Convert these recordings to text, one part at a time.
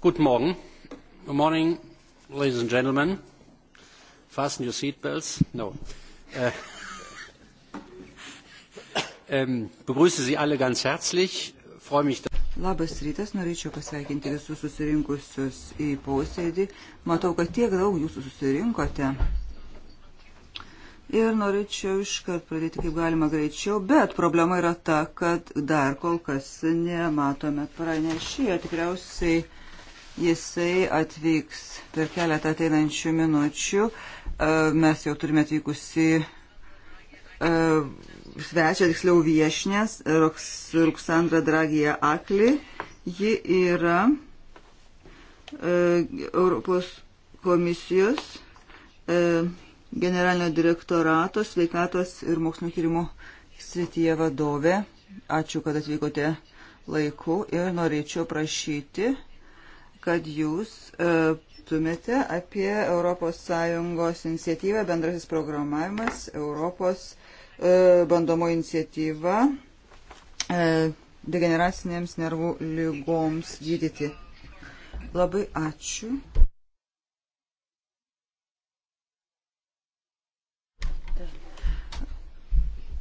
Guten Morgen. Good morning, ladies and gentlemen. Fasten your seatbelts. No. Äh, ähm, begrüße Sie alle ganz herzlich. Freue mich. Labas rytas, norėčiau pasveikinti visus susirinkusius į posėdį. Matau, kad tiek daug jūsų susirinkote. Ir norėčiau iškart pradėti kaip galima greičiau, bet problema yra ta, kad dar kol kas nematome pranešėjo. Tikriausiai uh, Jisai atvyks per keletą ateinančių minučių. E, mes jau turime atvykusi e, svečią, tiksliau viešnės, Ruksandra Dragija Akli. Ji yra e, Europos komisijos generalinio direktorato sveikatos ir mokslinio tyrimų srityje vadovė. Ačiū, kad atvykote laiku ir norėčiau prašyti kad jūs e, tumėte apie ES iniciatyvą bendrasis programavimas, Europos e, bandomo iniciatyva e, degeneracinėms nervų lygoms gydyti. Labai ačiū.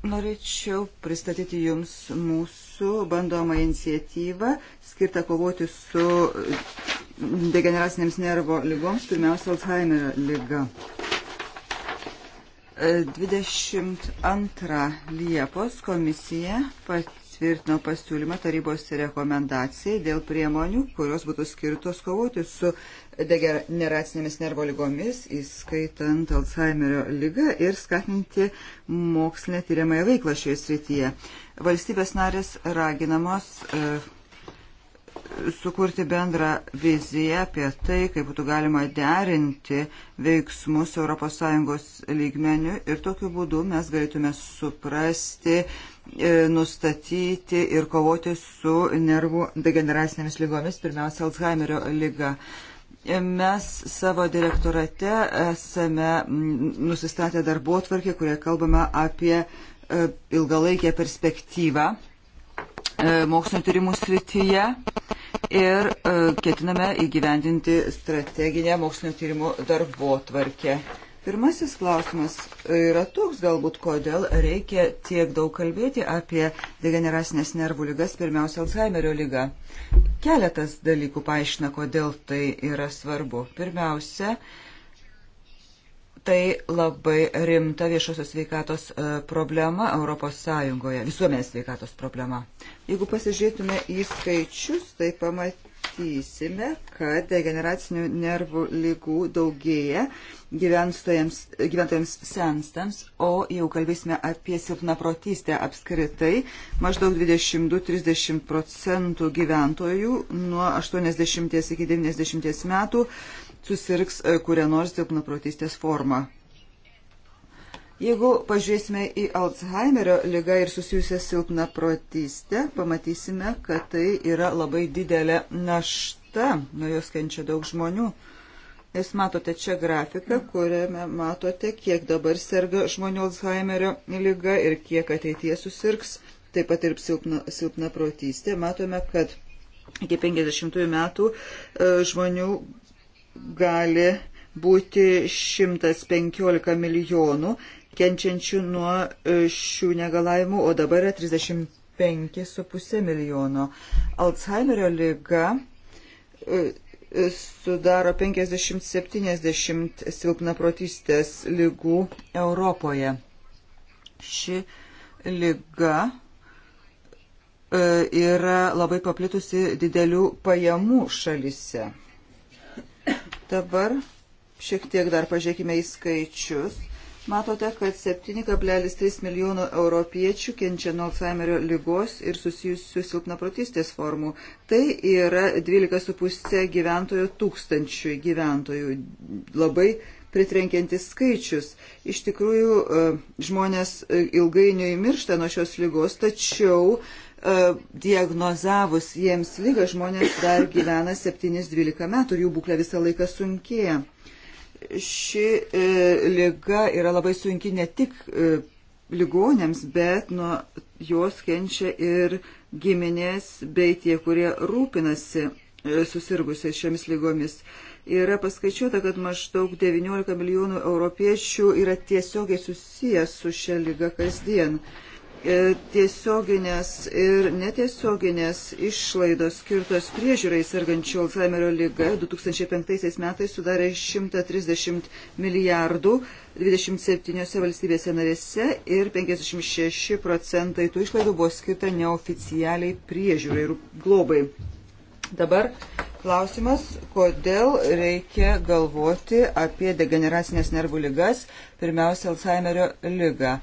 Norėčiau pristatyti Jums mūsų bandomą iniciatyvą skirtą kovoti su degeneracinėms nervo lygoms, pirmiausia Alzheimerio lyga. 22 e, Liepos komisija patvirtino pasiūlymą tarybos rekomendacijai dėl priemonių, kurios būtų skirtos kovoti su degeneracinėmis nervo lygomis, įskaitant Alzheimerio lygą ir skatinti mokslinę tyriamąją veiklą šioje srityje. Valstybės narės raginamos uh, sukurti bendrą viziją apie tai, kaip būtų galima derinti veiksmus ES lygmenių ir tokiu būdu mes galėtume suprasti, e, nustatyti ir kovoti su nervų degeneracinėmis lygomis, pirmiausia, Alzheimerio lyga. Mes savo direktorate esame mm, nusistatę darbo tvarkį, kurioje kalbame apie e, ilgalaikę perspektyvą e, mokslinio tyrimų srityje ir e, ketiname įgyvendinti strateginę mokslinio tyrimų darbo tvarkę. Pirmasis klausimas yra toks galbūt, kodėl reikia tiek daug kalbėti apie degeneracinės nervų lygas, pirmiausia, Alzheimerio lygą. Keletas dalykų paaiškina, kodėl tai yra svarbu. Pirmiausia, tai labai rimta viešosios sveikatos e, problema Europos Sąjungoje, visuomenės sveikatos problema. Jeigu pasižiūrėtume į skaičius, tai pamatysime, kad degeneracinių nervų lygų daugėja gyventojams senstams, o jau kalbėsime apie silpnaprotystę apskritai. Maždaug 22-30 procentų gyventojų nuo 80 iki 90 metų susirgs e, kurią nors silpnaprotystės formą. Jeigu pažiūrėsime į Alzheimerio lygą ir susijusią silpnaprotystę, pamatysime, kad tai yra labai didelė našta, nuo jos kenčia daug žmonių. Jūs matote čia grafiką, kuriame matote, kiek dabar serga žmonių Alzheimerio lyga ir kiek ateityje susirgs, taip pat ir silpna, silpna protystė. Matome, kad iki 50 metų e, žmonių gali būti 115 milijonų kenčiančių nuo e, šių negalavimų, o dabar yra 35,5 milijono. Alzheimerio lyga e, e, sudaro 50-70 silpnaprotystės lygų Europoje. Ši lyga yra labai paplitusi didelių pajamų šalise. Dabar šiek tiek dar pažiūrėkime į skaičius. Matote, kad 7,3 milijono europiečių kenčia nuo Alzheimerio lygos ir susijusių silpnaprotystės formų. Tai yra 12,5 gyventojų tūkstančių gyventojų. Labai pritrenkiantis skaičius. Iš tikrųjų, e, žmonės e, ilgainiui miršta nuo šios lygos, tačiau uh, E, diagnozavus jiems lygą žmonės dar gyvena 7-12 metų ir jų būklė visą laiką sunkėja. Ši e, lyga yra labai sunki ne tik e, ligonėms, bet nuo jos kenčia ir giminės bei tie, kurie rūpinasi e, susirgusiais šiomis lygomis. Yra paskaičiuota, kad maždaug 19 milijonų europiečių yra tiesiogiai susijęs su šia lyga kasdien. E, E, tiesioginės ir netiesioginės išlaidos skirtos priežiūrai sergančių Alzheimerio lyga 2005 metais sudarė 130 milijardų 27 valstybėse narėse ir 56 procentai tų išlaidų buvo skirta neoficialiai priežiūrai ir globai. Dabar klausimas, kodėl reikia galvoti apie degeneracinės nervų lygas, pirmiausia Alzheimerio lygą.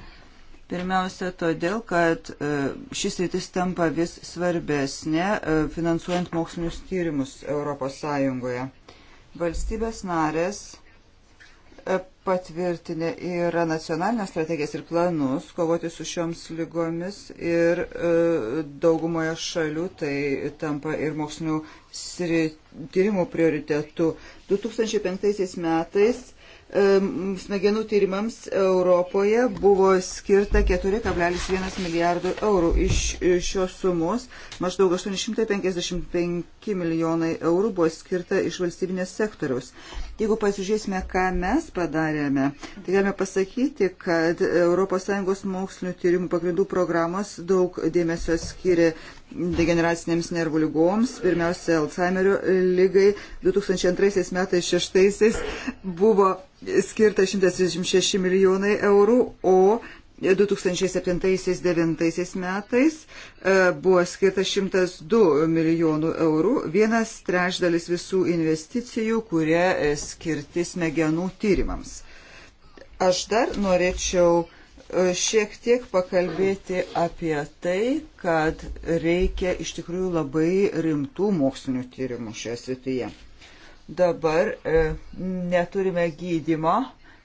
Pirmiausia, todėl, kad e, šis rytis tampa vis svarbesnė e, finansuojant mokslinius tyrimus ES. Valstybės narės e, patvirtinę yra nacionalinės strategijas ir planus kovoti su šioms lygomis ir daugumoje šalių tai tampa ir mokslinių tyrimų prioritetu. 2005 metais smegenų tyrimams Europoje buvo skirta 4,1 milijardų eurų. Iš šios sumos maždaug 855 5 milijonai eurų buvo skirta iš valstybinės sektoriaus. Jeigu pasižiūrėsime, ką mes padarėme, tai galime pasakyti, kad ES mokslinio tyrimų pagrindų programos daug dėmesio skiria degeneracinėms nervų lygoms, pirmiausia, Alzheimerio lygai 2002 metais 2006 buvo skirta 136 milijonai eurų, o 2007-2009 metais e, buvo skirta 102 milijonų eurų, vienas trečdalis visų investicijų, kurie e, skirti smegenų tyrimams. Aš dar norėčiau e, šiek tiek pakalbėti apie tai, kad reikia iš tikrųjų labai rimtų mokslinių tyrimų šioje srityje. Dabar e, neturime gydimo,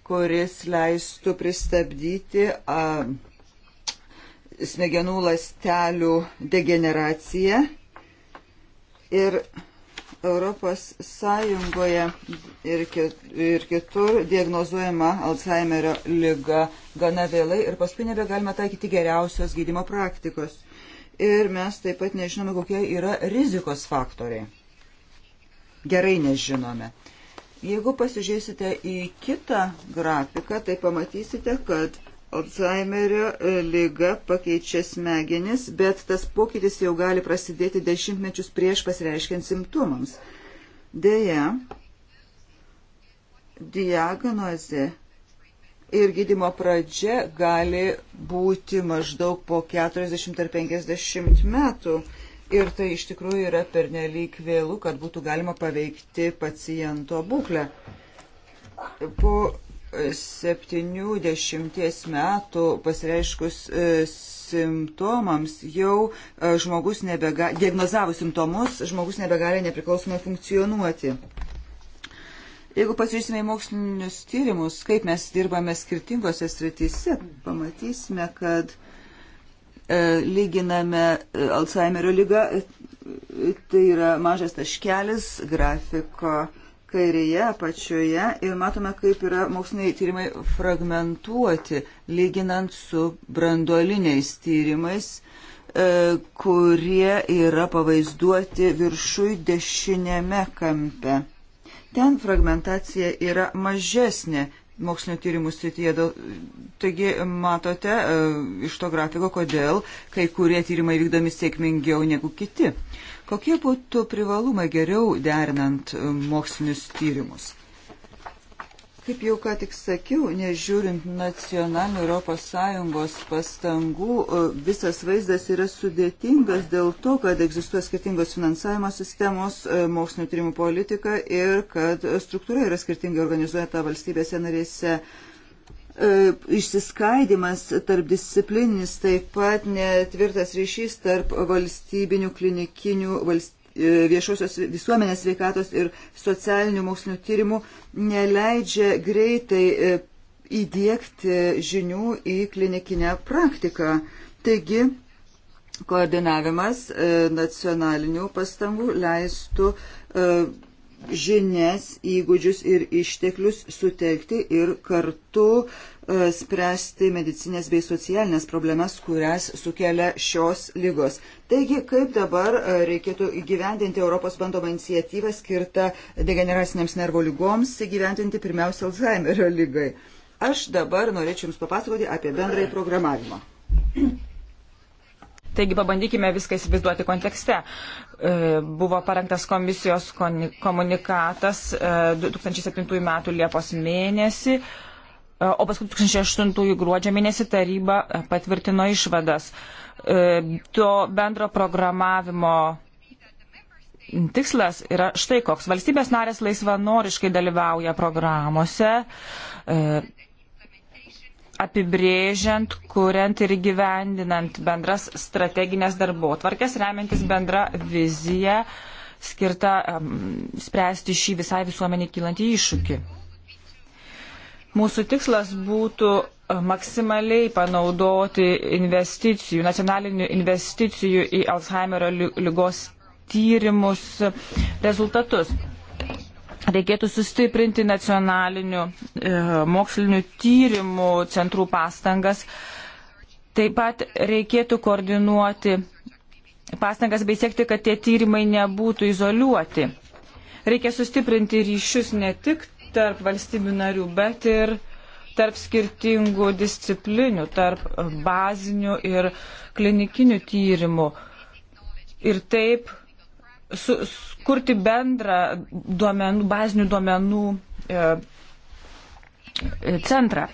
kuris leistų pristabdyti a, smegenų lastelių degeneraciją. Ir Europos Sąjungoje ir, ir kitur diagnozuojama Alzheimerio lyga gana vėlai ir paskui nebegalime taikyti geriausios gydimo praktikos. Ir mes taip pat nežinome, kokie yra rizikos faktoriai. Gerai nežinome. Jeigu pasižiūrėsite į kitą grafiką, tai pamatysite, kad Alzheimerio e, lyga pakeičia smegenis, bet tas pokytis jau gali prasidėti dešimtmečius prieš pasireiškiant simptomams. Deja, diagnozė ir gydimo pradžia gali būti maždaug po 40 ar 50 metų ir tai iš tikrųjų yra pernelyg vėlų, kad būtų galima paveikti paciento būklę. Po 70 metų pasireiškus e, simptomams jau e, žmogus nebegali, diagnozavus simptomus, žmogus nebegali nepriklausomai funkcionuoti. Jeigu pasižiūrėsime į mokslinius tyrimus, kaip mes dirbame skirtingose srityse, pamatysime, kad uh, E, lyginame e, Alzheimerio lygą, e, tai yra mažas taškelis grafiko kairėje apačioje ir matome, kaip yra moksliniai tyrimai fragmentuoti, lyginant su branduoliniais tyrimais, kurie yra pavaizduoti viršui dešinėme kampe. Ten fragmentacija yra mažesnė mokslinio tyrimų srityje. Taigi matote e, iš to grafiko, kodėl kai kurie tyrimai vykdomi sėkmingiau negu kiti. Kokie būtų privalumai geriau derinant e, mokslinius tyrimus? Kaip jau ką tik sakiau, nežiūrint nacionalinių ES pastangų, visas vaizdas yra sudėtingas dėl to, kad egzistuoja skirtingos finansavimo sistemos, e, mokslinio tyrimų politika ir kad struktūra yra skirtingai organizuota valstybėse narėse. E, išsiskaidimas tarp disciplininis, taip pat netvirtas ryšys tarp valstybinių klinikinių valstybinių E, viešosios visuomenės veikatos ir socialinių mokslinių tyrimų neleidžia greitai e, įdėkti žinių į klinikinę praktiką. Taigi, koordinavimas e, nacionalinių pastangų leistų žinias, įgūdžius ir išteklius sutelkti ir kartu e, spręsti medicinės bei socialinės problemas, kurias sukelia šios lygos. Taigi, kaip dabar e, reikėtų įgyvendinti Europos bandomą iniciatyvą skirtą degeneracinėms nervo lygoms, įgyvendinti pirmiausia Alzheimerio lygai. Aš dabar norėčiau Jums papasakoti apie bendrąjį programavimą. Taigi pabandykime viską įsivaizduoti kontekste. E, buvo parengtas komisijos komunikatas 2007 e, m. Liepos mėnesį, e, o paskui 2008 gruodžio mėnesį taryba patvirtino išvadas. To bendro programavimo tikslas yra štai koks. Valstybės narės laisvanoriškai dalyvauja programuose, apibrėžiant, kuriant ir gyvendinant bendras strateginės darbo tvarkės, remiantis bendrą viziją skirtą um, spręsti šį visai visuomenį kylantį iššūkį. Mūsų tikslas būtų e, maksimaliai panaudoti investicijų, nacionalinių investicijų į Alzheimerio lygos tyrimus rezultatus reikėtų sustiprinti nacionalinių e, mokslinių tyrimų centrų pastangas. Taip pat reikėtų koordinuoti pastangas bei siekti, kad tie tyrimai nebūtų izoliuoti. Reikia sustiprinti ryšius ne tik tarp valstybių narių, bet ir tarp skirtingų disciplinų, tarp bazinių ir klinikinių tyrimų. Ir taip su, kurti bendrą duomenų, bazinių duomenų e, e, centrą.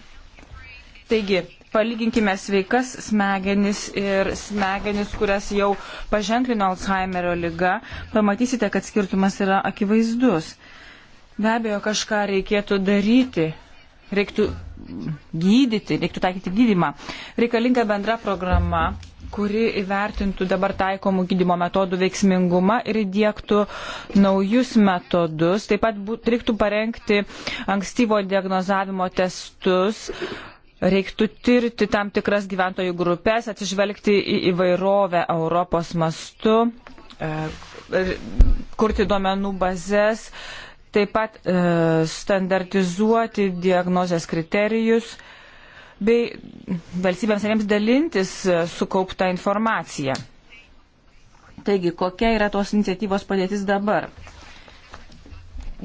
Taigi, palyginkime sveikas smegenis ir smegenis, kurias jau paženklino Alzheimerio lyga, pamatysite, kad skirtumas yra akivaizdus. Be abejo, kažką reikėtų daryti, reiktų gydyti, reiktų taikyti gydimą. Reikalinga bendra programa, kuri įvertintų dabar taikomų gydimo metodų veiksmingumą ir įdėktų naujus metodus. Taip pat būt, reiktų parengti ankstyvo diagnozavimo testus. Reiktų tirti tam tikras gyventojų grupės, atsižvelgti į įvairovę Europos mastu, e, kurti duomenų bazės, taip pat e, standartizuoti diagnozės kriterijus, bei valstybėms narėms dalintis e, sukauptą informaciją. Taigi, kokia yra tos iniciatyvos padėtis dabar?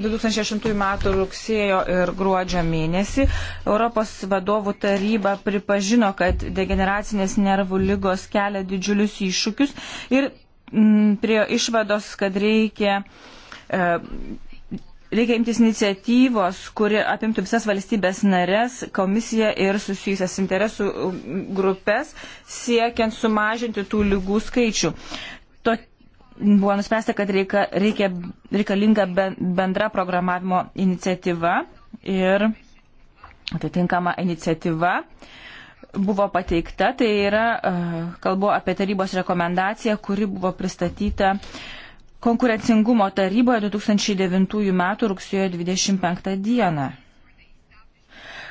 2008 m. rugsėjo ir gruodžio mėnesį Europos vadovų taryba pripažino, kad degeneracinės nervų lygos kelia didžiulius iššūkius ir m, mm, prie išvados, kad reikia e, Reikia imtis iniciatyvos, kuri apimtų visas valstybės narės, komisiją ir susijusias interesų um, grupės, siekiant sumažinti tų lygų skaičių. To, buvo nuspręsta, kad reika, reikia, reikalinga bendra programavimo iniciatyva ir atitinkama iniciatyva buvo pateikta. Tai yra, uh, kalbu apie tarybos rekomendaciją, kuri buvo pristatyta uh, konkurencingumo taryboje 2009 m. rugsėjo 25 d.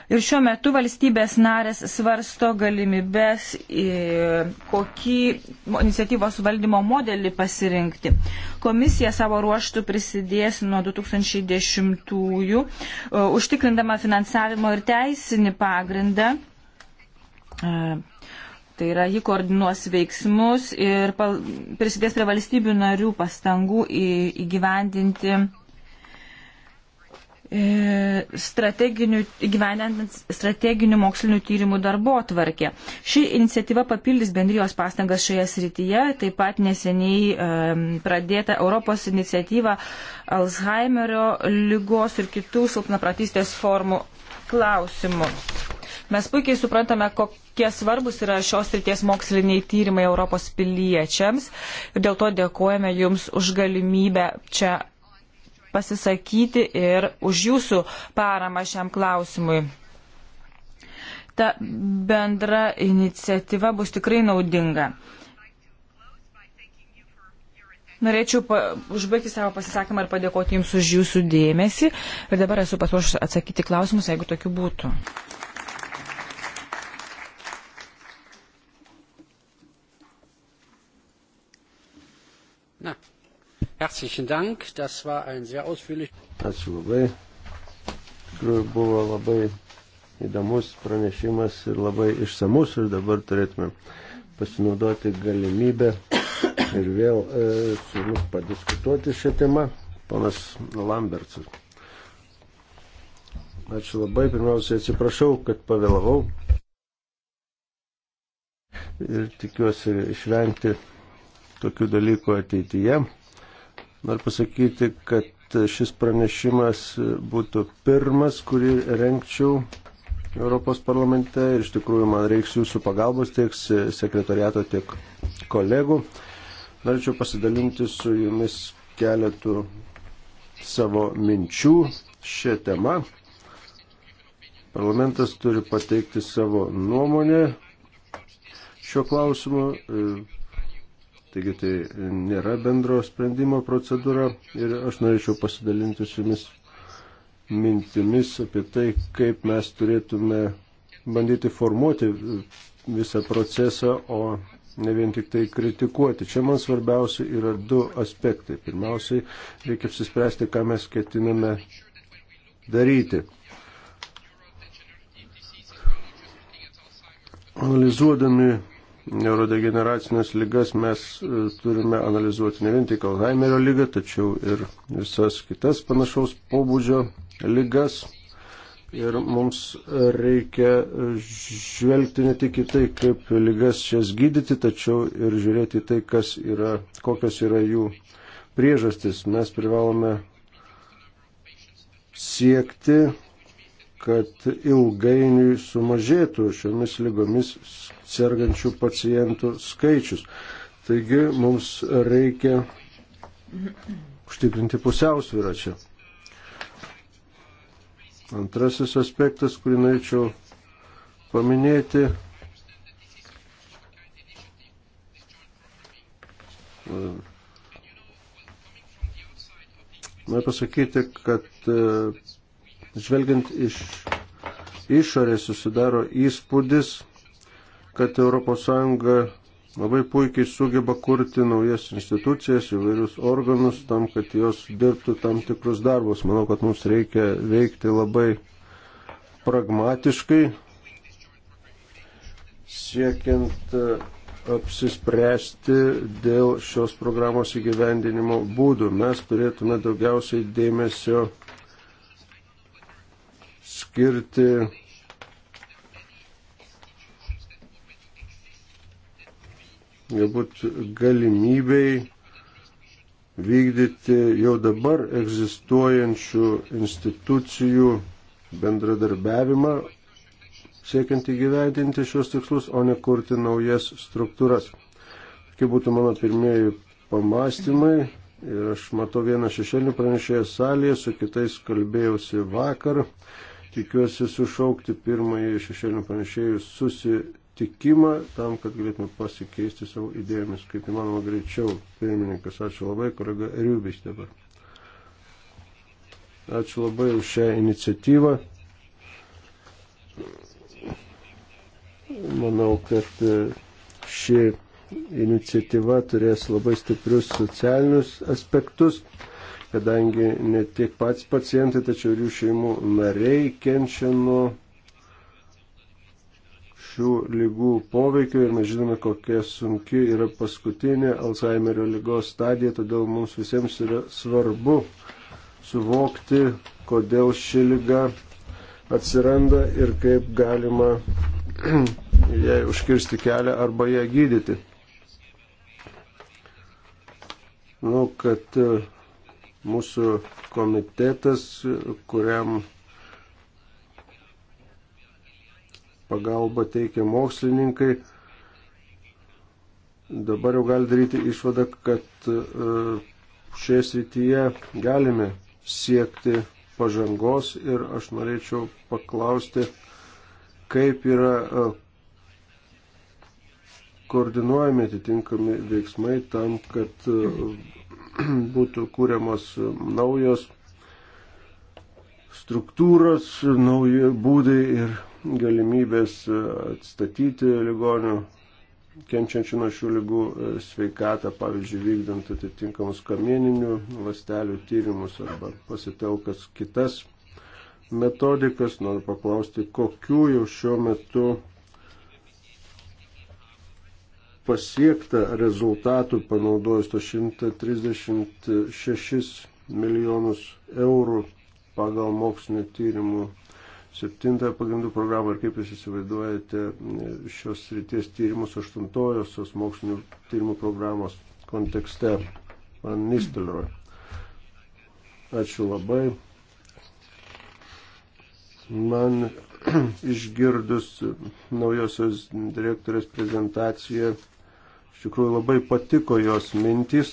Ir šiuo metu valstybės narės svarsto galimybės, e, kokį iniciatyvos valdymo modelį pasirinkti. Komisija savo ruoštų prisidės nuo 2010-ųjų, e, užtikrindama finansavimo ir teisinį pagrindą e, Tai yra, ji koordinuos veiksmus ir pal, prisidės prie valstybių narių pastangų į, įgyvendinti e, strateginių, gyvenant strateginių mokslinių tyrimų darbo tvarkė. Ši iniciatyva papildys bendrijos pastangas šioje srityje, taip pat neseniai um, pradėta Europos iniciatyva Alzheimerio lygos ir kitų silpnapratystės formų klausimų. Mes puikiai suprantame, kokie svarbus yra šios ryties moksliniai tyrimai Europos piliečiams ir dėl to dėkojame Jums už galimybę čia pasisakyti ir už Jūsų paramą šiam klausimui ta bendra iniciatyva bus tikrai naudinga. Norėčiau pa, užbaigti savo pasisakymą ir padėkoti Jums už Jūsų dėmesį. Ir dabar esu pasiruošęs atsakyti klausimus, jeigu tokių būtų. Herzlichen Dank, das war ein sehr ausführlich. Ačiū labai. Tikrųjų buvo labai įdomus pranešimas ir labai išsamus ir dabar turėtume pasinaudoti galimybę ir vėl e, su jumis padiskutuoti šią temą. Ponas Lambertsas. Ačiū labai, pirmiausiai atsiprašau, kad pavėlavau ir tikiuosi išvengti tokių dalykų ateityje. Noriu pasakyti, kad šis pranešimas būtų pirmas, kurį renkčiau Europos parlamente ir iš tikrųjų man reiks jūsų pagalbos tiek sekretariato, tiek kolegų. Norėčiau pasidalinti su jumis keletų savo minčių šią temą. Parlamentas turi pateikti savo nuomonę šiuo klausimu. Taigi tai nėra bendro sprendimo procedūra ir aš norėčiau pasidalinti su jumis mintimis apie tai, kaip mes turėtume bandyti formuoti visą procesą, o ne vien tik tai kritikuoti. Čia man svarbiausia yra du aspektai. Pirmiausiai, reikia apsispręsti, ką mes ketiname daryti. Analizuodami neurodegeneracinės lygas mes e, turime analizuoti ne vien tik Alzheimerio lygą, tačiau ir visas kitas panašaus pobūdžio lygas. Ir mums reikia žvelgti ne tik į tai, kaip lygas šias gydyti, tačiau ir žiūrėti į tai, kas yra, kokios yra jų priežastis. Mes privalome siekti kad ilgainiui sumažėtų šiomis lygomis sergančių pacientų skaičius. Taigi mums reikia užtikrinti pusiausvyrą čia. Antrasis aspektas, kurį norėčiau paminėti, noriu pasakyti, kad Žvelgiant iš išorės susidaro įspūdis, kad ES labai puikiai sugeba kurti naujas institucijas, įvairius organus, tam, kad jos dirbtų tam tikrus darbus. Manau, kad mums reikia veikti labai pragmatiškai, siekiant e, apsispręsti dėl šios programos įgyvendinimo būdų. Mes turėtume daugiausiai dėmesio skirti galbūt galimybei vykdyti jau dabar egzistuojančių institucijų bendradarbiavimą, siekiant įgyvendinti šios tikslus, o ne kurti naujas struktūras. Tokie būtų mano pirmieji pamastymai ir aš matau vieną šešėlį pranešėją salėje, su kitais kalbėjausi vakar tikiuosi sušaukti pirmąjį šešėlinių pranešėjų susitikimą tam, kad galėtume pasikeisti savo idėjomis, kaip įmanoma greičiau. Pirmininkas, ačiū labai, kolega Riubis dabar. Ačiū labai už šią iniciatyvą. Manau, kad e, ši iniciatyva turės labai stiprius socialinius aspektus kadangi ne tiek patys pacientai, tačiau ir jų šeimų nariai kenčia nuo šių lygų poveikio ir mes žinome, kokia sunki yra paskutinė Alzheimerio lygos stadija, todėl mums visiems yra svarbu suvokti, kodėl ši lyga atsiranda ir kaip galima jai užkirsti kelią arba ją gydyti. Manau, kad Mūsų komitetas, kuriam pagalba teikia mokslininkai, dabar jau gali daryti išvadą, kad e, šioje srityje galime siekti pažangos ir aš norėčiau paklausti, kaip yra e, koordinuojami atitinkami veiksmai tam, kad e, būtų kūriamos naujos struktūros, nauji būdai ir galimybės atstatyti ligonių kenčiančių nuo šių lygų sveikatą, pavyzdžiui, vykdant atitinkamus kamieninių lastelių tyrimus arba pasitelkas kitas metodikas. Noriu paklausti, kokiu jau šiuo metu pasiekta rezultatų panaudojus to 136 milijonus eurų pagal mokslinio tyrimų septintąją pagrindų programą ir kaip jūs įsivaizduojate šios ryties tyrimus aštuntojosios mokslinio tyrimų programos kontekste. Man Nistelroj. Ačiū labai. Man išgirdus naujosios direktorės prezentaciją Iš tikrųjų labai patiko jos mintys.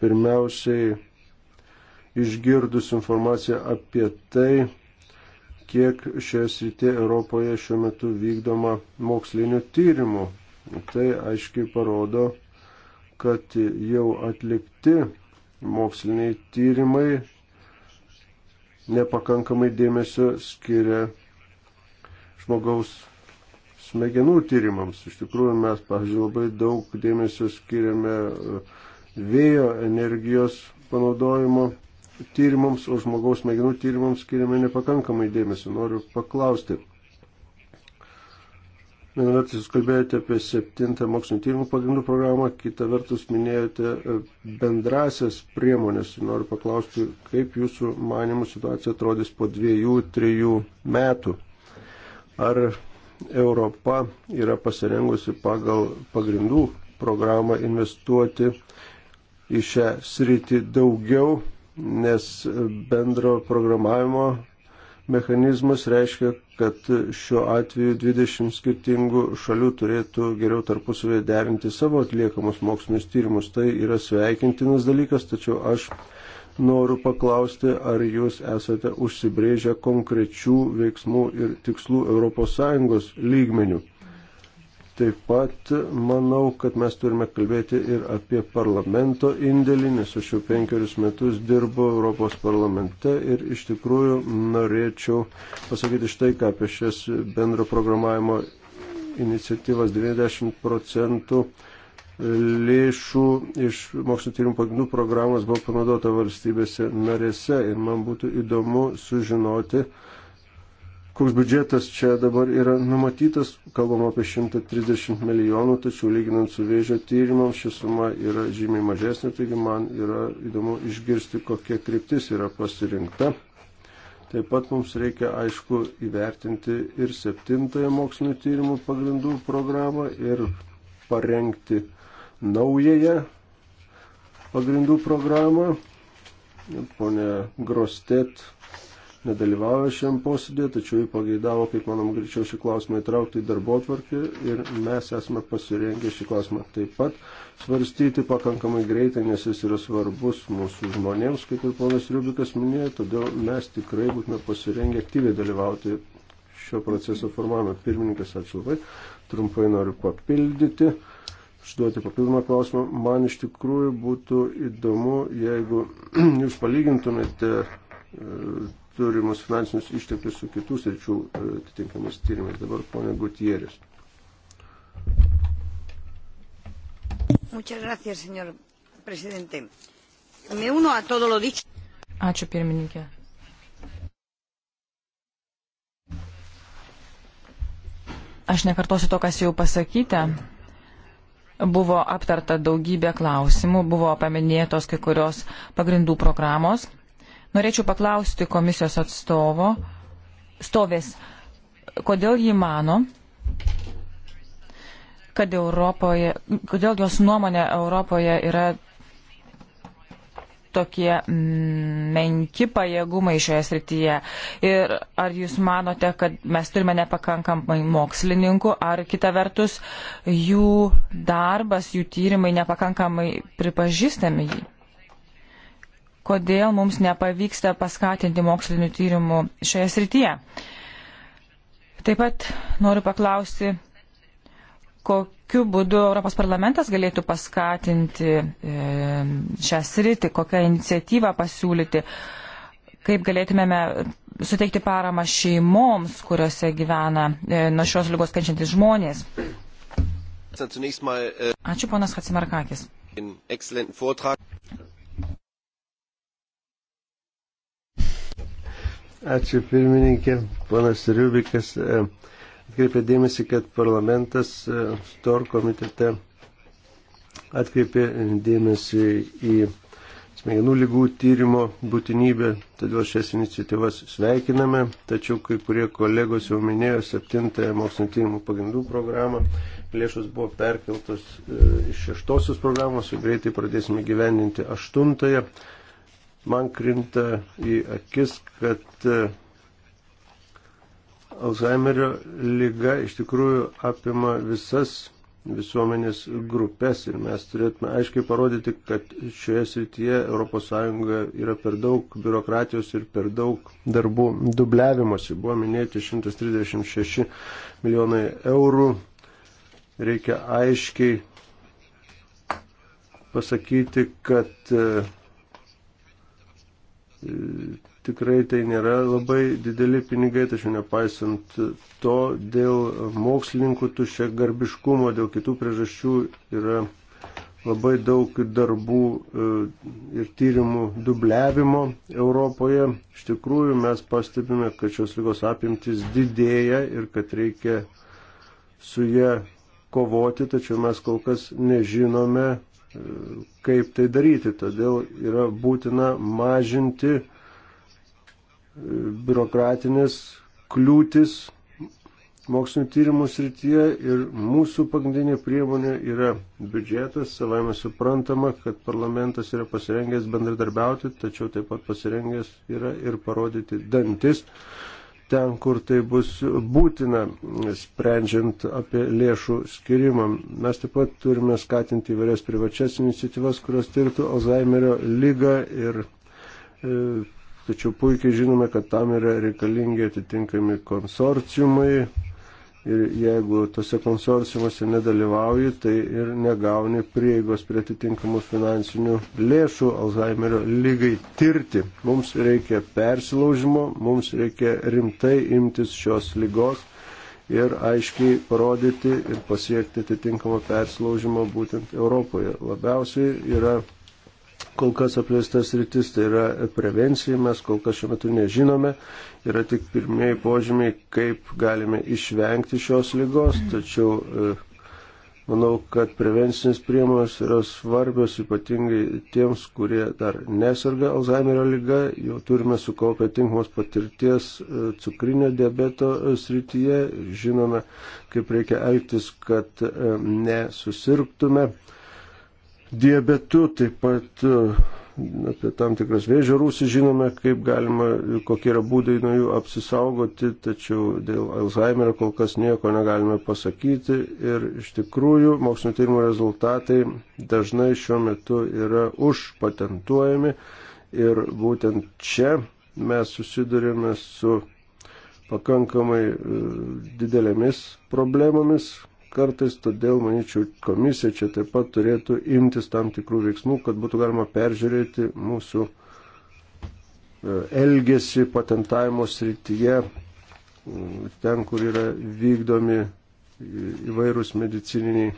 Pirmiausiai išgirdus informaciją apie tai, kiek šioje srityje Europoje šiuo metu vykdoma mokslinių tyrimų. Tai aiškiai parodo, kad jau atlikti moksliniai tyrimai nepakankamai dėmesio skiria žmogaus smegenų tyrimams. Iš tikrųjų, mes, pavyzdžiui, labai daug dėmesio skiriame e, vėjo energijos panaudojimo tyrimams, o žmogaus smegenų tyrimams skiriame nepakankamai dėmesio. Noriu paklausti. Viena vertus jūs kalbėjote apie septintą mokslinio tyrimų pagrindų programą, kita vertus minėjote e, bendrasias priemonės. Noriu paklausti, kaip jūsų manimų situacija atrodys po dviejų, trijų metų. Ar Europa yra pasirengusi pagal pagrindų programą investuoti į šią sritį daugiau, nes bendro programavimo mechanizmas reiškia, kad šiuo atveju 20 skirtingų šalių turėtų geriau tarpusavėje derinti savo atliekamus mokslinius tyrimus. Tai yra sveikintinas dalykas, tačiau aš noriu paklausti, ar jūs esate užsibrėžę konkrečių veiksmų ir tikslų ES lygmenių. Taip pat manau, kad mes turime kalbėti ir apie parlamento indėlį, nes aš jau penkerius metus dirbu Europos parlamente ir iš tikrųjų norėčiau pasakyti štai ką apie šias bendro programavimo iniciatyvas 90 procentų lėšų iš mokslo tyrimų pagrindų programos buvo panaudota valstybėse narėse ir man būtų įdomu sužinoti, koks biudžetas čia dabar yra numatytas, kalbam apie 130 milijonų, tačiau lyginant su vėžio tyrimams ši suma yra žymiai mažesnė, taigi man yra įdomu išgirsti, kokia kryptis yra pasirinkta. Taip pat mums reikia aišku įvertinti ir septintąją mokslinio tyrimų pagrindų programą ir parengti uh, naująją pagrindų programą. Pone Grostet nedalyvavo šiam posėdėje, tačiau jį pageidavo, kaip manom, greičiau šį klausimą įtraukti į darbo tvarkį ir mes esame pasirengę šį klausimą taip pat svarstyti pakankamai greitai, nes jis yra svarbus mūsų žmonėms, kaip ir ponas Riubikas minėjo, todėl mes tikrai būtume pasirengę aktyviai dalyvauti šio proceso formavime. Pirmininkas, ačiū labai, trumpai noriu papildyti užduoti papildomą klausimą. Man iš tikrųjų būtų įdomu, jeigu jūs palygintumėte e, turimus finansinius išteklius su kitų sričių e, atitinkamas tyrimas. Dabar ponė Gutierės. Muchas gracias, señor presidente. Me uno a todo lo dicho. Ačiū pirmininkė. Aš nekartosiu to, kas jau pasakyta. Buvo aptarta daugybė klausimų, buvo paminėtos kai kurios pagrindų programos. Norėčiau paklausti komisijos atstovo, stovės, kodėl jį mano, kad Europoje, kodėl jos nuomonė Europoje yra tokie menki pajėgumai šioje srityje. Ir ar jūs manote, kad mes turime nepakankamai mokslininkų, ar kita vertus jų darbas, jų tyrimai nepakankamai pripažįstami jį? Kodėl mums nepavyksta paskatinti mokslinių tyrimų šioje srityje? Taip pat noriu paklausti, kokie kokiu būdu Europos parlamentas galėtų paskatinti e, šią sritį, kokią iniciatyvą pasiūlyti, kaip galėtumėme suteikti paramą šeimoms, kuriuose gyvena e, nuo šios lygos kenčiantys žmonės. Ačiū ponas Hatsimarkakis. Ačiū pirmininkė, ponas Riubikas. E, atkreipė dėmesį, kad parlamentas e, TOR komitete atkreipė dėmesį į smegenų lygų tyrimo būtinybę, todėl šias iniciatyvas sveikiname, tačiau kai kurie kolegos jau minėjo septintąją mokslinio tyrimų pagrindų programą, lėšos buvo perkeltos e, iš šeštosios programos, jau greitai pradėsime gyveninti aštuntąją. Man krinta į akis, kad e, Alzheimerio lyga iš tikrųjų apima visas visuomenės grupės ir mes turėtume aiškiai parodyti, kad šioje srityje ES yra per daug biurokratijos ir per daug darbų dubliavimosi. Buvo minėti 136 milijonai eurų. Reikia aiškiai pasakyti, kad e, tikrai tai nėra labai dideli pinigai, tačiau nepaisant to, dėl mokslininkų tušia garbiškumo, dėl kitų priežasčių yra labai daug darbų e, ir tyrimų dubliavimo Europoje. Iš tikrųjų mes pastebime, kad šios lygos apimtis didėja ir kad reikia su ją kovoti, tačiau mes kol kas nežinome, e, kaip tai daryti. Todėl yra būtina mažinti biurokratinės kliūtis mokslinio tyrimų srityje ir mūsų pagrindinė priemonė yra biudžetas. Savaime suprantama, kad parlamentas yra pasirengęs bendradarbiauti, tačiau taip pat pasirengęs yra ir parodyti dantis ten, kur tai bus būtina, sprendžiant apie lėšų skirimą. Mes taip pat turime skatinti įvairias privačias iniciatyvas, kurios tirtų Alzheimerio lygą ir e, tačiau puikiai žinome, kad tam yra reikalingi atitinkami konsorciumai ir jeigu tose konsorciumuose nedalyvauji, tai ir negauni prieigos prie atitinkamų finansinių lėšų Alzheimerio lygai tirti. Mums reikia persilaužimo, mums reikia rimtai imtis šios lygos ir aiškiai parodyti ir pasiekti atitinkamą persilaužimą būtent Europoje. Labiausiai yra kol kas apleistas rytis, tai yra prevencija, mes kol kas šiuo metu nežinome, yra tik pirmieji požymiai, kaip galime išvengti šios lygos, tačiau e, manau, kad prevencinės priemonės yra svarbios ypatingai tiems, kurie dar nesarga Alzheimerio lyga, jau turime sukaupę tinkamos patirties e, cukrinio diabeto e, srityje, žinome, kaip reikia elgtis, kad nesusirgtume diabetu, taip pat e, apie tam tikras vėžio rūsį žinome, kaip galima, kokie yra būdai nuo jų apsisaugoti, tačiau dėl Alzheimerio kol kas nieko negalime pasakyti ir iš tikrųjų mokslinio tyrimo rezultatai dažnai šiuo metu yra užpatentuojami ir būtent čia mes susidurime su pakankamai e, didelėmis problemomis, kartais, todėl, manyčiau, komisija čia taip pat turėtų imtis tam tikrų veiksmų, kad būtų galima peržiūrėti mūsų e, elgesį patentavimo srityje, mm, ten, kur yra vykdomi įvairūs medicininiai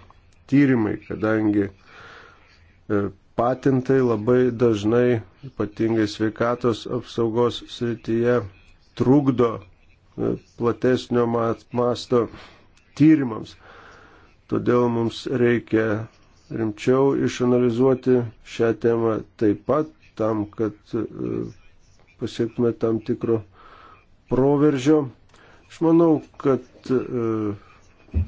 tyrimai, kadangi e, patentai labai dažnai, ypatingai sveikatos apsaugos srityje, trukdo e, platesnio masto tyrimams. Todėl mums reikia rimčiau išanalizuoti šią temą taip pat tam, kad e, pasiektume tam tikro proveržio. Aš manau, kad e,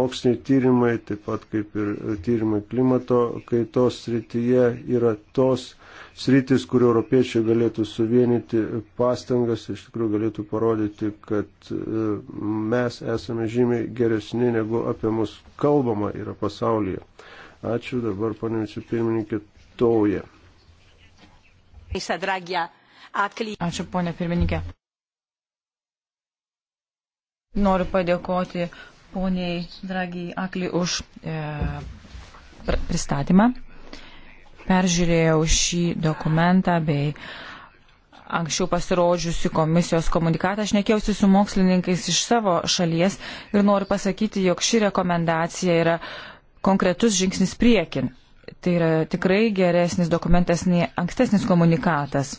moksliniai tyrimai, taip pat kaip ir e, tyrimai klimato kaitos srityje, yra tos sritis, kur europiečiai galėtų suvienyti pastangas, iš tikrųjų galėtų parodyti, kad e, mes esame žymiai geresni negu apie mus kalbama yra pasaulyje. Ačiū dabar, panė vicepirmininkė Tauja. Ačiū, ponė pirmininkė. Noriu padėkoti poniai Dragiai Akli už e, pristatymą peržiūrėjau šį dokumentą bei anksčiau pasirodžiusi komisijos komunikatą. Aš nekėjausi su mokslininkais iš savo šalies ir noriu pasakyti, jog ši rekomendacija yra konkretus žingsnis priekin. Tai yra tikrai geresnis dokumentas nei ankstesnis komunikatas.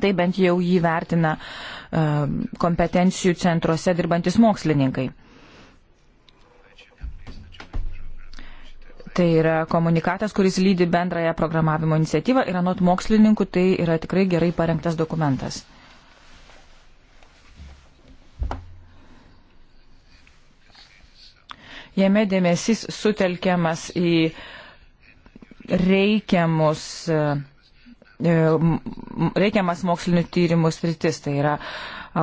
Tai bent jau jį vertina e, kompetencijų centruose dirbantis mokslininkai. Tai yra komunikatas, kuris lydi bendrąją programavimo iniciatyvą ir anot mokslininkų tai yra tikrai gerai parengtas dokumentas. Jame dėmesys sutelkiamas į reikiamus, e, e, reikiamas mokslinių tyrimų sritis, tai yra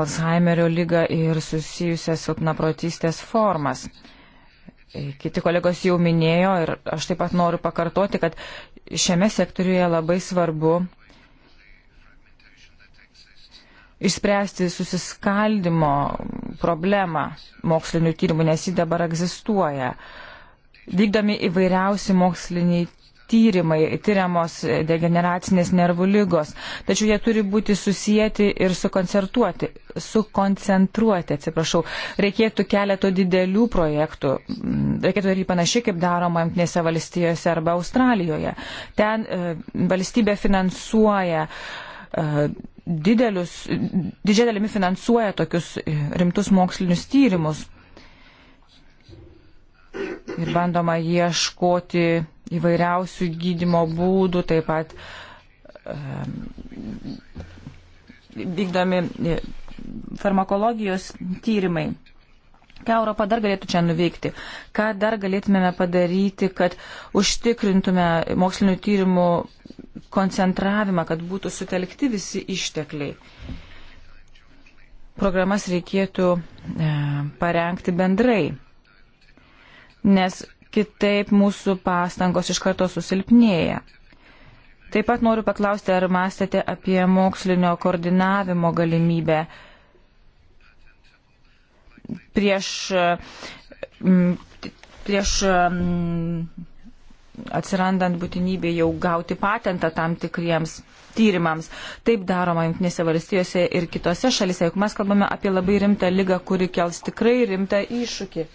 Alzheimerio lyga ir susijusias silpnaprotystės formas. E, kiti kolegos jau minėjo ir aš taip pat noriu pakartoti, kad šiame sektoriuje labai svarbu išspręsti susiskaldimo problemą mokslinių tyrimų, nes ji dabar egzistuoja. Vykdomi įvairiausi moksliniai tyrimai, tyriamos degeneracinės nervų lygos, tačiau jie turi būti susijęti ir sukoncertuoti. Sukoncentruoti, atsiprašau, reikėtų keleto didelių projektų, mm, reikėtų daryti panašiai, kaip daroma Junktinėse valstijose arba Australijoje. Ten e, valstybė finansuoja e, didelius, didžia dalimi finansuoja tokius e, rimtus mokslinius tyrimus ir bandoma ieškoti įvairiausių gydimo būdų, taip pat vykdomi e, farmakologijos tyrimai. Ką Europa dar galėtų čia nuveikti? Ką dar galėtumėme padaryti, kad užtikrintume mokslinių tyrimų koncentravimą, kad būtų sutelkti visi ištekliai? Programas reikėtų e, parengti bendrai nes kitaip mūsų pastangos iš karto susilpnėja. Taip pat noriu paklausti, ar mąstėte apie mokslinio koordinavimo galimybę prieš, mm, prieš mm, atsirandant būtinybė jau gauti patentą tam tikriems tyrimams. Taip daroma Junktinėse valstijose ir kitose šalise, juk mes kalbame apie labai rimtą lygą, kuri kels tikrai rimtą iššūkį.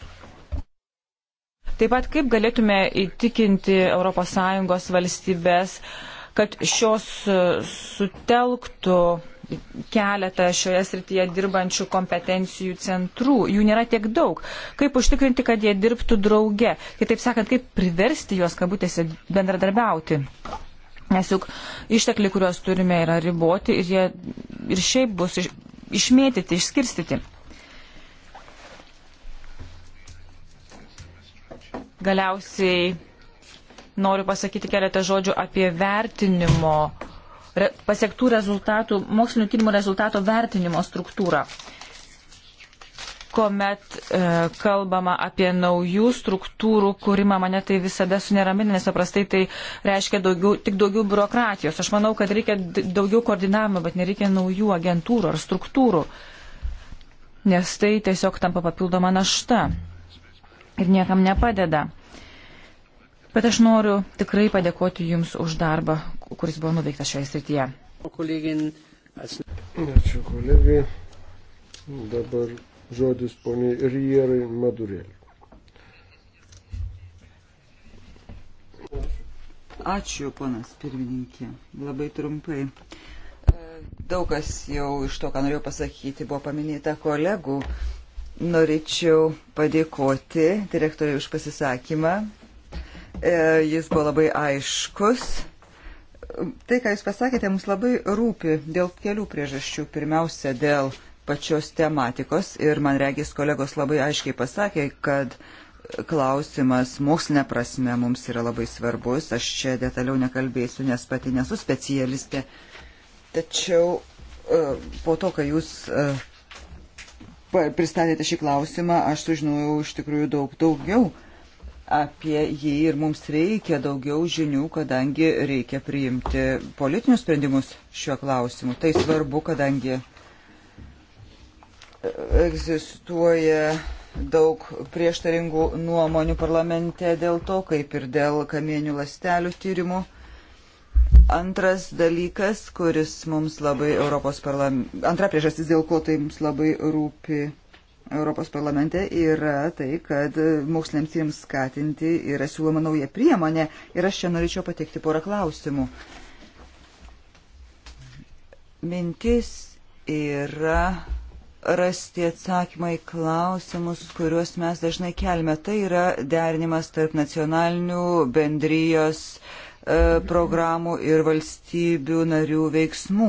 Taip pat kaip galėtume įtikinti ES valstybės, kad šios e, sutelktų keletą šioje srityje dirbančių kompetencijų centrų. Jų nėra tiek daug. Kaip užtikrinti, kad jie dirbtų drauge? Kitaip sakant, kaip priversti juos kabutėse bendradarbiauti? Nes juk ištekliai, kuriuos turime, yra riboti ir jie ir šiaip bus iš, išmėtyti, išskirstyti. Galiausiai noriu pasakyti keletą žodžių apie vertinimo, re, pasiektų rezultatų, mokslinio tyrimų rezultato vertinimo struktūrą. Komet e, kalbama apie naujų struktūrų kūrimą, mane tai visada suneramina, nes paprastai tai reiškia daugiau, tik daugiau biurokratijos. Aš manau, kad reikia daugiau koordinavimo, bet nereikia naujų agentūrų ar struktūrų, nes tai tiesiog tampa papildoma našta ir niekam nepadeda. Bet aš noriu tikrai padėkoti Jums už darbą, kuris buvo nuveiktas šioje srityje. Ačiū kolegai. Dabar žodis poniai Rierai Madurėlį. Ačiū, ponas pirmininkė. Labai trumpai. Daug kas jau iš to, ką norėjau pasakyti, buvo paminėta kolegų. Norėčiau padėkoti direktoriai už pasisakymą. E, jis buvo labai aiškus. Tai, ką Jūs pasakėte, mums labai rūpi dėl kelių priežasčių. Pirmiausia, dėl pačios tematikos ir man regis kolegos labai aiškiai pasakė, kad klausimas mokslinė prasme mums yra labai svarbus. Aš čia detaliau nekalbėsiu, nes pati nesu specialistė. Tačiau e, po to, kai jūs e, pristatėte šį klausimą, aš sužinojau iš tikrųjų daug daugiau apie jį ir mums reikia daugiau žinių, kadangi reikia priimti politinius sprendimus šiuo klausimu. Tai svarbu, kadangi e, egzistuoja daug prieštaringų nuomonių parlamente dėl to, kaip ir dėl kamienių lastelių tyrimų. Antras dalykas, kuris mums labai Europos parlamente, antra priežastis, dėl ko tai mums labai rūpi Europos parlamente, yra tai, kad moksliniams tyrimams skatinti yra siūloma nauja priemonė ir aš čia norėčiau pateikti porą klausimų. Mintis yra rasti atsakymai klausimus, kuriuos mes dažnai kelme. Tai yra derinimas tarp nacionalinių bendrijos uh, E, programų ir valstybių narių veiksmų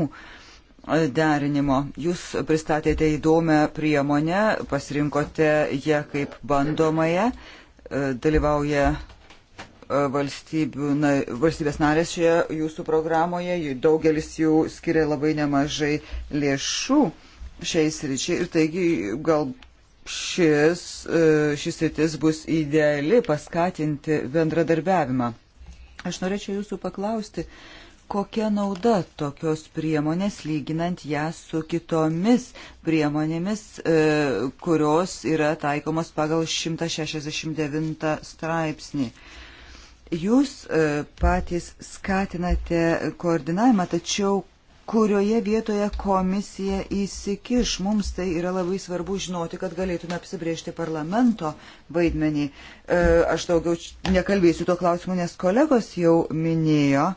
derinimo. Jūs pristatėte įdomią priemonę, pasirinkote ją kaip bandomąją, e, dalyvauja e, na, valstybės narės šioje jūsų programoje, daugelis jų skiria labai nemažai lėšų šiais ryčiai ir taigi gal šis, šis rytis bus ideali paskatinti bendradarbiavimą. Aš norėčiau jūsų paklausti, kokia nauda tokios priemonės lyginant ją su kitomis priemonėmis, e, kurios yra taikomos pagal 169 straipsnį. Jūs e, patys skatinate koordinavimą, tačiau kurioje vietoje komisija įsikiš. Mums tai yra labai svarbu žinoti, kad galėtume apsibriežti parlamento vaidmenį. E, aš daugiau nekalbėsiu tuo klausimu, nes kolegos jau minėjo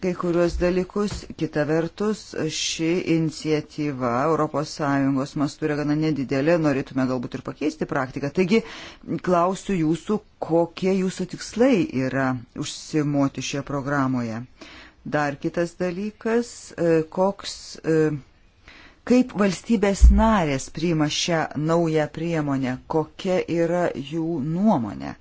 kai kuriuos dalykus. Kita vertus, ši iniciatyva ES mastų yra gana nedidelė, norėtume galbūt ir pakeisti praktiką. Taigi, klausiu jūsų, kokie jūsų tikslai yra užsimoti šioje programoje. E, Dar kitas dalykas, e, koks, e, kaip valstybės narės priima šią naują priemonę, kokia yra jų nuomonė.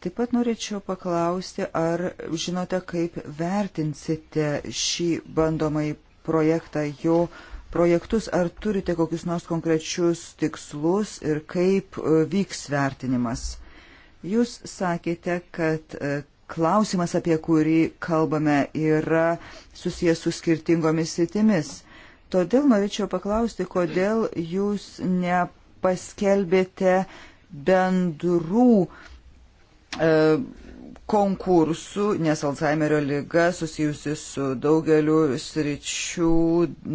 Taip pat norėčiau paklausti, ar žinote, kaip vertinsite šį bandomąjį projektą, jo projektus, ar turite kokius nors konkrečius tikslus ir kaip e, vyks vertinimas. Jūs sakėte, kad klausimas, apie kurį kalbame, yra susijęs su skirtingomis sitimis. Todėl norėčiau paklausti, kodėl jūs nepaskelbėte bendrų e, konkursų, nes Alzheimerio lyga susijusi su daugeliu sričių,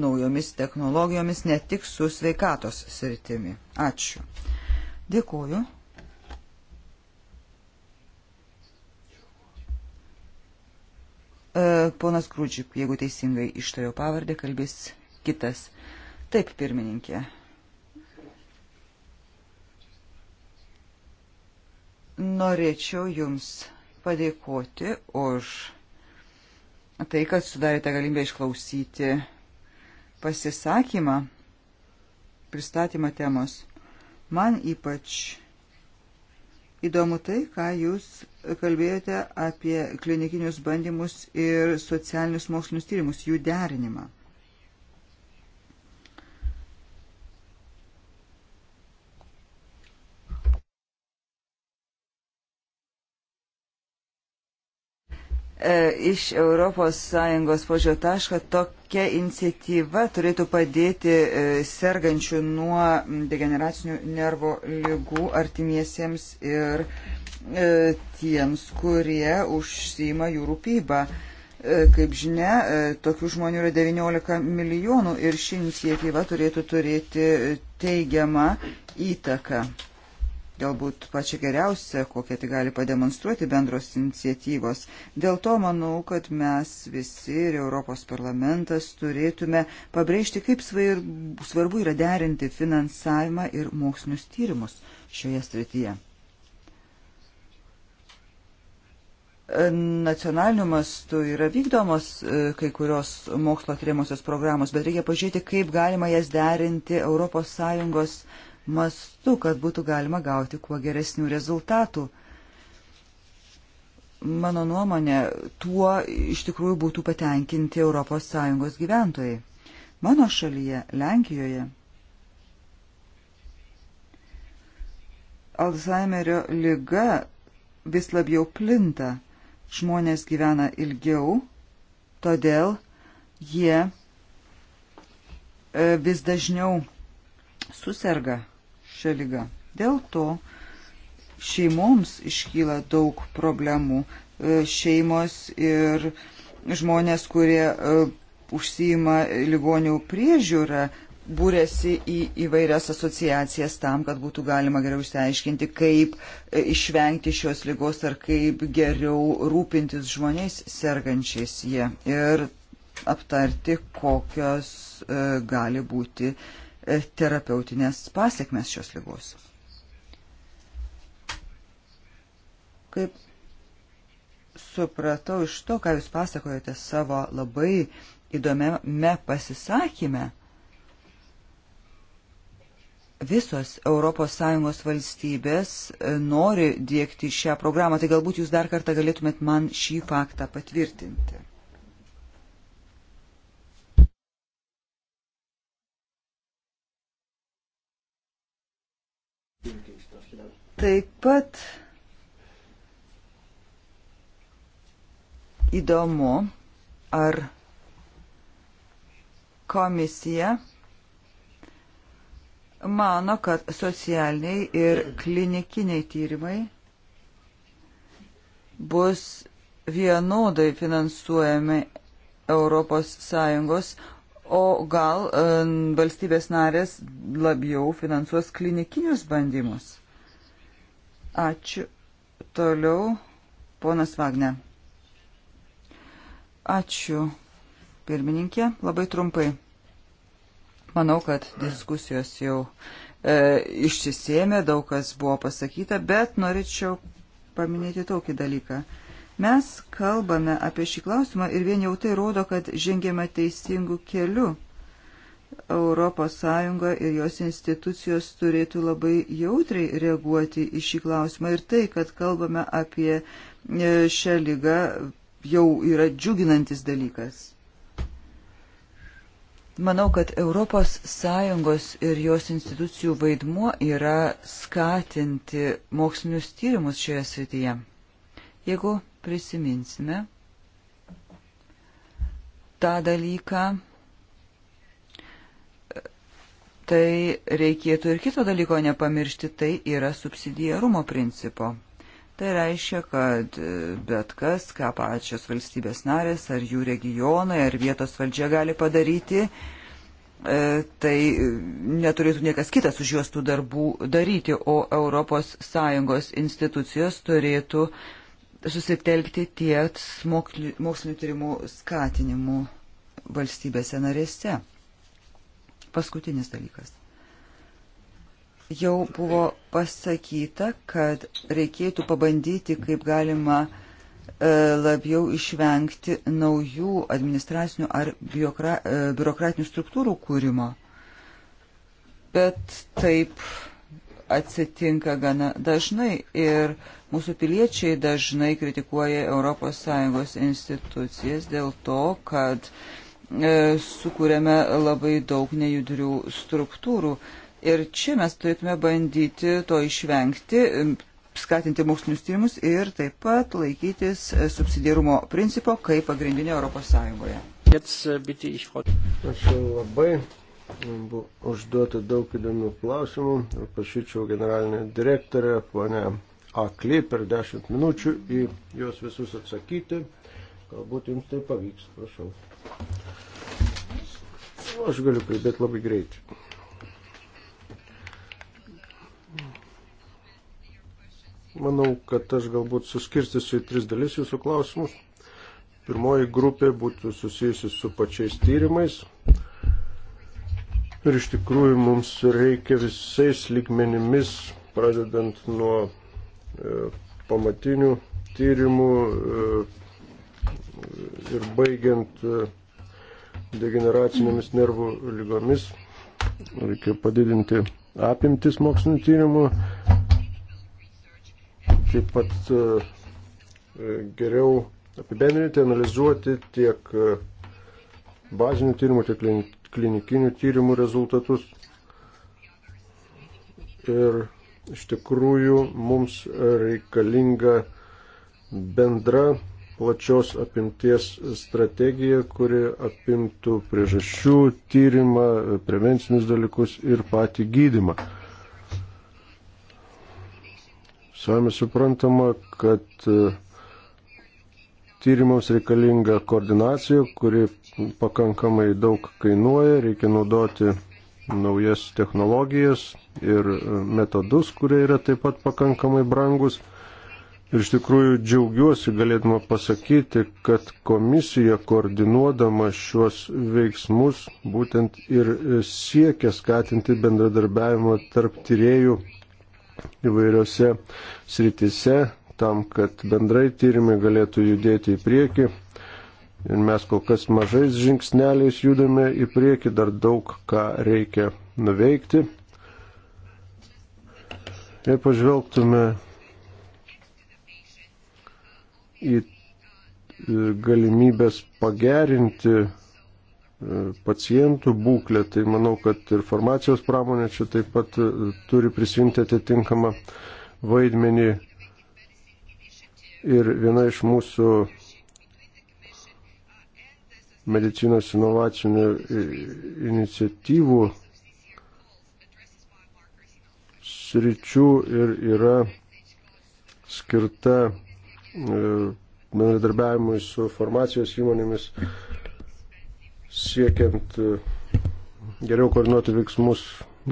naujomis technologijomis, ne tik su sveikatos sritimi. Ačiū. Dėkuoju. E, ponas Krūdžiuk, jeigu teisingai ištariau pavardę, kalbės kitas. Taip, pirmininkė. Norėčiau Jums padėkoti už tai, kad sudarėte galimybę išklausyti pasisakymą, pristatymą temos. Man ypač Įdomu tai, ką jūs kalbėjote apie klinikinius bandymus ir socialinius mokslinius tyrimus, jų derinimą. E, iš ES požio tašką tokia iniciatyva turėtų padėti e, sergančių nuo degeneracinių nervo lygų artimiesiems ir e, tiems, kurie užsima jų rūpybą. Kaip žinia, tokių žmonių yra 19 milijonų ir ši iniciatyva turėtų turėti teigiamą įtaką galbūt pačią geriausią, kokią tai gali pademonstruoti bendros iniciatyvos. Dėl to manau, kad mes visi ir Europos parlamentas turėtume pabrėžti, kaip svarbu yra derinti finansavimą ir mokslinius tyrimus šioje srityje. nacionaliniu mastu yra vykdomos e, kai kurios mokslo tyrimosios programos, bet reikia pažiūrėti, kaip galima jas derinti ES mastu, kad būtų galima gauti kuo geresnių rezultatų. Mano nuomonė, tuo iš tikrųjų būtų patenkinti ES gyventojai. Mano šalyje, Lenkijoje, Alzheimerio lyga vis labiau plinta. Žmonės gyvena ilgiau, todėl jie e, vis dažniau suserga šią lygą. Dėl to šeimoms iškyla daug problemų. E, šeimos ir žmonės, kurie e, užsijima ligonių priežiūrą, būrėsi į įvairias asociacijas tam, kad būtų galima geriau išsiaiškinti, kaip e, išvengti šios lygos ar kaip geriau rūpintis žmonės sergančiais jie ir aptarti, kokios e, gali būti e, terapeutinės pasiekmes šios lygos. Kaip supratau iš to, ką Jūs pasakojate savo labai įdomiame pasisakyme, visos ES valstybės e, nori dėkti šią programą, tai galbūt Jūs dar kartą galėtumėt man šį faktą patvirtinti. Taip pat įdomu, ar komisija mano, kad socialiniai ir klinikiniai tyrimai bus vienodai finansuojami ES, o gal valstybės narės labiau finansuos klinikinius bandymus. Ačiū. Toliau ponas Vagne. Ačiū, pirmininkė. Labai trumpai. Manau, kad diskusijos jau e, išsisėmė, daug kas buvo pasakyta, bet norėčiau paminėti tokį dalyką. Mes kalbame apie šį klausimą ir vien jau tai rodo, kad žengėme teisingų kelių. ES ir jos institucijos turėtų labai jautriai reaguoti į šį klausimą. Ir tai, kad kalbame apie e, šią lygą, jau yra džiuginantis dalykas. Manau, kad ES ir jos institucijų vaidmuo yra skatinti mokslinius tyrimus šioje srityje. Jeigu prisiminsime tą dalyką, tai reikėtų ir kito dalyko nepamiršti, tai yra subsidijarumo principo. Tai reiškia, kad e, bet kas, ką pačios valstybės narės, ar jų regionai, ar vietos valdžia gali padaryti, e, tai e, neturėtų niekas kitas už juos tų darbų daryti, o ES institucijos turėtų susitelkti ties mokslinių tyrimų skatinimu valstybėse narėse. Paskutinis dalykas. Jau buvo pasakyta, kad reikėtų pabandyti, kaip galima e, labiau išvengti naujų administracinių ar e, biurokratinių struktūrų kūrimo. Bet taip atsitinka gana dažnai ir mūsų piliečiai dažnai kritikuoja ES institucijas dėl to, kad uh, E, sukūrėme labai daug nejudrių struktūrų. Ir čia mes turėtume bandyti to išvengti, e, skatinti mokslinius tyrimus ir taip pat laikytis e, subsidiarumo principo kaip pagrindinė Europos Sąjungoje. Ačiū labai. Buvo užduota daug įdomių klausimų. Ir pašyčiau generalinę direktorę, ponę Akli, per 10 minučių į juos visus atsakyti. Galbūt jums tai pavyks, prašau. Aš galiu kalbėti labai greitai. Manau, kad aš galbūt suskirstysiu į tris dalis jūsų klausimus. Pirmoji grupė būtų susijusi su pačiais tyrimais. Ir iš tikrųjų mums reikia visais lygmenimis, pradedant nuo e, pamatinių tyrimų, e, ir baigiant e, degeneracinėmis nervų lygomis. Reikia padidinti apimtis mokslinio tyrimų. Taip pat e, e, geriau apibendrinti, analizuoti tiek bazinių tyrimų, tiek klinikinių tyrimų rezultatus. Ir iš tikrųjų mums reikalinga bendra plačios apimties strategiją, kuri apimtų priežasčių tyrimą, prevencinius dalykus ir patį gydimą. Savame suprantama, kad e, tyrimams reikalinga koordinacija, kuri pakankamai daug kainuoja, reikia naudoti naujas technologijas ir e, metodus, kurie yra taip pat pakankamai brangus. Ir iš tikrųjų džiaugiuosi galėdama pasakyti, kad komisija koordinuodama šiuos veiksmus būtent ir siekia skatinti bendradarbiavimą tarp tyriejų įvairiose sritise, tam, kad bendrai tyrimai galėtų judėti į priekį. Ir mes kol kas mažais žingsneliais judame į priekį, dar daug ką reikia nuveikti. Jei pažvelgtume į e, galimybės pagerinti e, pacientų būklę, tai manau, kad ir farmacijos pramonė čia taip pat e, turi prisimti atitinkamą vaidmenį. Ir viena iš mūsų medicinos inovacinių iniciatyvų sričių ir yra skirta E, bendradarbiavimui su farmacijos įmonėmis, siekiant e, geriau koordinuoti veiksmus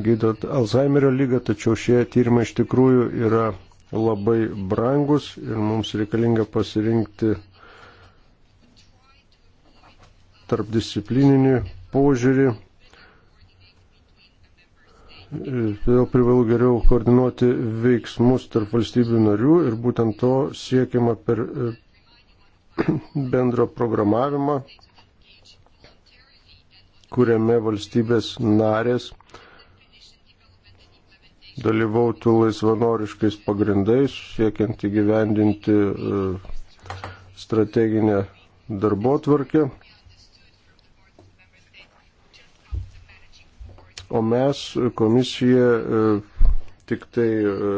gydant Alzheimerio lygą, tačiau šie tyrimai iš tikrųjų yra labai brangus ir mums reikalinga pasirinkti tarpdisciplininį požiūrį todėl privalu geriau koordinuoti veiksmus tarp valstybių narių ir būtent to siekiama per e, bendro programavimą, kuriame valstybės narės dalyvautų laisvanoriškais pagrindais, siekiant įgyvendinti e, strateginę darbo tvarkę. o mes komisija e, tik tai e,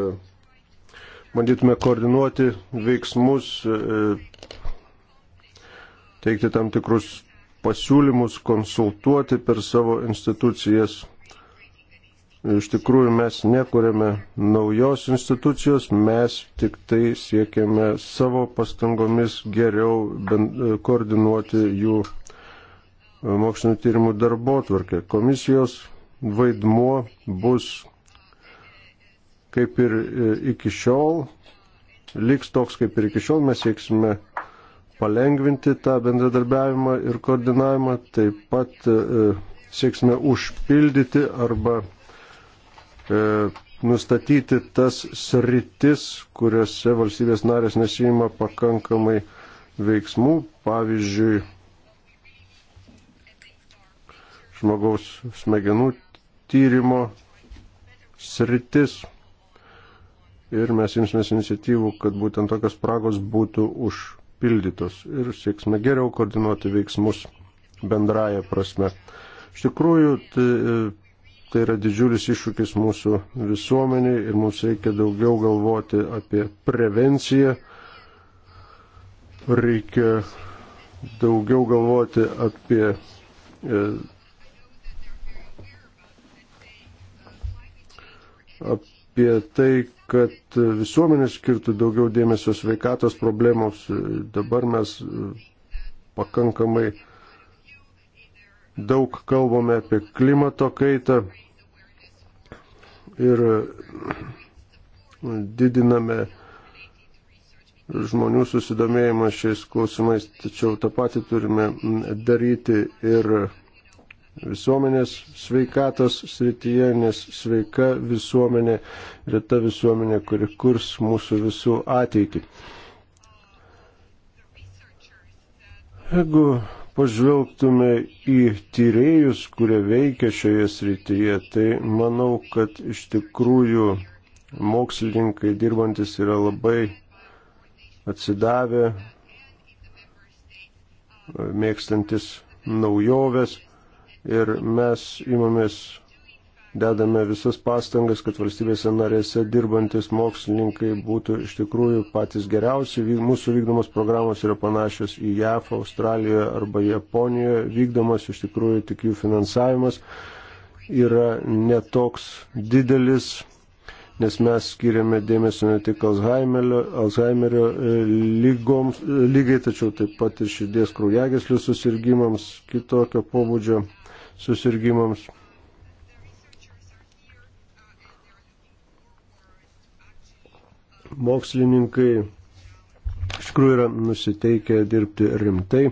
bandytume koordinuoti veiksmus, e, teikti tam tikrus pasiūlymus, konsultuoti per savo institucijas. Iš tikrųjų mes nekuriame naujos institucijos, mes tik tai siekiame savo pastangomis geriau koordinuoti jų mokslinio tyrimų darbo tvarkę. Komisijos vaidmuo bus kaip ir e, iki šiol, liks toks kaip ir iki šiol, mes sieksime palengvinti tą bendradarbiavimą ir koordinavimą, taip pat e, e, sieksime užpildyti arba nustatyti tas sritis, kuriuose valstybės narės nesijima pakankamai veiksmų, pavyzdžiui, žmogaus smegenų tyrimo sritis. Ir mes imsimės iniciatyvų, kad būtent tokios spragos būtų užpildytos ir sieksime geriau koordinuoti veiksmus bendraja prasme. Iš tikrųjų, tai, tai yra didžiulis iššūkis mūsų visuomeniai ir mums reikia daugiau galvoti apie prevenciją. Reikia daugiau galvoti apie e, apie tai, kad visuomenė skirtų daugiau dėmesio sveikatos problemoms. Dabar mes pakankamai daug kalbame apie klimato kaitą ir didiname žmonių susidomėjimą šiais klausimais, tačiau tą patį turime daryti ir visuomenės sveikatos srityje, nes sveika visuomenė yra ta visuomenė, kuri kurs mūsų visų ateitį. Jeigu pažvelgtume į tyriejus, kurie veikia šioje srityje, tai manau, kad iš tikrųjų mokslininkai dirbantis yra labai atsidavę, mėgstantis naujoves ir mes įmamės, dedame visas pastangas, kad valstybėse narėse dirbantis mokslininkai būtų iš tikrųjų patys geriausi. Mūsų vykdomos programos yra panašios į JAF, Australijoje arba Japonijoje, vykdomas iš tikrųjų tik jų finansavimas yra netoks didelis nes mes skiriame dėmesio ne tik Alzheimerio, Alzheimerio e, lygoms, e, lygai, tačiau taip pat ir širdies kraujagyslių susirgymams kitokio pobūdžio susirgymams. Mokslininkai iš tikrųjų yra nusiteikę dirbti rimtai,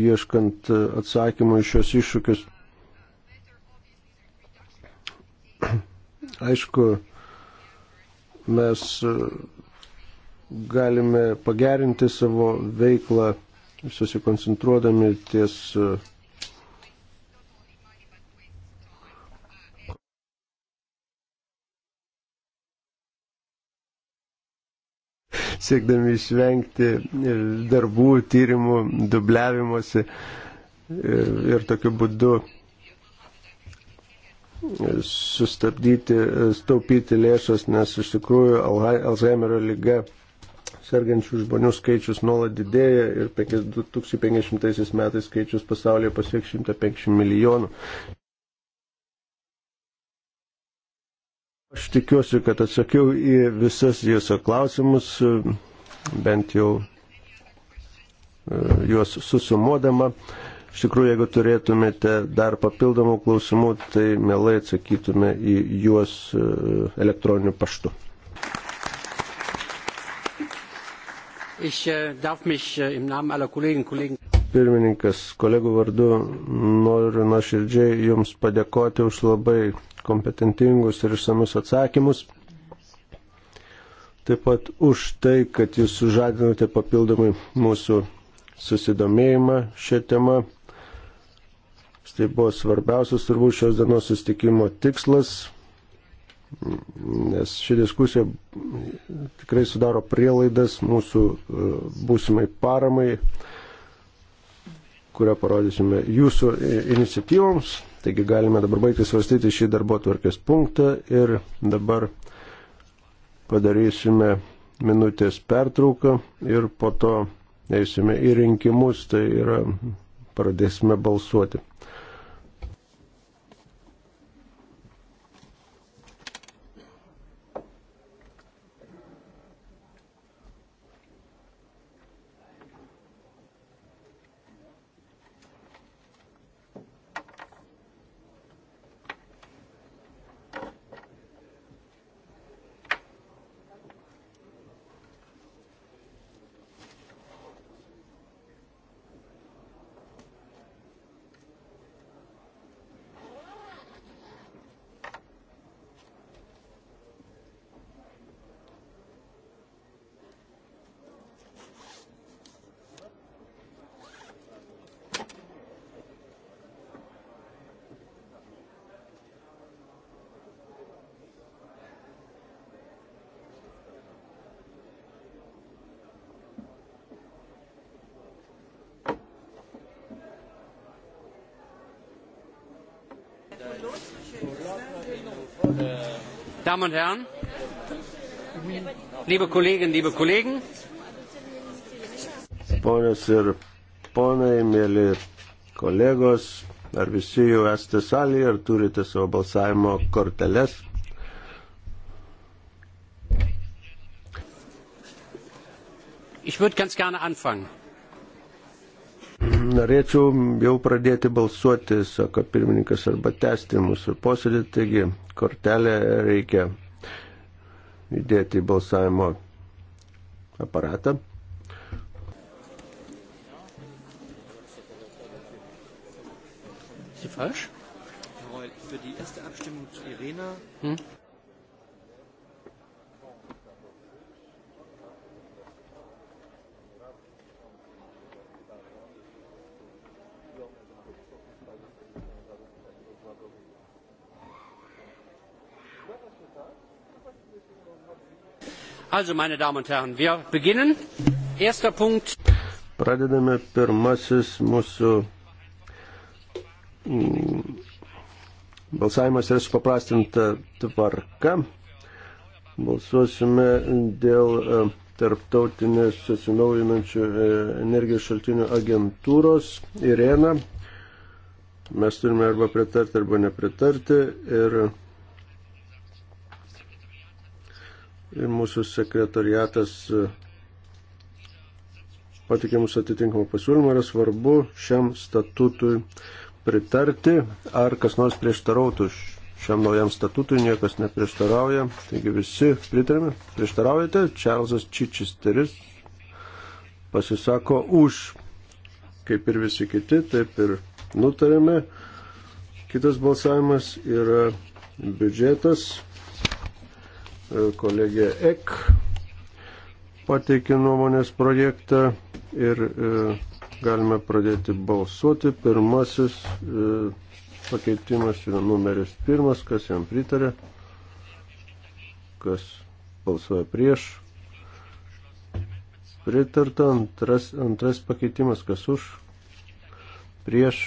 ieškant atsakymą iš šios iššūkius. Aišku, mes galime pagerinti savo veiklą susikoncentruodami ties e, siekdami išvengti darbų, tyrimų, dubliavimuose e, ir tokiu būdu sustabdyti, staupyti lėšas, nes iš tikrųjų Alzheimerio lyga sergančių žmonių skaičius nuolat didėja ir 2050 metais skaičius pasaulyje pasieks 150 milijonų. Aš tikiuosi, kad atsakiau į visas jūsų klausimus, bent jau e, juos susumuodama. Iš tikrųjų, jeigu turėtumėte dar papildomų klausimų, tai mielai atsakytume į juos e, elektroniniu paštu. Ich äh, darf mich äh, im Namen aller Kollegen, Kollegen. Pirmininkas, kolegų vardu noriu nuoširdžiai Jums padėkoti už labai kompetentingus ir išsamius atsakymus. Taip pat už tai, kad Jūs sužadinote papildomai mūsų susidomėjimą šią temą. Tai buvo svarbiausias turbūt šios dienos sustikimo tikslas nes ši diskusija tikrai sudaro prielaidas mūsų e, būsimai paramai, kurią parodysime jūsų iniciatyvoms. Taigi galime dabar baigti svarstyti šį darbo tvarkės punktą ir dabar padarysime minutės pertrauką ir po to eisime į rinkimus, tai yra pradėsime balsuoti. Damen und Herren, liebe Kolleginnen, liebe Kollegen. Ponios ir ponai, mėly kolegos, ar visi jau esate salėje, ar turite savo balsavimo korteles? Ich würde ganz gerne anfangen norėčiau jau pradėti balsuoti, sako pirmininkas, arba tęsti mūsų posėdį, taigi kortelę reikia įdėti į balsavimo aparatą. C'est fâche Also, meine Damen und Herren, wir beginnen. Erster Punkt. Pradedame pirmasis mūsų mm, balsavimas yra supaprastinta tvarka. Balsuosime dėl e, tarptautinės susinaujinančių e, energijos šaltinių agentūros Irena. Mes turime arba pritarti, arba nepritarti. Ir ir mūsų sekretariatas e, patikė mūsų atitinkamą pasiūlymą, yra svarbu šiam statutui pritarti, ar kas nors prieštarautų šiam naujam statutui, niekas neprieštarauja, taigi visi pritarėme, prieštaraujate, Čarlzas Čičisteris pasisako už, kaip ir visi kiti, taip ir nutarėme. Kitas balsavimas yra biudžetas kolegė Ek pateikė nuomonės projektą ir e, galime pradėti balsuoti. Pirmasis e, pakeitimas yra numeris pirmas, kas jam pritarė, kas balsuoja prieš. Pritarta antras, antras pakeitimas, kas už, prieš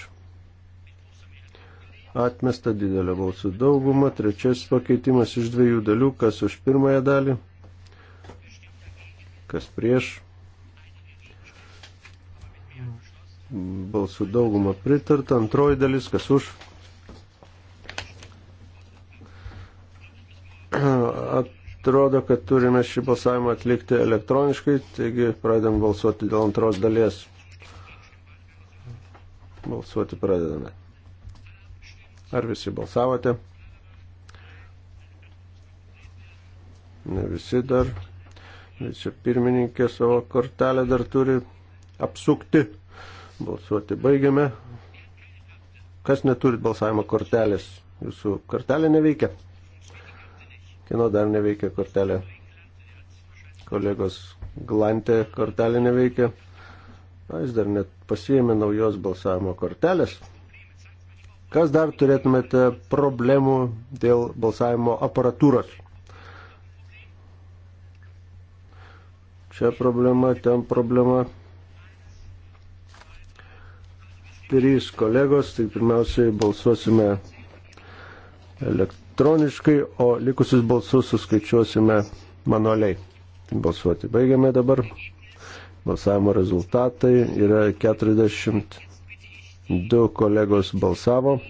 atmesta didelė balsų dauguma. Trečiasis pakeitimas iš dviejų dalių, kas už pirmąją dalį, kas prieš. Balsų dauguma pritarta, antroji dalis, kas už. Atrodo, kad turime šį balsavimą atlikti elektroniškai, taigi pradedam balsuoti dėl antros dalies. Balsuoti pradedame. Ar visi balsavote? Ne visi dar. Visi pirmininkė savo kortelę dar turi apsukti. Balsuoti baigiame. Kas neturit balsavimo kortelės? Jūsų kortelė neveikia. Kino dar neveikia kortelė. Kolegos Glantė kortelė neveikia. Na, jis dar net pasiėmė naujos balsavimo kortelės. Kas dar turėtumėte problemų dėl balsavimo aparatūros? Čia problema, ten problema. Trys kolegos, tai pirmiausiai balsuosime elektroniškai, o likusius balsus suskaičiuosime manualiai. Balsuoti baigiame dabar. Balsavimo rezultatai yra 40 Du kolegos balsavo.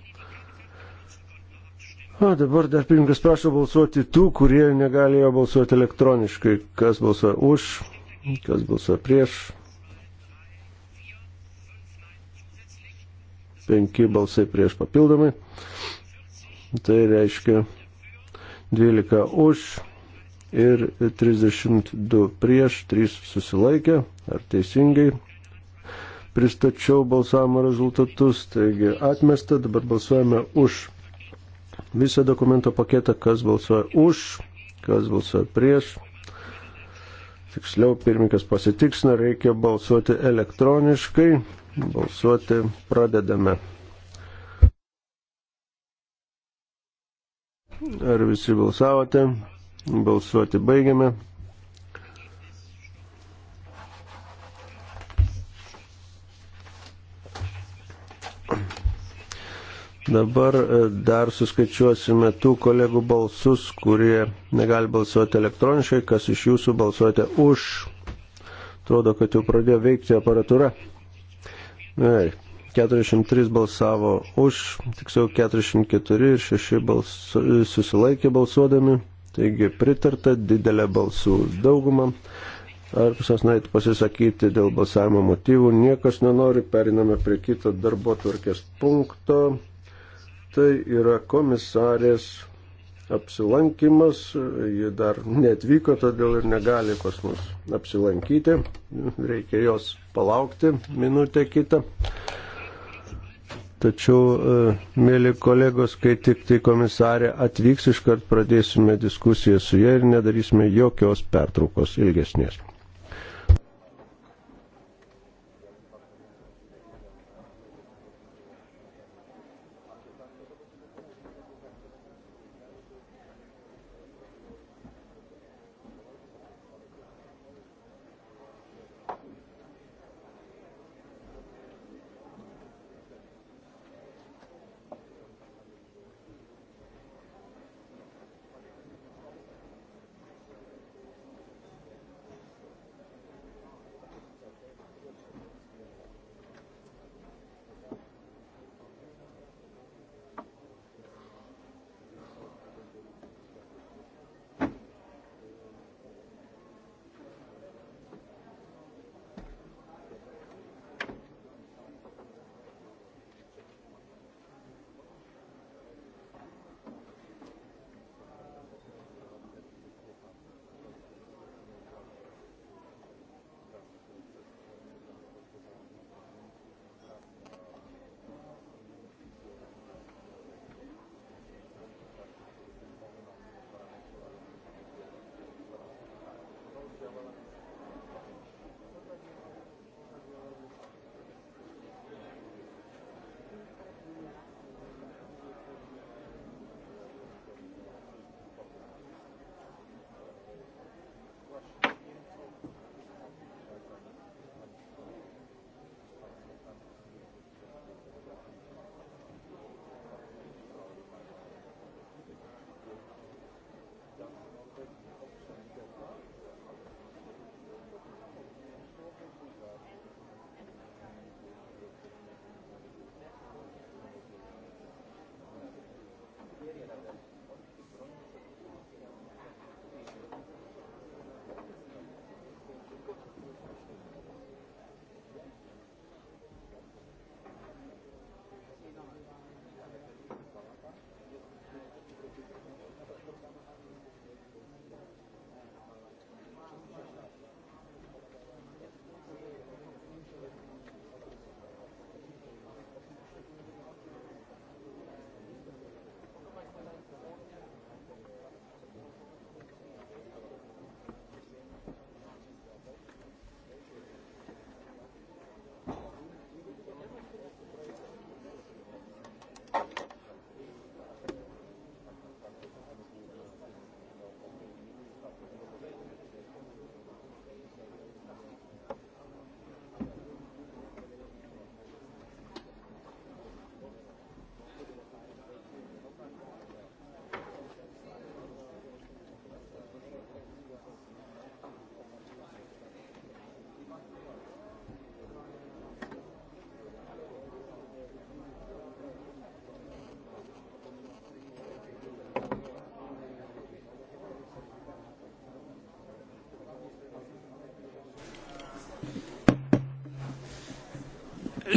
O dabar dar pirmininkas prašo balsuoti tų, kurie negalėjo balsuoti elektroniškai. Kas balsuoja už, kas balsuoja prieš. Penki balsai prieš papildomai. Tai reiškia 12 už ir 32 prieš, 3 susilaikė. Ar teisingai pristačiau balsavimo rezultatus. Taigi atmesta, dabar balsuojame už visą dokumento paketą, kas balsuoja už, kas balsuoja prieš. Tiksliau, pirmininkas pasitiksna, reikia balsuoti elektroniškai. Balsuoti pradedame. Ar visi balsavote? Balsuoti baigiame. Dabar e, dar suskaičiuosime tų kolegų balsus, kurie negali balsuoti elektroniškai, kas iš jūsų balsuojate už. Atrodo, kad jau pradėjo veikti aparatūra. Gerai. 43 balsavo už, tiksliau 44 ir 6 balsu, susilaikė balsuodami, taigi pritarta didelė balsų dauguma. Ar visas norėtų pasisakyti dėl balsavimo motyvų? Niekas nenori, periname prie kito darbo tvarkės punkto tai yra komisarės apsilankimas. Ji dar netvyko, todėl ir negali pas mus apsilankyti. Reikia jos palaukti minutę kitą. Tačiau, e, mėly kolegos, kai tik tai komisarė atvyks, iškart pradėsime diskusiją su ja ir nedarysime jokios pertraukos ilgesnės.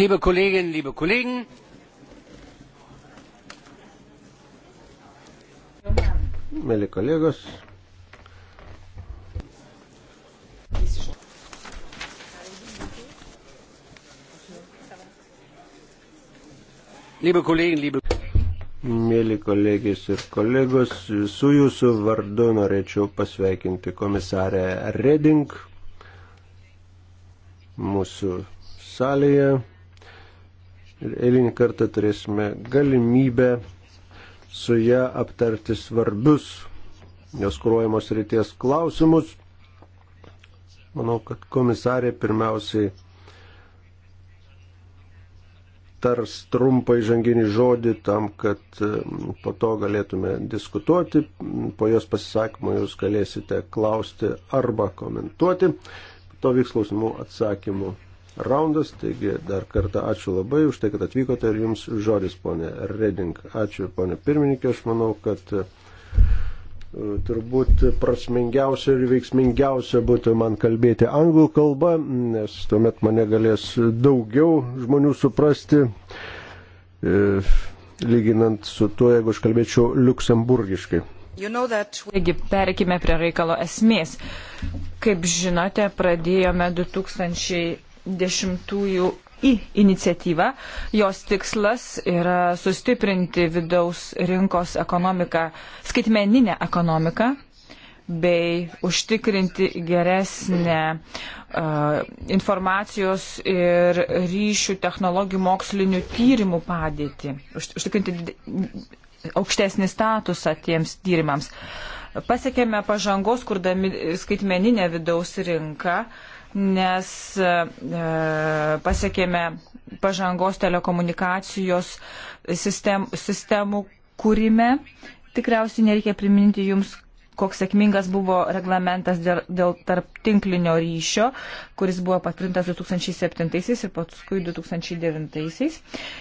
Liebe Kolleginnen, liebe Kollegen, Mėly kolegos. Liebe Kollegen, liebe Mėly kolegės ir kolegos, visų jūsų vardu norėčiau pasveikinti komisarę Reding mūsų salėje ir eilinį kartą turėsime galimybę su ją aptarti svarbius jos kruojamos ryties klausimus. Manau, kad komisarė pirmiausiai tars trumpą įžanginį žodį tam, kad mm, po to galėtume diskutuoti. Po jos pasisakymo jūs galėsite klausti arba komentuoti. Po to vyks klausimų atsakymų raundas, taigi dar kartą ačiū labai už tai, kad atvykote ir jums žodis, ponė Reding. Ačiū, ponė pirmininkė, aš manau, kad e, turbūt prasmingiausia ir veiksmingiausia būtų man kalbėti anglų kalbą, nes tuomet mane galės daugiau žmonių suprasti, e, lyginant su tuo, jeigu aš kalbėčiau liuksemburgiškai. You know that... Taigi, perkime prie reikalo esmės. Kaip žinote, pradėjome 2000 dešimtųjų į iniciatyvą. Jos tikslas yra sustiprinti vidaus rinkos ekonomiką, skaitmeninę ekonomiką bei užtikrinti geresnę uh, informacijos ir ryšių technologijų mokslinių tyrimų padėtį, užtikrinti aukštesnį statusą tiems tyrimams. Pasiekėme pažangos, kurdami skaitmeninę vidaus rinką. Uh, nes e, pasiekėme pažangos telekomunikacijos sistem, sistemų kūrime. Tikriausiai nereikia priminti jums, koks sėkmingas buvo reglamentas dėl, dėl tarp tinklinio ryšio, kuris buvo patvirtintas 2007 ir paskui 2009. -aisiais.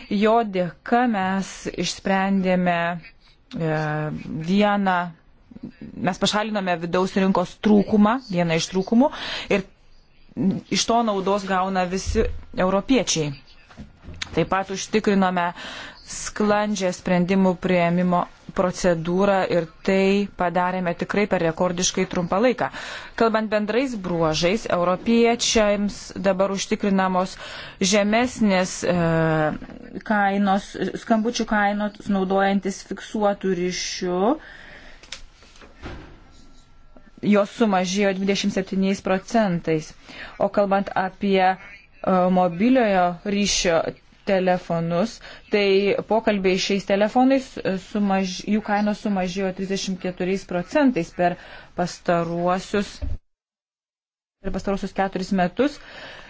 Jo dėka mes išsprendėme e, vieną mes pašalinome vidaus rinkos trūkumą, vieną iš trūkumų, ir iš to naudos gauna visi europiečiai. Taip pat užtikrinome sklandžią sprendimų prieimimo procedūrą ir tai padarėme tikrai per rekordiškai trumpą laiką. Kalbant bendrais bruožais, europiečiams dabar užtikrinamos žemesnės e, kainos, skambučių kainos naudojantis fiksuotų ryšių. E, jos sumažėjo 27 procentais. O kalbant apie e, mobiliojo ryšio telefonus, tai pokalbiai šiais telefonais e, sumaž, jų kainos sumažėjo 34 procentais per pastaruosius, per pastaruosius keturis metus. Uh,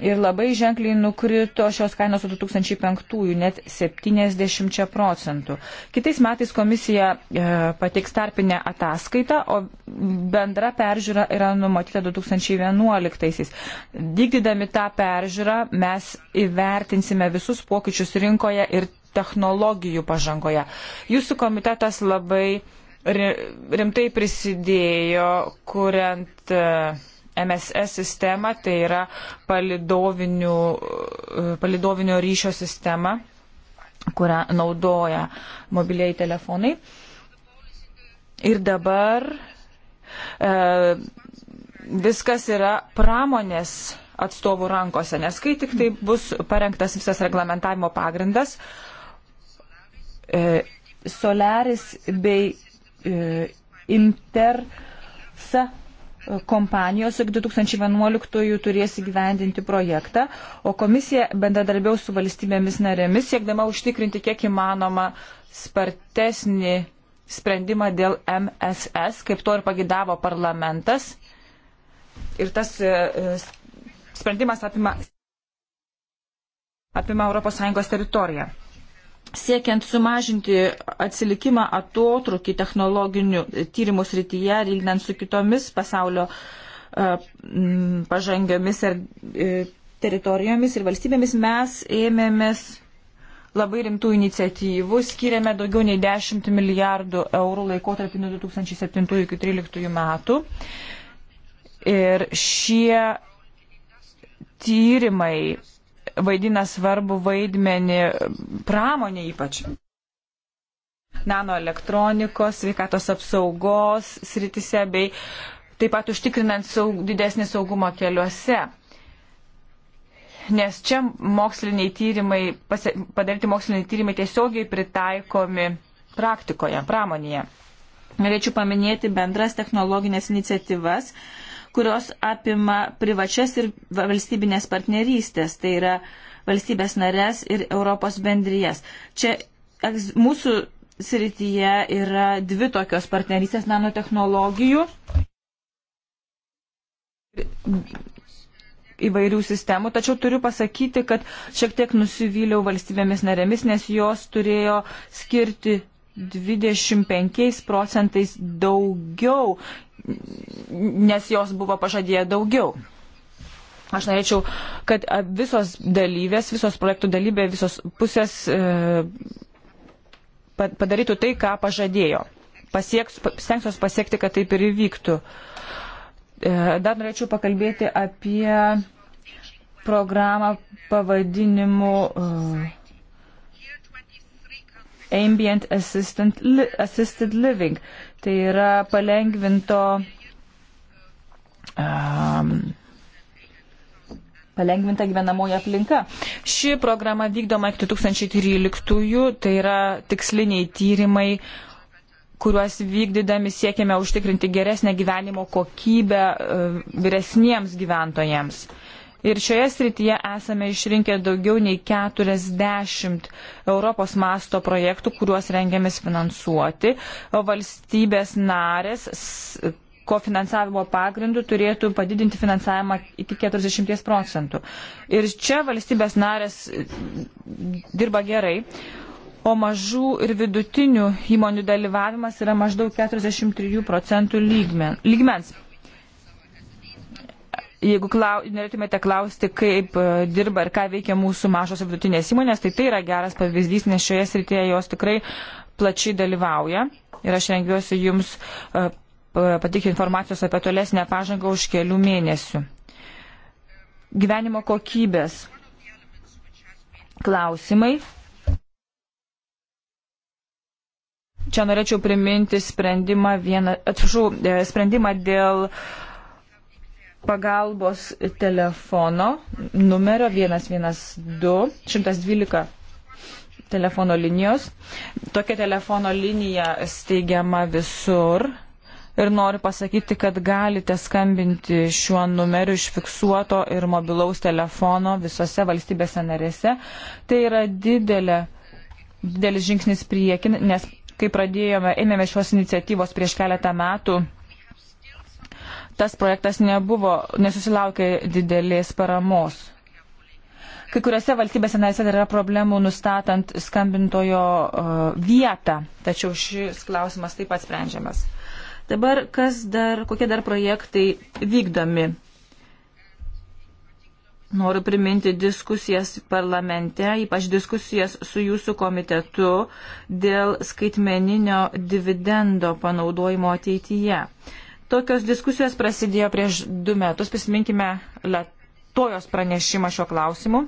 ir labai ženkliai nukrito šios kainos nuo 2005-ųjų, net 70 procentų. Kitais metais komisija e, pateiks tarpinę ataskaitą, o bendra peržiūra yra numatyta 2011-aisiais. Dygdydami tą peržiūrą mes įvertinsime visus pokyčius rinkoje ir technologijų pažangoje. Jūsų komitetas labai rimtai prisidėjo, kuriant e, MSS sistemą, tai yra palidovinio ryšio sistemą, kurią naudoja mobiliai telefonai. Ir dabar e, viskas yra pramonės atstovų rankose, nes kai tik tai bus parengtas visas reglamentavimo pagrindas, e, Solaris bei e, Intersa kompanijos iki 2011 turės įgyvendinti projektą, o komisija bendradarbiaus su valstybėmis narėmis, siekdama užtikrinti kiek įmanoma spartesnį sprendimą dėl MSS, kaip to ir pagidavo parlamentas. Ir tas e, e, sprendimas apima, apima ES teritoriją siekiant sumažinti atsilikimą atotrukį technologinių tyrimų srityje, lyginant su kitomis pasaulio e, pažangiomis ir e, teritorijomis ir valstybėmis, mes ėmėmės labai rimtų iniciatyvų, skiriame daugiau nei 10 milijardų eurų laikotarpį nuo 2007 iki 2013 metų. Ir šie tyrimai vaidina svarbu vaidmenį pramonė ypač. Nanoelektronikos, sveikatos apsaugos sritise bei taip pat užtikrinant saug, didesnį saugumą keliuose. Nes čia moksliniai tyrimai, pasi, padaryti moksliniai tyrimai tiesiogiai pritaikomi praktikoje, pramonėje. Norėčiau paminėti bendras technologinės iniciatyvas, kurios apima privačias ir valstybinės partnerystės, tai yra valstybės narės ir Europos bendrijas. Čia mūsų srityje yra dvi tokios partnerystės nanotehnologijų įvairių sistemų, tačiau turiu pasakyti, kad šiek tiek nusivyliau valstybėmis narėmis, nes jos turėjo skirti 25 procentais daugiau nes jos buvo pažadėję daugiau. Aš norėčiau, kad visos dalyvės, visos projektų dalyvė, visos pusės e, padarytų tai, ką pažadėjo. Pasieks, stengsiuos pasiekti, kad taip ir įvyktų. E, dar norėčiau pakalbėti apie programą pavadinimu. E, ambient li, assisted living. Tai yra palengvinto. Um, Palengvinta gyvenamoji aplinka. Ši programa vykdoma iki 2013-ųjų, tai yra tiksliniai tyrimai, kuriuos vykdydami siekiame užtikrinti geresnę gyvenimo kokybę uh, vyresniems gyventojams. Uh, Ir šioje srityje esame išrinkę daugiau nei 40 Europos masto projektų, kuriuos rengiamės finansuoti. O valstybės narės kofinansavimo pagrindų turėtų padidinti finansavimą iki 40 procentų. Ir čia valstybės narės dirba gerai, o mažų ir vidutinių įmonių dalyvavimas yra maždaug 43 procentų lygmen, lygmens jeigu klau, norėtumėte klausti, kaip e, dirba ir ką veikia mūsų mažos ir vidutinės įmonės, tai tai yra geras pavyzdys, nes šioje srityje jos tikrai plačiai dalyvauja. Ir aš rengiuosi jums e, patikti informacijos apie tolesnę pažangą už kelių mėnesių. Gyvenimo kokybės klausimai. Čia norėčiau priminti sprendimą, vieną, atsiprašau, e, sprendimą dėl uh, pagalbos telefono numerio 112, 112 telefono linijos. Tokia telefono linija steigiama visur. Ir noriu pasakyti, kad galite skambinti šiuo numeriu iš fiksuoto ir mobilaus telefono visose valstybėse narėse. Tai yra didelė, didelis žingsnis priekin, nes kai pradėjome, ėmėme šios iniciatyvos prieš keletą metų, tas projektas nebuvo, nesusilaukė didelės paramos. Kai kuriuose valstybėse narėse dar yra problemų nustatant skambintojo uh, vietą, tačiau šis klausimas taip pat sprendžiamas. Dabar kas dar, kokie dar projektai vykdomi? Noriu priminti diskusijas parlamente, ypač diskusijas su jūsų komitetu dėl skaitmeninio dividendo panaudojimo ateityje. Uh, Tokios diskusijos prasidėjo prieš du metus, prisiminkime Latojos pranešimą šiuo klausimu.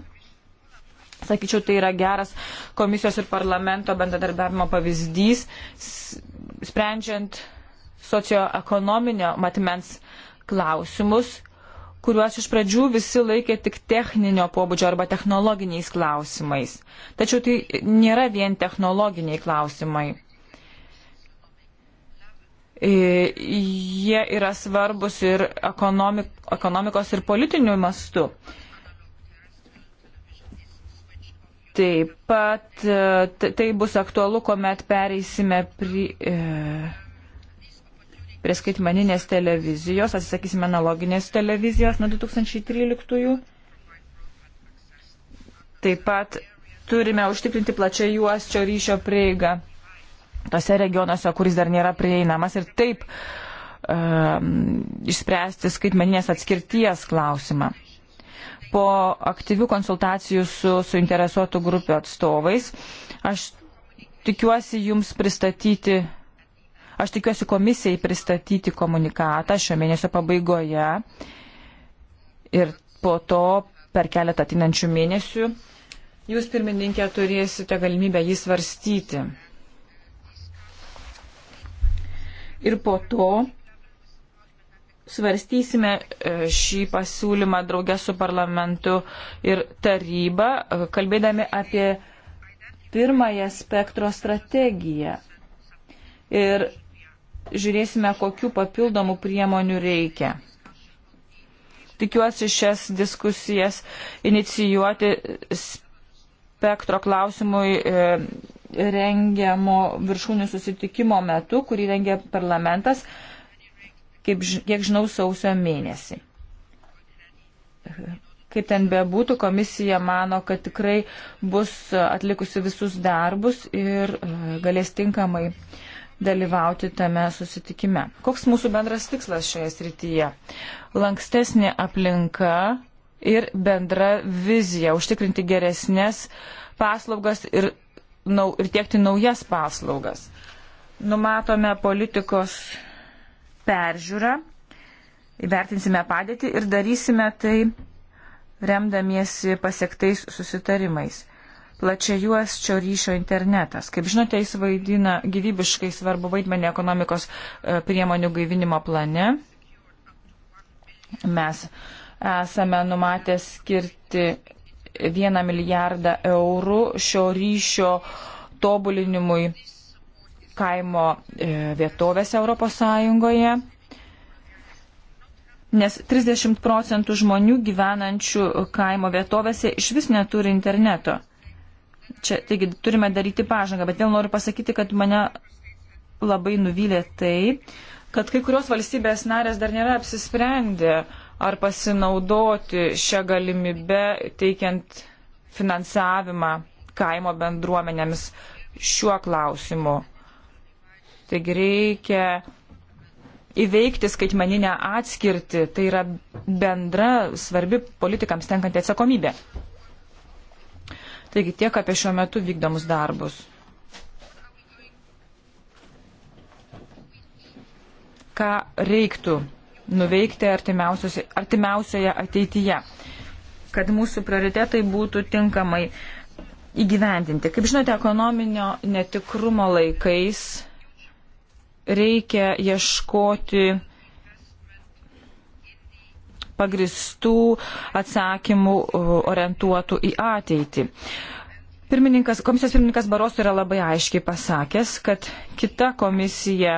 Sakyčiau, tai yra geras komisijos ir parlamento bendradarbiavimo pavyzdys, sprendžiant socioekonominio matmens klausimus, kuriuos iš pradžių visi laikė tik techninio pobūdžio arba technologiniais klausimais. Tačiau tai nėra vien technologiniai klausimai E, jie yra svarbus ir ekonomik, ekonomikos ir politinių mastų. Taip pat e, tai bus aktualu, kuomet pereisime prie, e, prie skaitmaninės televizijos, atsisakysime analoginės televizijos nuo 2013-ųjų. Taip pat turime užtikrinti plačiai juos čia ryšio prieigą tose regionuose, kuris dar nėra prieinamas ir taip um, išspręsti skaitmeninės atskirties klausimą. Po aktyvių konsultacijų su suinteresuotų grupių atstovais aš tikiuosi jums pristatyti, aš tikiuosi komisijai pristatyti komunikatą šio mėnesio pabaigoje ir po to per keletą atinančių mėnesių jūs pirmininkė turėsite galimybę jį svarstyti. ir po to svarstysime e, šį pasiūlymą draugę su parlamentu ir taryba, e, kalbėdami apie pirmąją spektro strategiją. Ir žiūrėsime, kokiu papildomų priemonių reikia. Tikiuosi šias diskusijas inicijuoti spektro klausimui e, rengiamo viršūnių susitikimo metu, kurį rengia parlamentas, kaip, kiek žinau, sausio mėnesį. Kaip ten bebūtų, komisija mano, kad tikrai bus atlikusi visus darbus ir e, galės tinkamai dalyvauti tame susitikime. Koks mūsų bendras tikslas šioje srityje? Lankstesnė aplinka ir bendra vizija užtikrinti geresnės paslaugas ir nau, ir tiekti naujas paslaugas. Numatome politikos peržiūrą, įvertinsime padėtį ir darysime tai remdamiesi pasiektais susitarimais. Plačia juos čia ryšio internetas. Kaip žinote, jis vaidina gyvybiškai svarbu vaidmenį ekonomikos e, priemonių gaivinimo plane. Mes esame numatę skirti 1 milijardą eurų šio ryšio tobulinimui kaimo e, vietovėse Europos Sąjungoje nes 30 procentų žmonių gyvenančių kaimo vietovėse iš vis neturi interneto. Čia, taigi, turime daryti pažangą, bet vėl noriu pasakyti, kad mane labai nuvylė tai, kad kai kurios valstybės narės dar nėra apsisprendę, ar pasinaudoti šią galimybę teikiant finansavimą kaimo bendruomenėms šiuo klausimu. Taigi reikia įveikti skaitmeninę atskirtį, tai yra bendra svarbi politikams tenkanti atsakomybė. Taigi tiek apie šiuo metu vykdomus darbus. Ką reiktų nuveikti artimiausioje ateityje, kad mūsų prioritetai būtų tinkamai įgyvendinti. Kaip žinote, ekonominio netikrumo laikais reikia ieškoti pagristų atsakymų orientuotų į ateitį. Uh, Pirmininkas, komisijos pirmininkas Baros yra labai aiškiai pasakęs, kad kita komisija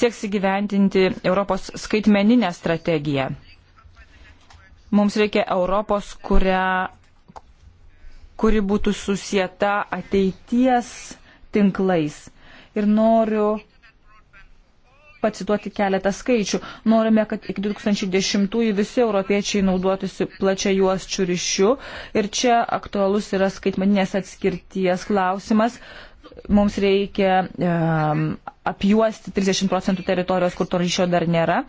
sieks įgyvendinti Europos skaitmeninę strategiją. Mums reikia Europos, kuria, kuri būtų susieta ateities tinklais. Ir noriu pacituoti keletą skaičių. Norime, kad iki 2010-ųjų visi europiečiai naudotųsi plačia juosčių ryšių. Ir čia aktualus yra skaitmaninės atskirties klausimas. Mums reikia um, apjuosti 30 procentų teritorijos, kur to ryšio dar nėra.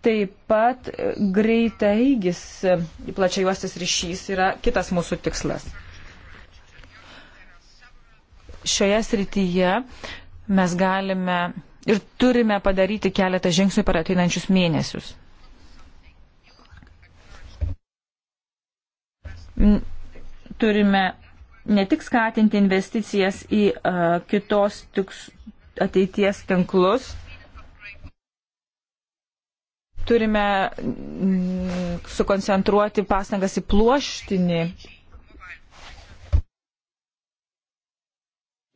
Taip pat e, greitaigis e, plačia juostis ryšys yra kitas mūsų tikslas. Šioje srityje mes galime ir turime padaryti keletą žingsnių per ateinančius mėnesius. Turime ne tik skatinti investicijas į uh, kitos tiks, ateities tinklus, turime mm, sukoncentruoti pastangas į pluoštinį,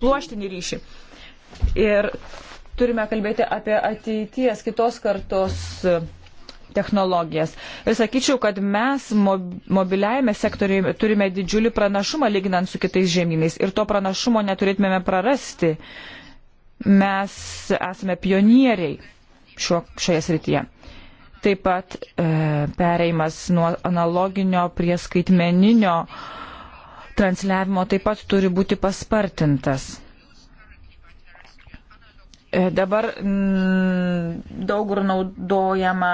pluoštinį ryšį. Ir turime kalbėti apie ateities kitos kartos technologijas. Ir sakyčiau, kad mes mobiliajame sektoriuje turime didžiulį pranašumą lyginant su kitais žemynais ir to pranašumo neturėtumėme prarasti. Mes esame pionieriai šio, šioje srityje. Taip pat e, pereimas nuo analoginio prie skaitmeninio transliavimo taip pat turi būti paspartintas. E, dabar m, mm, daug kur naudojama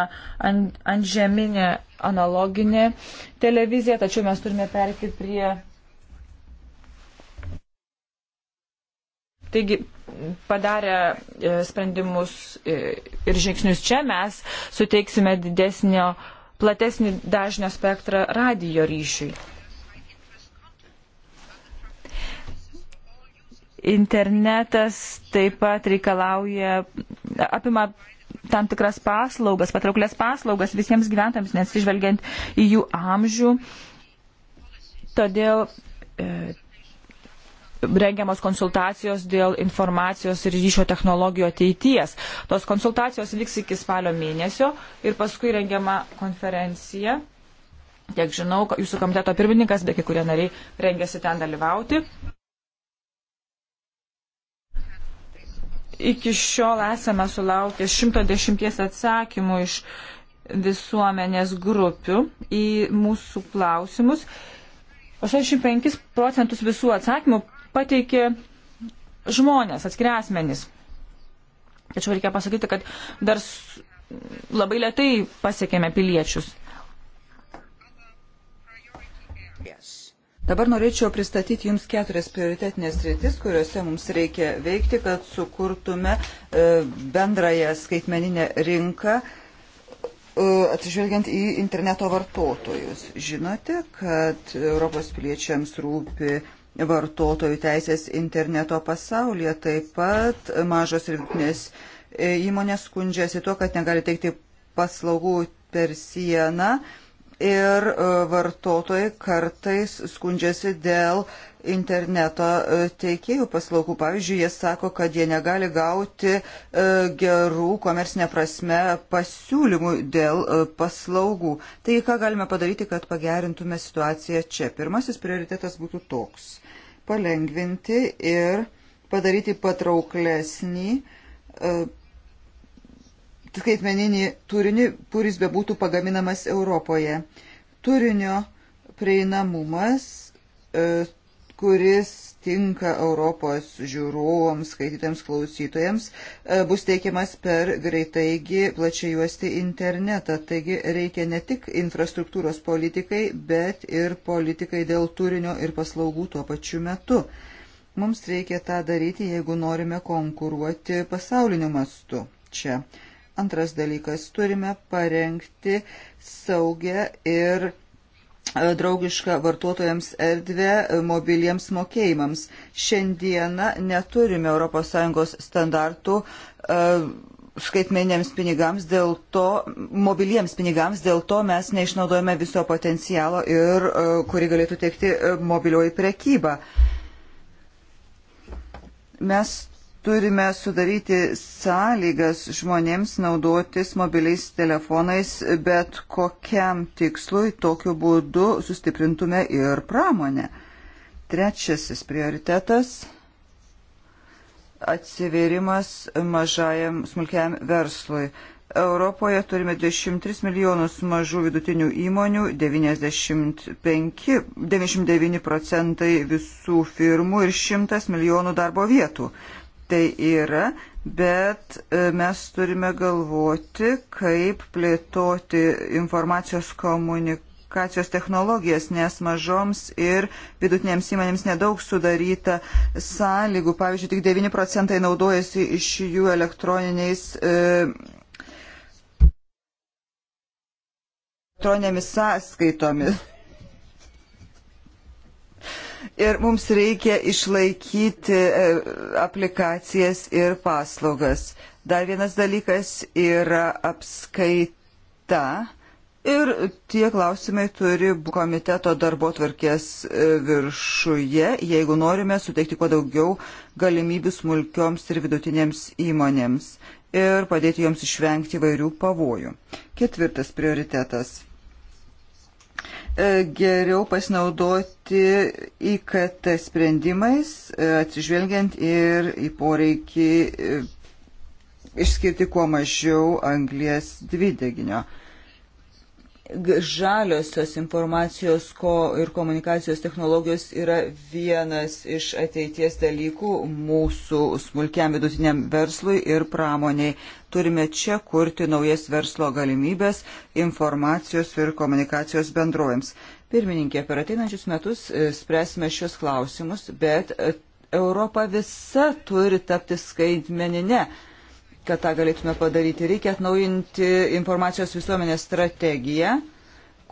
ant, ant žeminė analoginė televizija, tačiau mes turime perkit prie. Taigi, padarę e, sprendimus e, ir žingsnius čia, mes suteiksime didesnio, platesnį dažnio spektrą radio ryšiui. Internetas taip pat reikalauja, apima tam tikras paslaugas, patrauklės paslaugas visiems gyventams, nesižvelgiant į jų amžių. Todėl e, rengiamos konsultacijos dėl informacijos ir ryšio technologijų ateities. Tos konsultacijos vyks iki spalio mėnesio ir paskui rengiama konferencija. Tiek žinau, jūsų komiteto pirmininkas, be kai kurie nariai rengiasi ten dalyvauti. iki šiol esame sulaukę 110 atsakymų iš visuomenės grupių į mūsų klausimus. 85 procentus visų atsakymų pateikė žmonės, atskiri asmenys. Tačiau reikia pasakyti, kad dar labai lietai pasiekėme piliečius. Dabar norėčiau pristatyti Jums keturias prioritetinės rytis, kuriuose mums reikia veikti, kad sukurtume e, bendrąją skaitmeninę rinką e, atsižvelgiant į interneto vartotojus. Žinote, kad Europos piliečiams rūpi vartotojų teisės interneto pasaulyje. Taip pat mažos ir vidutinės e, įmonės skundžiasi tuo, kad negali teikti paslaugų per sieną ir e, vartotojai kartais skundžiasi dėl interneto e, teikėjų paslaugų. Pavyzdžiui, jie sako, kad jie negali gauti e, gerų komersinė prasme pasiūlymų dėl paslaugų. Tai ką galime padaryti, kad pagerintume situaciją čia? Pirmasis prioritetas būtų toks - palengvinti ir padaryti patrauklesnį skaitmeninį turinį, kuris bebūtų pagaminamas Europoje. Turinio prieinamumas, e, kuris tinka Europos žiūrovams, skaitytams, klausytojams, e, bus teikiamas per greitaigi plačiai juosti internetą. Taigi reikia ne tik infrastruktūros politikai, bet ir politikai dėl turinio ir paslaugų tuo pačiu metu. Mums reikia tą daryti, jeigu norime konkuruoti pasauliniu mastu čia. Antras dalykas, turime parengti saugę ir e, draugišką vartotojams erdvę e, mobiliems mokėjimams. Šiandieną neturime ES standartų e, skaitmeniniams pinigams, dėl to, mobiliems pinigams, dėl to mes neišnaudojame viso potencialo ir kuri galėtų teikti mobilioji prekyba. Mes turime sudaryti sąlygas žmonėms naudotis mobiliais telefonais bet kokiam tikslui, tokiu būdu sustiprintume ir pramonę. Trečiasis prioritetas - atsiverimas mažajam smulkiam verslui. Europoje turime 23 milijonus mažų vidutinių įmonių, 95, 99 procentai visų firmų ir 100 milijonų darbo vietų tai yra, bet e, mes turime galvoti, kaip plėtoti informacijos komunikacijos technologijas, nes mažoms ir vidutinėms įmonėms nedaug sudaryta sąlygų. Pavyzdžiui, tik 9 procentai naudojasi iš jų elektroniniais. E, elektroninėmis sąskaitomis ir mums reikia išlaikyti e, aplikacijas ir paslaugas. Dar vienas dalykas yra apskaita. Ir tie klausimai turi komiteto darbo tvarkės e, viršuje, jeigu norime suteikti kuo daugiau galimybių smulkioms ir vidutinėms įmonėms ir padėti joms išvengti vairių pavojų. Ketvirtas prioritetas E, geriau pasinaudoti IKT sprendimais, e, atsižvelgiant ir į poreikį e, išskirti kuo mažiau anglės dvideginio žaliosios informacijos ko ir komunikacijos technologijos yra vienas iš ateities dalykų mūsų smulkiam vidutiniam verslui ir pramoniai. Turime čia kurti naujas verslo galimybės informacijos ir komunikacijos bendrovėms. Pirmininkė, per ateinančius metus e, spręsime šios klausimus, bet e, Europa visa turi tapti skaitmeninė. Ne kad tą galėtume padaryti. Reikia atnaujinti informacijos visuomenės strategiją,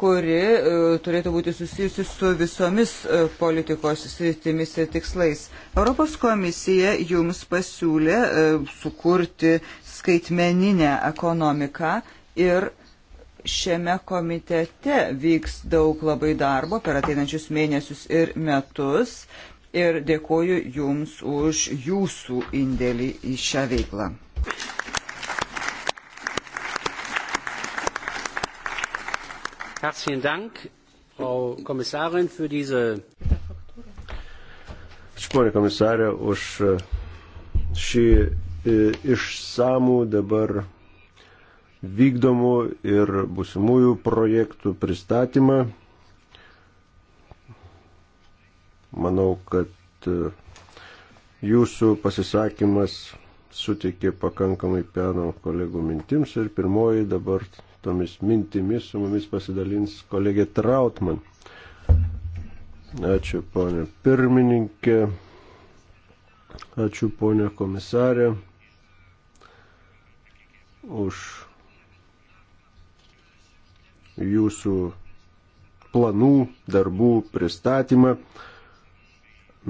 kuri e, turėtų būti susijusi su visomis e, politikos sritimis ir tikslais. Europos komisija jums pasiūlė e, sukurti skaitmeninę ekonomiką ir šiame komitete vyks daug labai darbo per ateinančius mėnesius ir metus ir dėkoju Jums už Jūsų indėlį į šią veiklą. Herzlichen Dank, Frau Kommissarin, für diese. Ačiū, ponė komisarė, už e, šį e, išsamų dabar vykdomų ir busimųjų projektų pristatymą. Manau, kad e, jūsų pasisakymas suteikė pakankamai peno kolegų mintims ir pirmoji dabar tomis mintimis su mumis pasidalins kolegė Trautman. Ačiū ponė pirmininkė, ačiū ponė komisarė už jūsų planų, darbų pristatymą.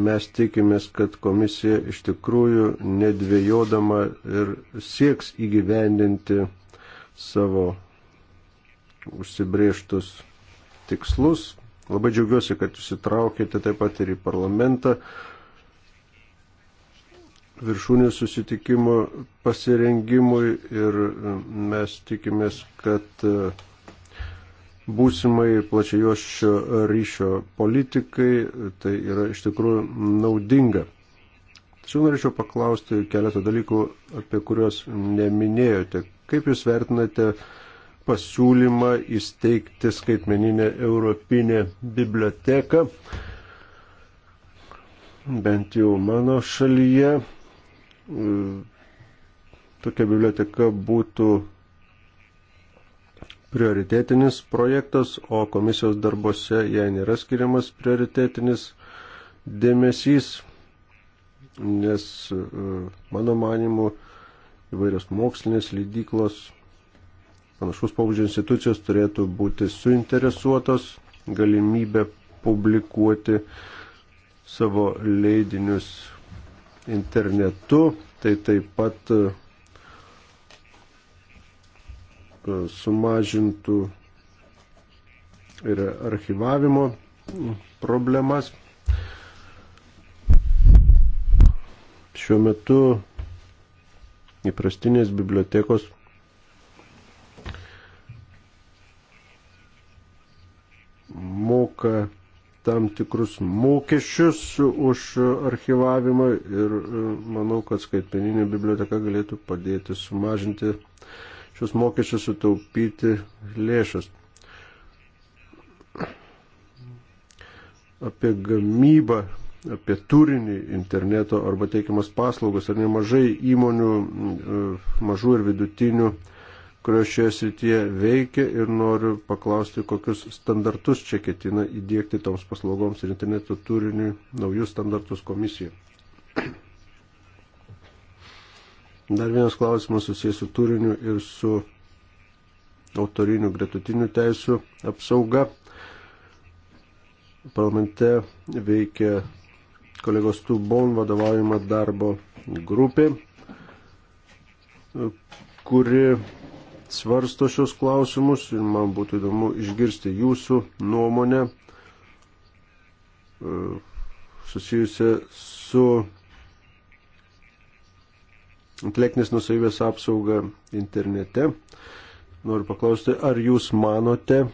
Mes tikimės, kad komisija iš tikrųjų nedvėjodama ir sieks įgyvendinti savo užsibrieštus tikslus. Labai džiaugiuosi, kad jūs įtraukėte taip pat ir į parlamentą viršūnių susitikimo pasirengimui ir mes tikimės, kad būsimai plačiajoščio ryšio politikai, tai yra iš tikrųjų naudinga. Tačiau norėčiau paklausti keletą dalykų, apie kuriuos neminėjote. Kaip Jūs vertinate pasiūlymą įsteigti skaitmeninę Europinę biblioteką? Bent jau mano šalyje e, tokia biblioteka būtų prioritetinis projektas, o komisijos darbose jai nėra skiriamas prioritetinis dėmesys, nes e, mano manimu įvairios mokslinės lydyklos, panašus pavyzdžio institucijos turėtų būti suinteresuotos galimybę publikuoti savo leidinius internetu, tai taip pat e, E, sumažintų ir archivavimo problemas. Šiuo metu įprastinės bibliotekos moka tam tikrus mokesčius už archivavimą ir e, manau, kad skaitmeninė biblioteka galėtų padėti sumažinti uh, šios mokesčius sutaupyti lėšas. Apie gamybą, apie turinį interneto arba teikiamas paslaugas, ar nemažai įmonių, e, mažų ir vidutinių, kurios šioje srityje veikia ir noriu paklausti, kokius standartus čia ketina įdėkti toms paslaugoms ir interneto turiniui naujus standartus komisija. Dar vienas klausimas susijęs su turiniu ir su autorinių gretutinių teisų apsauga. Parlamente veikia kolegos Tubon vadovaujama darbo grupė, kuri svarsto šios klausimus ir man būtų įdomu išgirsti jūsų nuomonę e, susijusią su intelektinės nusavybės apsaugą internete. Noriu paklausti, ar jūs manote,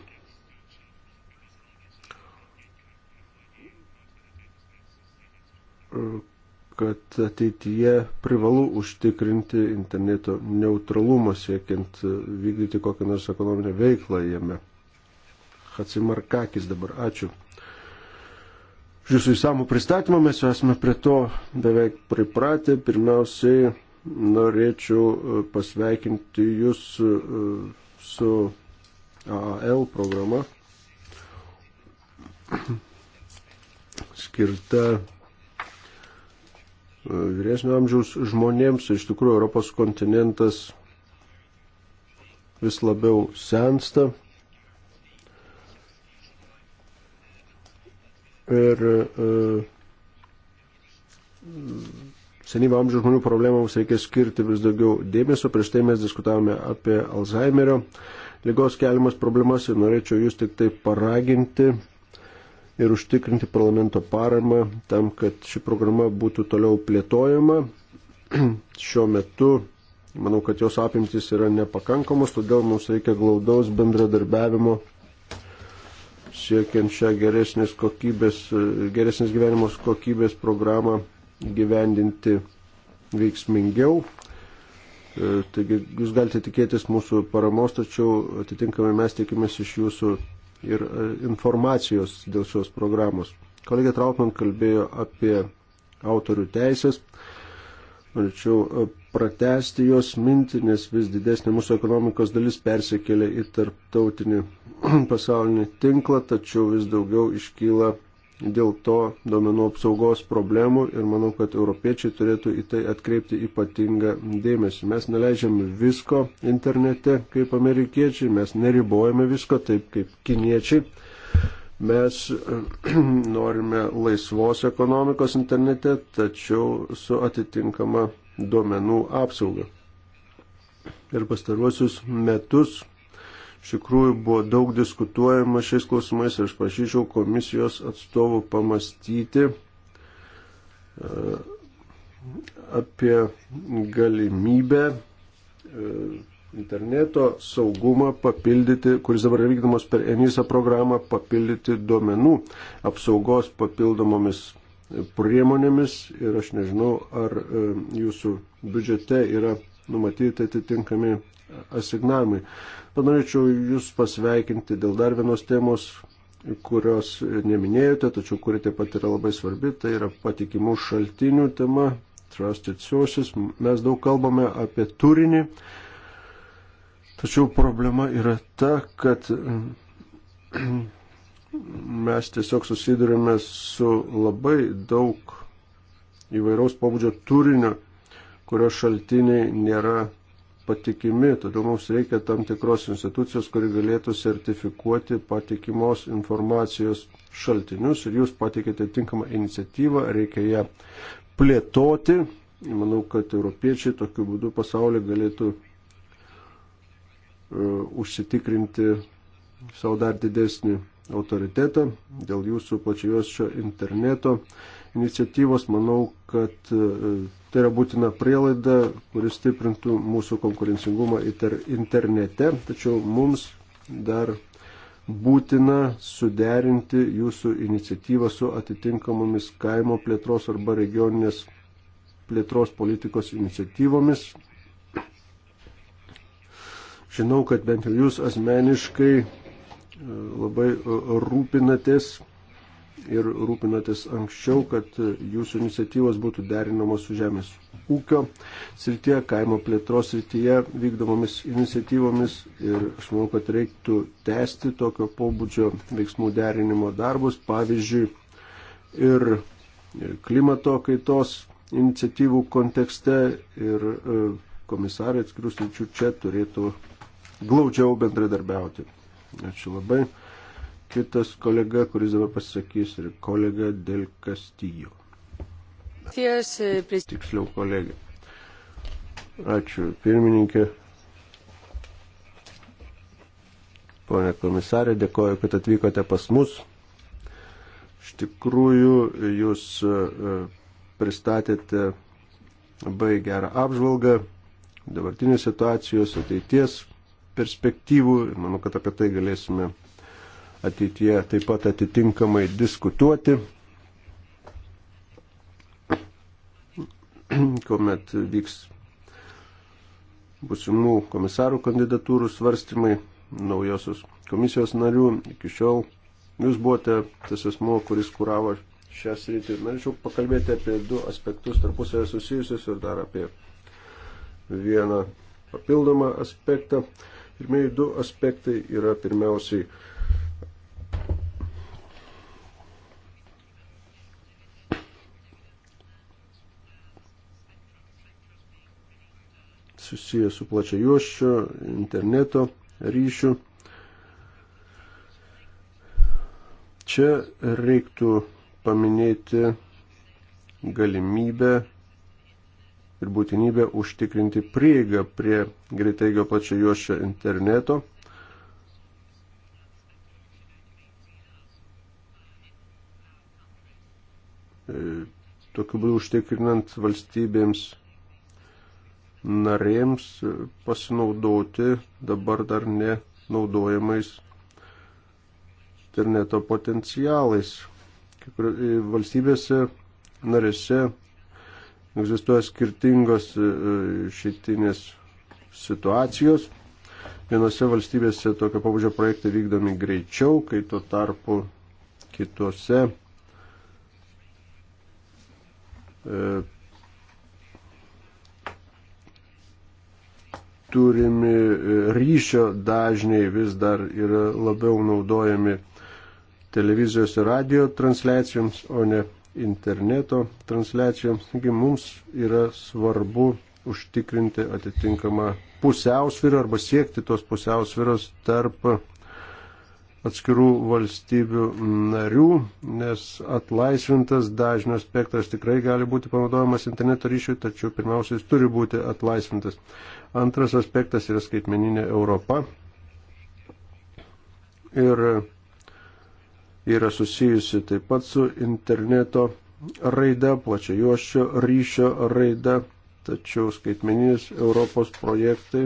kad ateityje privalu užtikrinti interneto neutralumą siekiant vykdyti kokią nors ekonominę veiklą jame. Hatsimarkakis dabar, ačiū. Jūsų įsamų pristatymą mes jau esame prie to beveik pripratę. Pirmiausiai norėčiau e, pasveikinti Jūs e, su AAL programa skirta e, vyresnio amžiaus žmonėms. Iš tikrųjų, Europos kontinentas vis labiau sensta. Ir uh, senyvo amžiaus žmonių problemams reikia skirti vis daugiau dėmesio. Prieš tai mes diskutavome apie Alzheimerio lygos keliamas problemas ir norėčiau jūs tik tai paraginti ir užtikrinti parlamento paramą tam, kad ši programa būtų toliau plėtojama. Šiuo metu manau, kad jos apimtis yra nepakankamos, todėl mums reikia glaudaus bendradarbiavimo siekiant šią geresnės, kokybės, geresnės gyvenimos kokybės programą gyvendinti veiksmingiau. E, taigi jūs galite tikėtis mūsų paramos, tačiau atitinkamai mes tikimės iš jūsų ir e, informacijos dėl šios programos. Kolegė Trautman kalbėjo apie autorių teisės. Norėčiau e, pratesti jos mintį, nes vis didesnė mūsų ekonomikos dalis persikėlė į tarptautinį pasaulinį tinklą, tačiau vis daugiau iškyla dėl to domenų apsaugos problemų ir manau, kad europiečiai turėtų į tai atkreipti ypatingą dėmesį. Mes neleidžiam visko internete kaip amerikiečiai, mes neribojame visko taip kaip kiniečiai. Mes norime laisvos ekonomikos internete, tačiau su atitinkama duomenų apsauga. Per pastaruosius metus Iš tikrųjų buvo daug diskutuojama šiais klausimais ir aš prašyčiau komisijos atstovų pamastyti e, apie galimybę e, interneto saugumą papildyti, kuris dabar vykdomas per ENISA programą, papildyti duomenų apsaugos papildomomis priemonėmis ir aš nežinau, ar e, jūsų biudžete yra numatyti atitinkami asignavimai. Panorėčiau Jūs pasveikinti dėl dar vienos temos, kurios neminėjote, tačiau kuri taip pat yra labai svarbi, tai yra patikimų šaltinių tema, trusted sources. Mes daug kalbame apie turinį, tačiau problema yra ta, kad mes tiesiog susidurime su labai daug įvairaus pobūdžio turinio kurios šaltiniai nėra patikimi, todėl mums reikia tam tikros institucijos, kuri galėtų sertifikuoti patikimos informacijos šaltinius ir jūs patikėte tinkamą iniciatyvą, reikia ją plėtoti. Manau, kad europiečiai tokiu būdu pasaulį galėtų uh, užsitikrinti savo dar didesnį autoritetą dėl jūsų plačiojos šio interneto iniciatyvos. Manau, kad uh, Tai yra būtina prielaida, kuris stiprintų mūsų konkurencingumą internete, tačiau mums dar būtina suderinti jūsų iniciatyvą su atitinkamomis kaimo plėtros arba regioninės plėtros politikos iniciatyvomis. Žinau, kad bent jau jūs asmeniškai e, labai e, rūpinatės ir rūpinatės anksčiau, kad jūsų iniciatyvos būtų derinamos su žemės ūkio srityje, kaimo plėtros srityje vykdomomis iniciatyvomis ir aš manau, kad reiktų tęsti tokio pobūdžio veiksmų derinimo darbus, pavyzdžiui, ir klimato kaitos iniciatyvų kontekste ir e, komisarai atskirų sričių čia turėtų glaudžiau bendradarbiauti. Ačiū labai. Kitas kolega, kuris dabar pasisakys, yra kolega Del Castillo. Eh, Tiksliau kolega. Ačiū, pirmininkė. Pone komisarė, dėkoju, kad atvykote pas mus. Iš tikrųjų, jūs e, pristatėte labai gerą apžvalgą dabartinės situacijos, ateities perspektyvų. Manau, kad apie tai galėsime ateityje taip pat atitinkamai diskutuoti, kuomet vyks busimų komisarų kandidatūrų svarstymai naujosios komisijos narių. Iki šiol jūs buvote tas asmo, kuris kuravo šią sritį. Norėčiau pakalbėti apie du aspektus tarpusavę susijusius ir dar apie vieną papildomą aspektą. Pirmieji du aspektai yra pirmiausiai susijęs su plačia juoščio, interneto ryšių. Čia reiktų paminėti galimybę ir būtinybę užtikrinti prieigą prie greitaigio plačio juoščio interneto. E, tokiu būdu užtikrinant valstybėms narėms pasinaudoti dabar dar nenaudojamais interneto potencialais. Valstybėse narėse egzistuoja skirtingos e, šitinės situacijos. Vienose valstybėse tokio pabudžio projektai vykdomi greičiau, kai tuo tarpu kitose e, turimi e, ryšio dažniai vis dar yra labiau naudojami televizijos ir radio transliacijoms, o ne interneto transliacijoms. Taigi mums yra svarbu užtikrinti atitinkamą pusiausvyrą arba siekti tos pusiausvyros tarp atskirų valstybių narių, nes atlaisvintas dažnio spektras tikrai gali būti panaudojamas interneto ryšiui, tačiau pirmiausia, jis turi būti atlaisvintas. Antras aspektas yra skaitmeninė Europa ir yra susijusi taip pat su interneto raida, plačiajuoščio ryšio raida, tačiau skaitmeninis Europos projektai,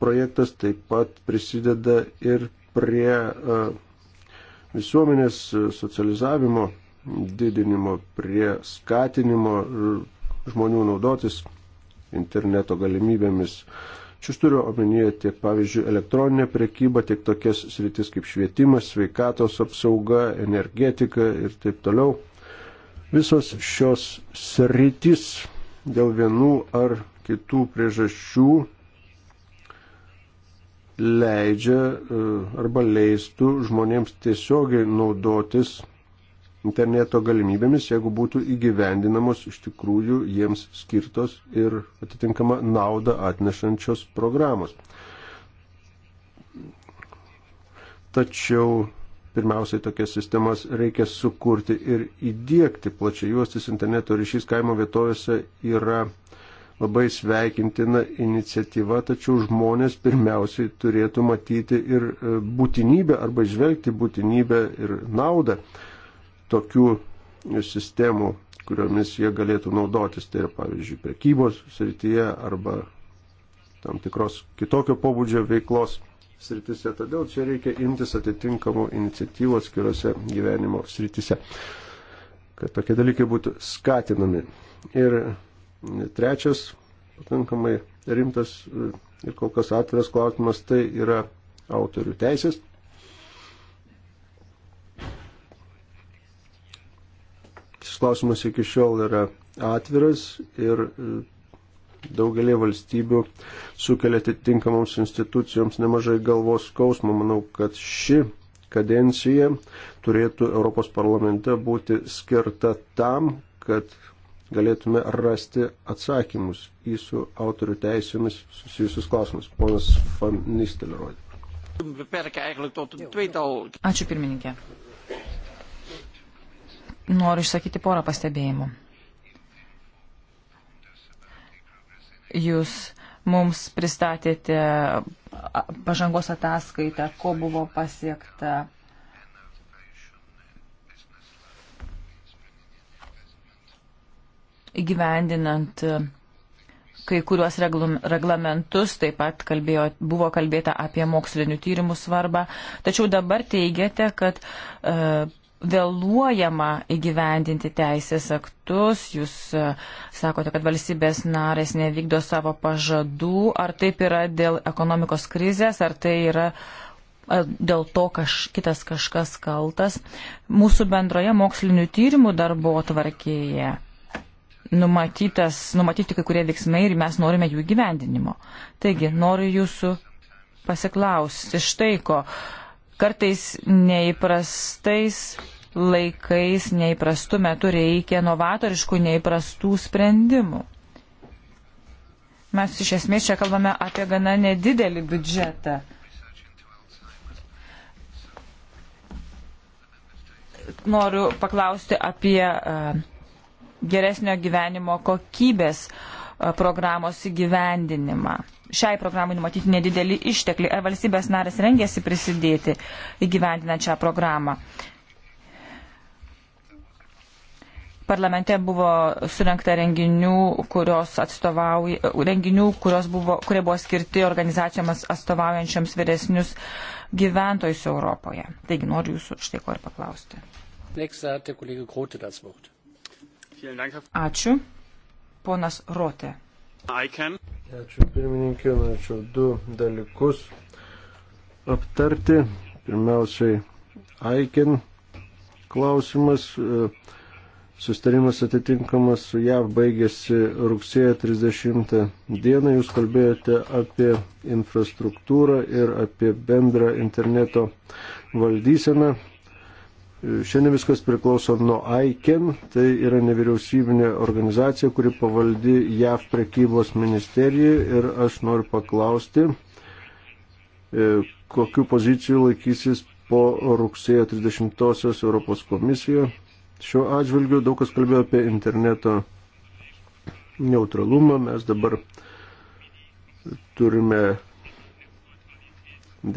projektas taip pat prisideda ir prie e, visuomenės e, socializavimo didinimo, prie skatinimo žmonių naudotis interneto galimybėmis. Čia aš turiu omenyje tiek, pavyzdžiui, elektroninė prekyba, tiek tokias sritis kaip švietimas, sveikatos apsauga, energetika ir taip toliau. Visos šios sritis dėl vienų ar kitų priežasčių leidžia e, arba leistų žmonėms tiesiogiai naudotis interneto galimybėmis, jeigu būtų įgyvendinamos iš tikrųjų jiems skirtos ir atitinkama naudą atnešančios programos. Tačiau pirmiausiai tokias sistemas reikia sukurti ir įdėkti. Plačiai juostis interneto ryšys kaimo vietovėse yra labai sveikintina iniciatyva, tačiau žmonės pirmiausiai turėtų matyti ir e, būtinybę arba žvelgti būtinybę ir naudą tokių sistemų, kuriomis jie galėtų naudotis. Tai yra, pavyzdžiui, prekybos srityje arba tam tikros kitokio pobūdžio veiklos sritise. Todėl čia reikia imtis atitinkamų iniciatyvų atskirose gyvenimo sritise, kad tokie dalykai būtų skatinami. Ir Trečias pakankamai rimtas ir kol kas atviras klausimas tai yra autorių teisės. Šis klausimas iki šiol yra atviras ir e, daugelį valstybių sukelia atitinkamoms institucijoms nemažai galvos skausmo. Manau, kad ši kadencija turėtų Europos parlamente būti skirta tam, kad galėtume rasti atsakymus į su autorių teisėmis susijusius klausimus. Ponas Van Nistelrooy. Ačiū pirmininkė. Noriu išsakyti porą pastebėjimų. Jūs mums pristatėte pažangos ataskaitą, ko buvo pasiekta gyvendinant e, kai kuriuos reglamentus, taip pat kalbėjo, buvo kalbėta apie mokslinių tyrimų svarbą, tačiau dabar teigiate, kad e, vėluojama įgyvendinti teisės aktus, jūs e, sakote, kad valstybės narės nevykdo savo pažadų, ar taip yra dėl ekonomikos krizės, ar tai yra e, dėl to kaž, kitas kažkas kaltas mūsų bendroje mokslinių tyrimų darbo tvarkėje numatytas, numatyti kai kurie veiksmai ir mes norime jų gyvendinimo. Taigi, noriu jūsų pasiklausti štai ko. Kartais neįprastais laikais, neįprastų metų reikia novatoriškų, neįprastų sprendimų. Mes iš esmės čia kalbame apie gana nedidelį biudžetą. Noriu paklausti apie uh, geresnio gyvenimo kokybės e, programos įgyvendinimą. Šiai programai numatyti nedideli ištekliai. Ar valstybės narės rengėsi prisidėti įgyvendinant šią programą? Parlamente buvo surinkta renginių, kurios, renginių, kurios buvo, kurie buvo skirti organizacijoms atstovaujančiams vyresnius gyventojus Europoje. Taigi noriu jūsų štai ko ir paklausti. Next, uh, Ačiū. Ponas Rote. Ačiū pirmininkė, norėčiau du dalykus aptarti. Pirmiausiai, Aiken klausimas. Sustarimas atitinkamas su JAV baigėsi rugsėjo 30 dieną. Jūs kalbėjote apie infrastruktūrą ir apie bendrą interneto valdyseną. Šiandien viskas priklauso nuo AIKEN, tai yra nevyriausybinė organizacija, kuri pavaldi JAV prekybos ministerijai ir aš noriu paklausti, e, kokiu pozicijų laikysis po rugsėjo 30-osios Europos komisijoje. Šiuo atžvilgiu daug kas kalbėjo apie interneto neutralumą, mes dabar turime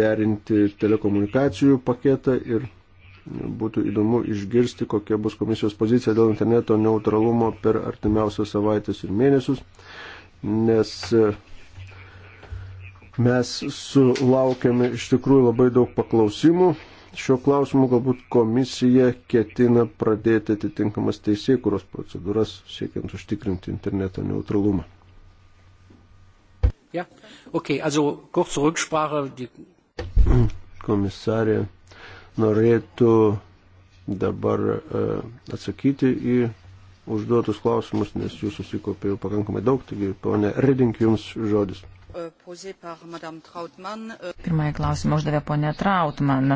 derinti telekomunikacijų paketą ir Būtų įdomu išgirsti, kokia bus komisijos pozicija dėl interneto neutralumo per artimiausias savaitės ir mėnesius, nes e, mes sulaukėme iš tikrųjų labai daug paklausimų. Šiuo klausimu galbūt komisija ketina pradėti atitinkamas teisėkuros procedūras, siekiant užtikrinti interneto neutralumą. Ja, okay, also kurze Rücksprache. Die... Komisarė norėtų dabar e, atsakyti į užduotus klausimus, nes jų susikopė jau pakankamai daug, taigi ponė Redink jums žodis. E, e, Pirmąjį klausimą uždavė ponė Trautman.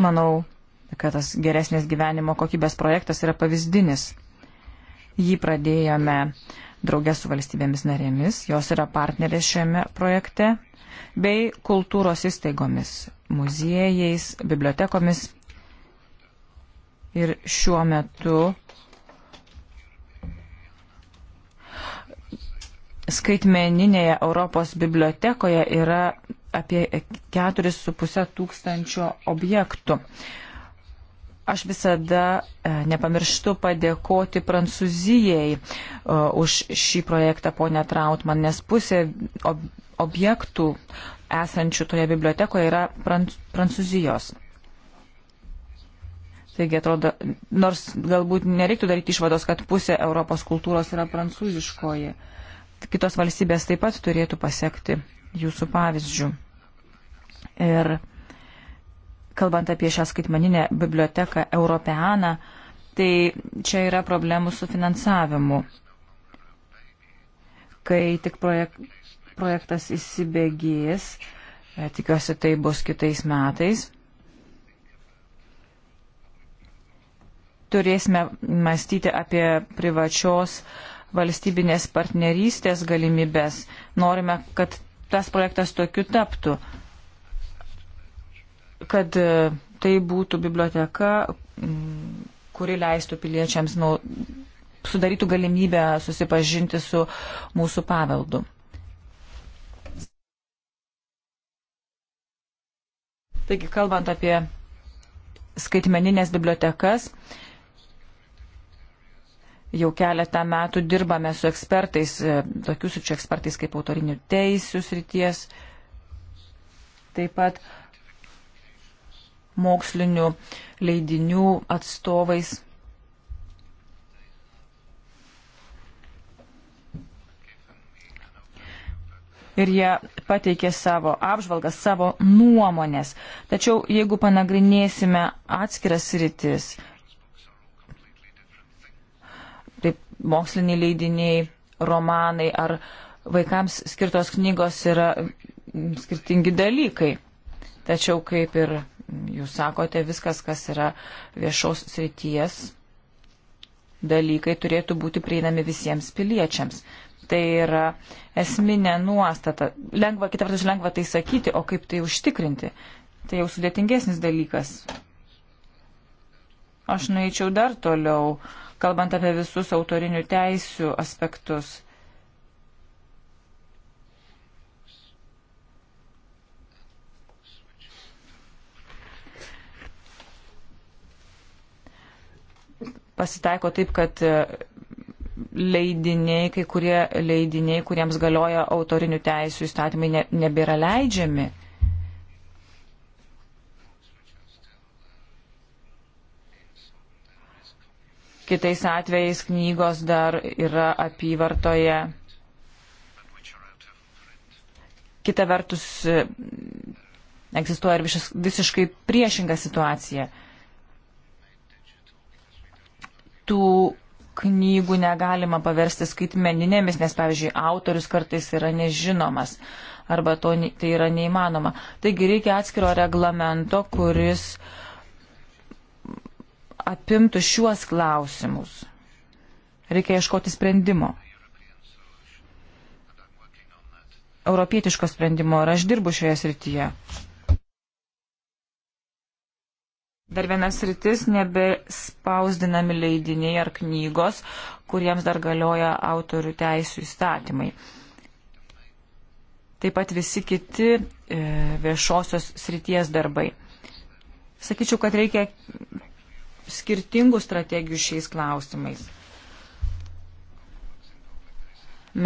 Manau, kad tas geresnės gyvenimo kokybės projektas yra pavyzdinis. Jį pradėjome uh, draugės su valstybėmis narėmis, jos yra partnerės šiame projekte, bei kultūros įstaigomis, muziejais, bibliotekomis. Ir šiuo metu skaitmeninėje Europos bibliotekoje yra apie 4,5 tūkstančio objektų. Uh, Aš visada e, nepamirštu padėkoti Prancūzijai e, už šį projektą, ponė Trautman, nes pusė objektų esančių toje bibliotekoje yra Prancūzijos. Taigi atrodo, nors galbūt nereiktų daryti išvados, kad pusė Europos kultūros yra prancūziškoji. Kitos valstybės taip pat turėtų pasiekti jūsų pavyzdžių. Ir kalbant apie šią skaitmaninę biblioteką Europeaną, tai čia yra problemų su finansavimu. Kai tik projek projektas įsibėgės, e, tikiuosi tai bus kitais metais, turėsime mąstyti apie privačios valstybinės partnerystės galimybės. Norime, kad tas projektas tokiu taptų kad e, tai būtų biblioteka, mm, kuri leistų piliečiams nu, sudarytų galimybę susipažinti su mūsų paveldu. Taigi, kalbant apie skaitmeninės bibliotekas, jau keletą metų dirbame su ekspertais, e, tokių sučių ekspertais kaip autorinių teisų srities, taip pat mokslinių leidinių atstovais. ir jie pateikė savo apžvalgas, savo nuomonės. Tačiau jeigu panagrinėsime atskiras rytis, taip moksliniai leidiniai, romanai ar vaikams skirtos knygos yra skirtingi dalykai. Tačiau kaip ir Jūs sakote, viskas, kas yra viešos srities dalykai, turėtų būti prieinami visiems piliečiams. Tai yra esminė nuostata. Lengva, kitą vertus, lengva tai sakyti, o kaip tai užtikrinti. Tai jau sudėtingesnis dalykas. Aš nueičiau dar toliau, kalbant apie visus autorinių teisių aspektus pasitaiko taip, kad e, leidiniai, kai kurie leidiniai, kuriems galioja autorinių teisų įstatymai, ne, nebėra leidžiami. Kitais atvejais knygos dar yra apyvartoje. Kita vertus, e, egzistuoja ir visiškai priešinga situacija tų knygų negalima paversti skaitmeninėmis, nes, pavyzdžiui, autorius kartais yra nežinomas arba to, tai yra neįmanoma. Taigi reikia atskiro reglamento, kuris apimtų šiuos klausimus. Reikia ieškoti sprendimo. Europietiško sprendimo ir aš dirbu šioje srityje. Dar vienas rytis - nebespausdinami leidiniai ar knygos, kuriems dar galioja autorių teisų įstatymai. Taip pat visi kiti e, viešosios srities darbai. Sakyčiau, kad reikia skirtingų strategijų šiais klausimais.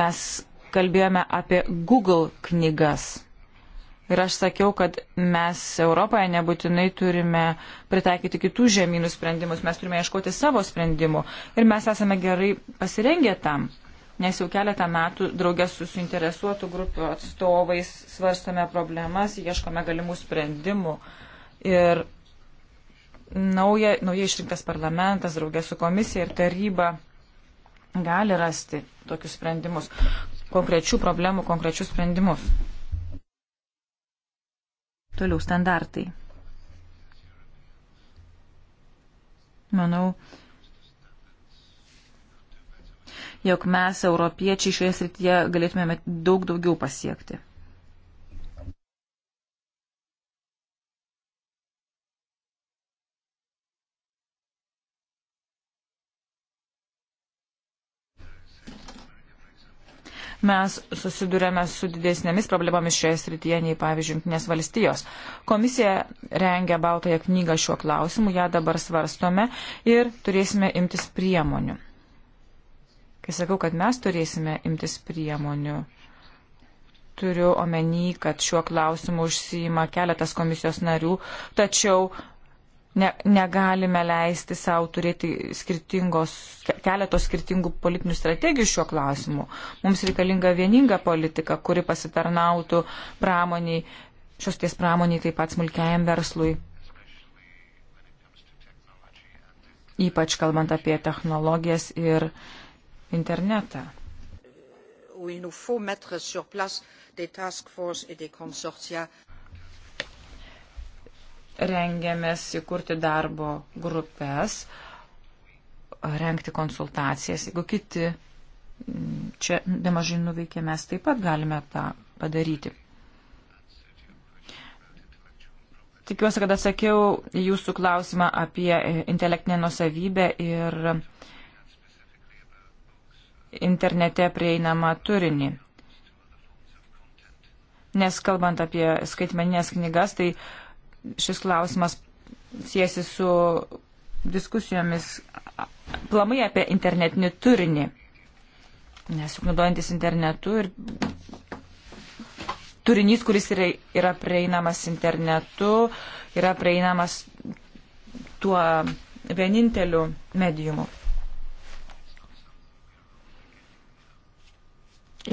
Mes kalbėjome apie Google knygas Ir aš sakiau, kad mes Europoje nebūtinai turime pritaikyti kitų žemynų sprendimus, mes turime ieškoti savo sprendimų. Ir mes esame gerai pasirengę tam, nes jau keletą metų draugės su suinteresuotų grupių atstovais svarstame problemas, ieškome galimų sprendimų. Ir nauja, nauja išrinktas parlamentas, draugės su komisija ir taryba gali rasti tokius sprendimus, konkrečių problemų, konkrečius sprendimus. Toliau standartai. Manau, jog mes, europiečiai, šioje srityje galėtumėme daug daugiau pasiekti. mes susidurėme su didesnėmis problemomis šioje srityje nei, pavyzdžiui, Junktinės valstijos. Komisija rengia baltąją knygą šiuo klausimu, ją dabar svarstome ir turėsime imtis priemonių. Kai sakau, kad mes turėsime imtis priemonių, turiu omeny, kad šiuo klausimu užsijima keletas komisijos narių, tačiau ne, negalime leisti savo turėti skirtingos, keletos skirtingų politinių strategijų šiuo klausimu. Mums reikalinga vieninga politika, kuri pasitarnautų pramoniai, šios ties pramoniai taip pat smulkiajam verslui. Ypač kalbant apie technologijas ir internetą. Où il nous faut mettre sur place des task forces et des consortia rengiamės įkurti darbo grupės, renkti konsultacijas. Jeigu kiti čia nemažai nuveikė, mes taip pat galime tą padaryti. Tikiuosi, kad atsakiau jūsų klausimą apie intelektinę nusavybę ir internete prieinamą turinį. Nes kalbant apie skaitmeninės knygas, tai uh, šis klausimas siesi su diskusijomis plamai apie internetinį turinį. Nes juk naudojantis internetu ir turinys, kuris yra, yra prieinamas internetu, yra prieinamas tuo vieninteliu mediumu.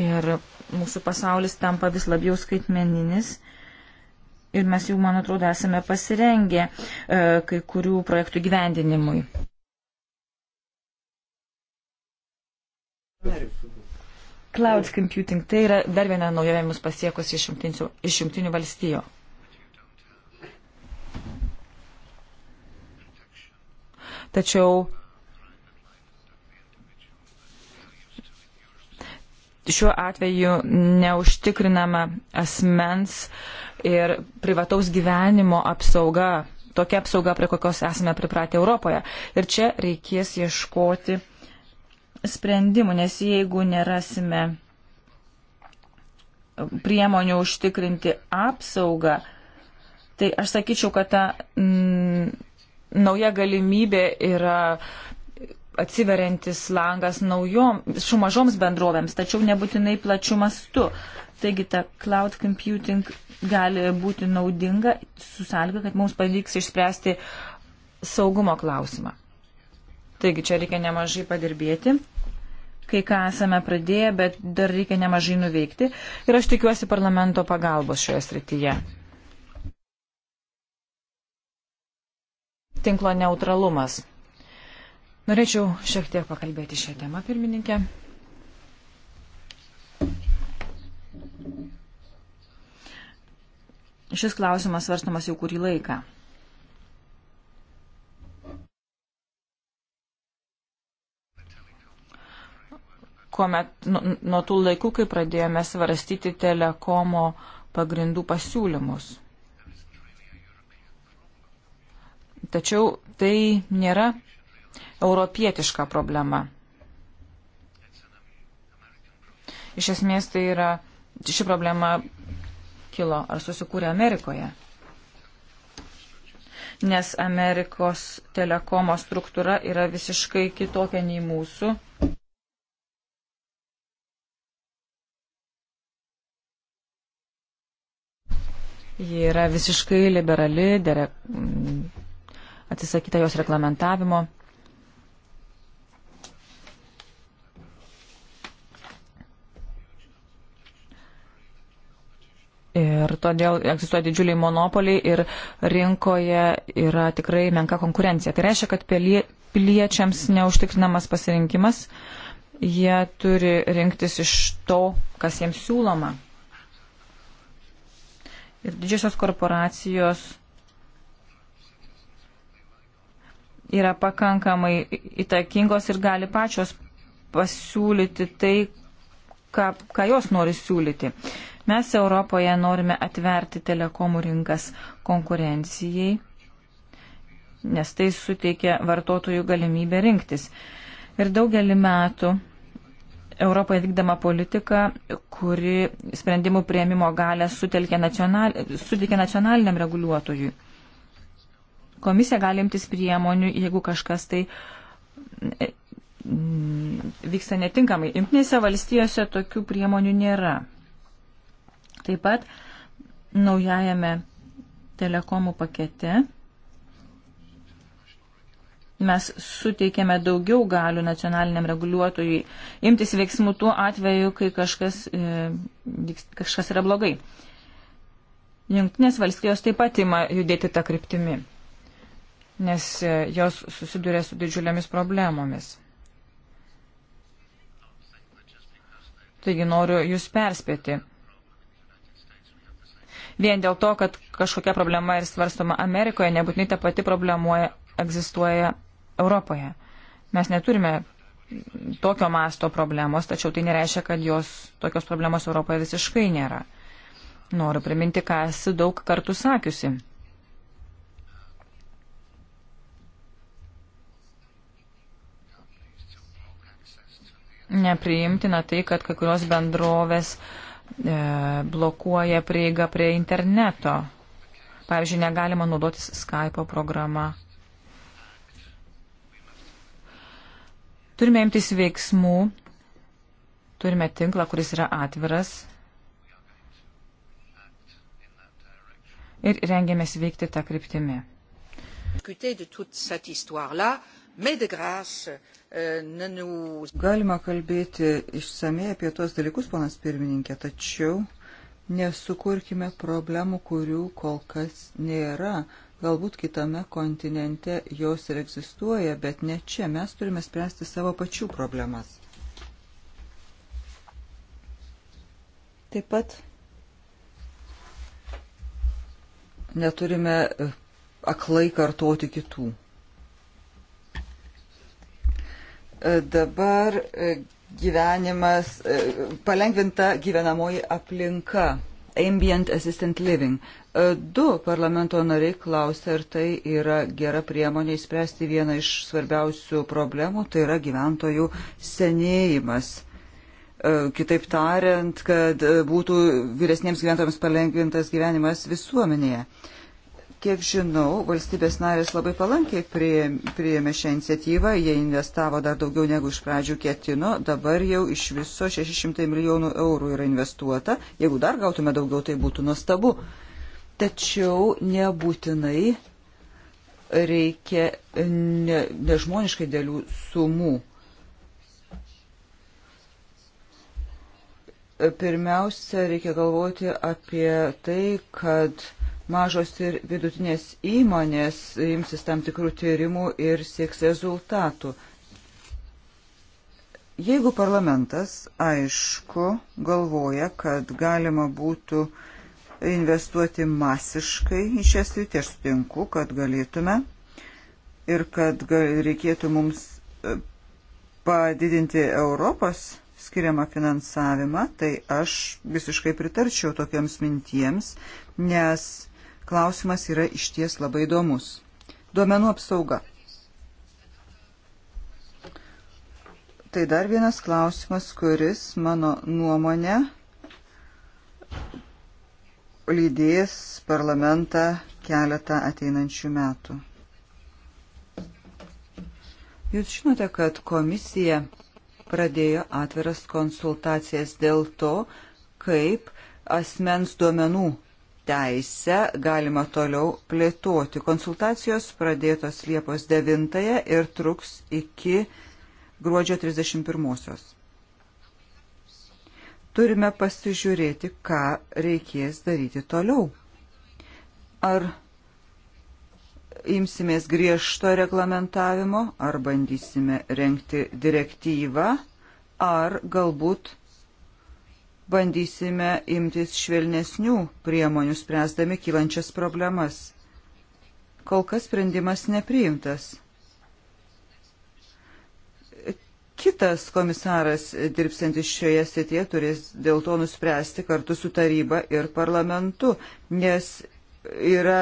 Ir mūsų pasaulis tampa vis labiau skaitmeninis. Uh, ir mes jau, man atrodo, esame pasirengę e, kai kurių projektų gyvendinimui. Cloud computing tai yra dar viena naujovė mus pasiekusi iš, iš jungtinių valstijų. Tačiau šiuo atveju neužtikrinama asmens uh, ir privataus gyvenimo apsauga, tokia apsauga, prie kokios esame pripratę Europoje. Ir čia reikės ieškoti sprendimų, nes jeigu nerasime priemonių užtikrinti apsaugą, tai aš sakyčiau, kad ta m, nauja galimybė yra atsiveriantis langas naujom, su mažoms bendrovėms, tačiau nebūtinai plačiu mastu. Taigi ta cloud computing gali būti naudinga su sąlyga, kad mums pavyks išspręsti saugumo klausimą. Taigi čia reikia nemažai padirbėti, kai ką esame pradėję, bet dar reikia nemažai nuveikti ir aš tikiuosi parlamento pagalbos šioje srityje. Tinklo neutralumas. Norėčiau šiek tiek pakalbėti šią temą, pirmininkė. Šis klausimas svarstamas jau kurį laiką. Kuomet nu, nuo nu tų laikų, kai pradėjome svarstyti telekomo pagrindų pasiūlymus. Tačiau tai nėra europietiška problema. Iš esmės tai yra, ši problema kilo ar susikūrė Amerikoje. Nes Amerikos telekomo struktūra yra visiškai kitokia nei mūsų. Ji yra visiškai liberali, dere, atsisakyta jos reglamentavimo. Ir todėl egzistuoja didžiuliai monopoliai ir rinkoje yra tikrai menka konkurencija. Tai reiškia, kad piliečiams neužtikrinamas pasirinkimas, jie turi rinktis iš to, kas jiems siūloma. Ir didžiosios korporacijos yra pakankamai įtakingos ir gali pačios pasiūlyti tai, ką, ką jos nori siūlyti. Mes Europoje norime atverti telekomų rinkas konkurencijai, nes tai suteikia vartotojų galimybę rinktis. Ir daugelį metų Europoje vykdama politika, kuri sprendimų prieimimo galę sutelkė nacional, suteikė nacionaliniam reguliuotojui. Komisija gali imtis priemonių, jeigu kažkas tai Mm, vyksta netinkamai. Imtinėse valstijose tokių priemonių nėra. Taip pat naujajame telekomų pakete mes suteikėme daugiau galių nacionaliniam reguliuotojui imtis veiksmų tuo atveju, kai kažkas, e, kažkas yra blogai. Junktinės valstijos taip pat ima judėti tą kryptimį, nes e, jos susiduria su didžiuliamis problemomis. Taigi noriu jūs perspėti. Vien dėl to, kad kažkokia problema ir svarstoma Amerikoje, nebūtinai ta pati problemuoja egzistuoja Europoje. Mes neturime tokio masto problemos, tačiau tai nereiškia, kad jos tokios problemos Europoje visiškai nėra. Noriu priminti, ką esi daug kartų sakiusi nepriimtina tai, kad kai kurios bendrovės e, blokuoja prieigą prie interneto. Pavyzdžiui, negalima naudotis Skype programą. Turime imtis veiksmų, turime tinklą, kuris yra atviras ir rengiamės veikti tą kryptimį. Euh, Galima kalbėti išsamei apie tuos dalykus, ponas pirmininkė, tačiau nesukurkime problemų, kurių kol kas nėra. Galbūt kitame kontinente jos ir egzistuoja, bet ne čia. Mes turime spręsti savo pačių problemas. Taip pat neturime aklai kartoti kitų. Dabar e, gyvenimas, e, palengvinta gyvenamoji aplinka, ambient assistant living. E, du parlamento nariai klausė, ar tai yra gera priemonė įspręsti vieną iš svarbiausių problemų, tai yra gyventojų senėjimas kitaip tariant, kad būtų vyresniems gyventojams palengvintas gyvenimas visuomenėje. Kiek žinau, valstybės narės labai palankiai priėmė šią iniciatyvą, jie investavo dar daugiau negu iš pradžių ketino, dabar jau iš viso 600 milijonų eurų yra investuota, jeigu dar gautume daugiau, tai būtų nuostabu. Tačiau nebūtinai reikia ne, nežmoniškai dėlių sumų. Pirmiausia, reikia galvoti apie tai, kad mažos ir vidutinės įmonės imsis tam tikrų tyrimų ir sieks rezultatų. Jeigu parlamentas, aišku, galvoja, kad galima būtų investuoti masiškai į šią sritį, aš sutinku, kad galėtume ir kad reikėtų mums e, padidinti Europos skiriamą finansavimą, tai aš visiškai pritarčiau tokiams mintiems, nes klausimas yra išties labai įdomus. Duomenų apsauga. Tai dar vienas klausimas, kuris mano nuomonė lydės parlamentą keletą ateinančių metų. Jūs žinote, kad komisija pradėjo atviras konsultacijas dėl to, kaip asmens duomenų teisę galima toliau plėtoti. Konsultacijos pradėtos Liepos 9 ir truks iki gruodžio 31-osios. Turime pasižiūrėti, ką reikės daryti toliau. Ar imsimės griežto reglamentavimo, ar bandysime renkti direktyvą, ar galbūt bandysime imtis švelnesnių priemonių spręsdami kylančias problemas. Kol kas sprendimas nepriimtas. Kitas komisaras dirbsantis šioje srityje turės dėl to nuspręsti kartu su taryba ir parlamentu, nes yra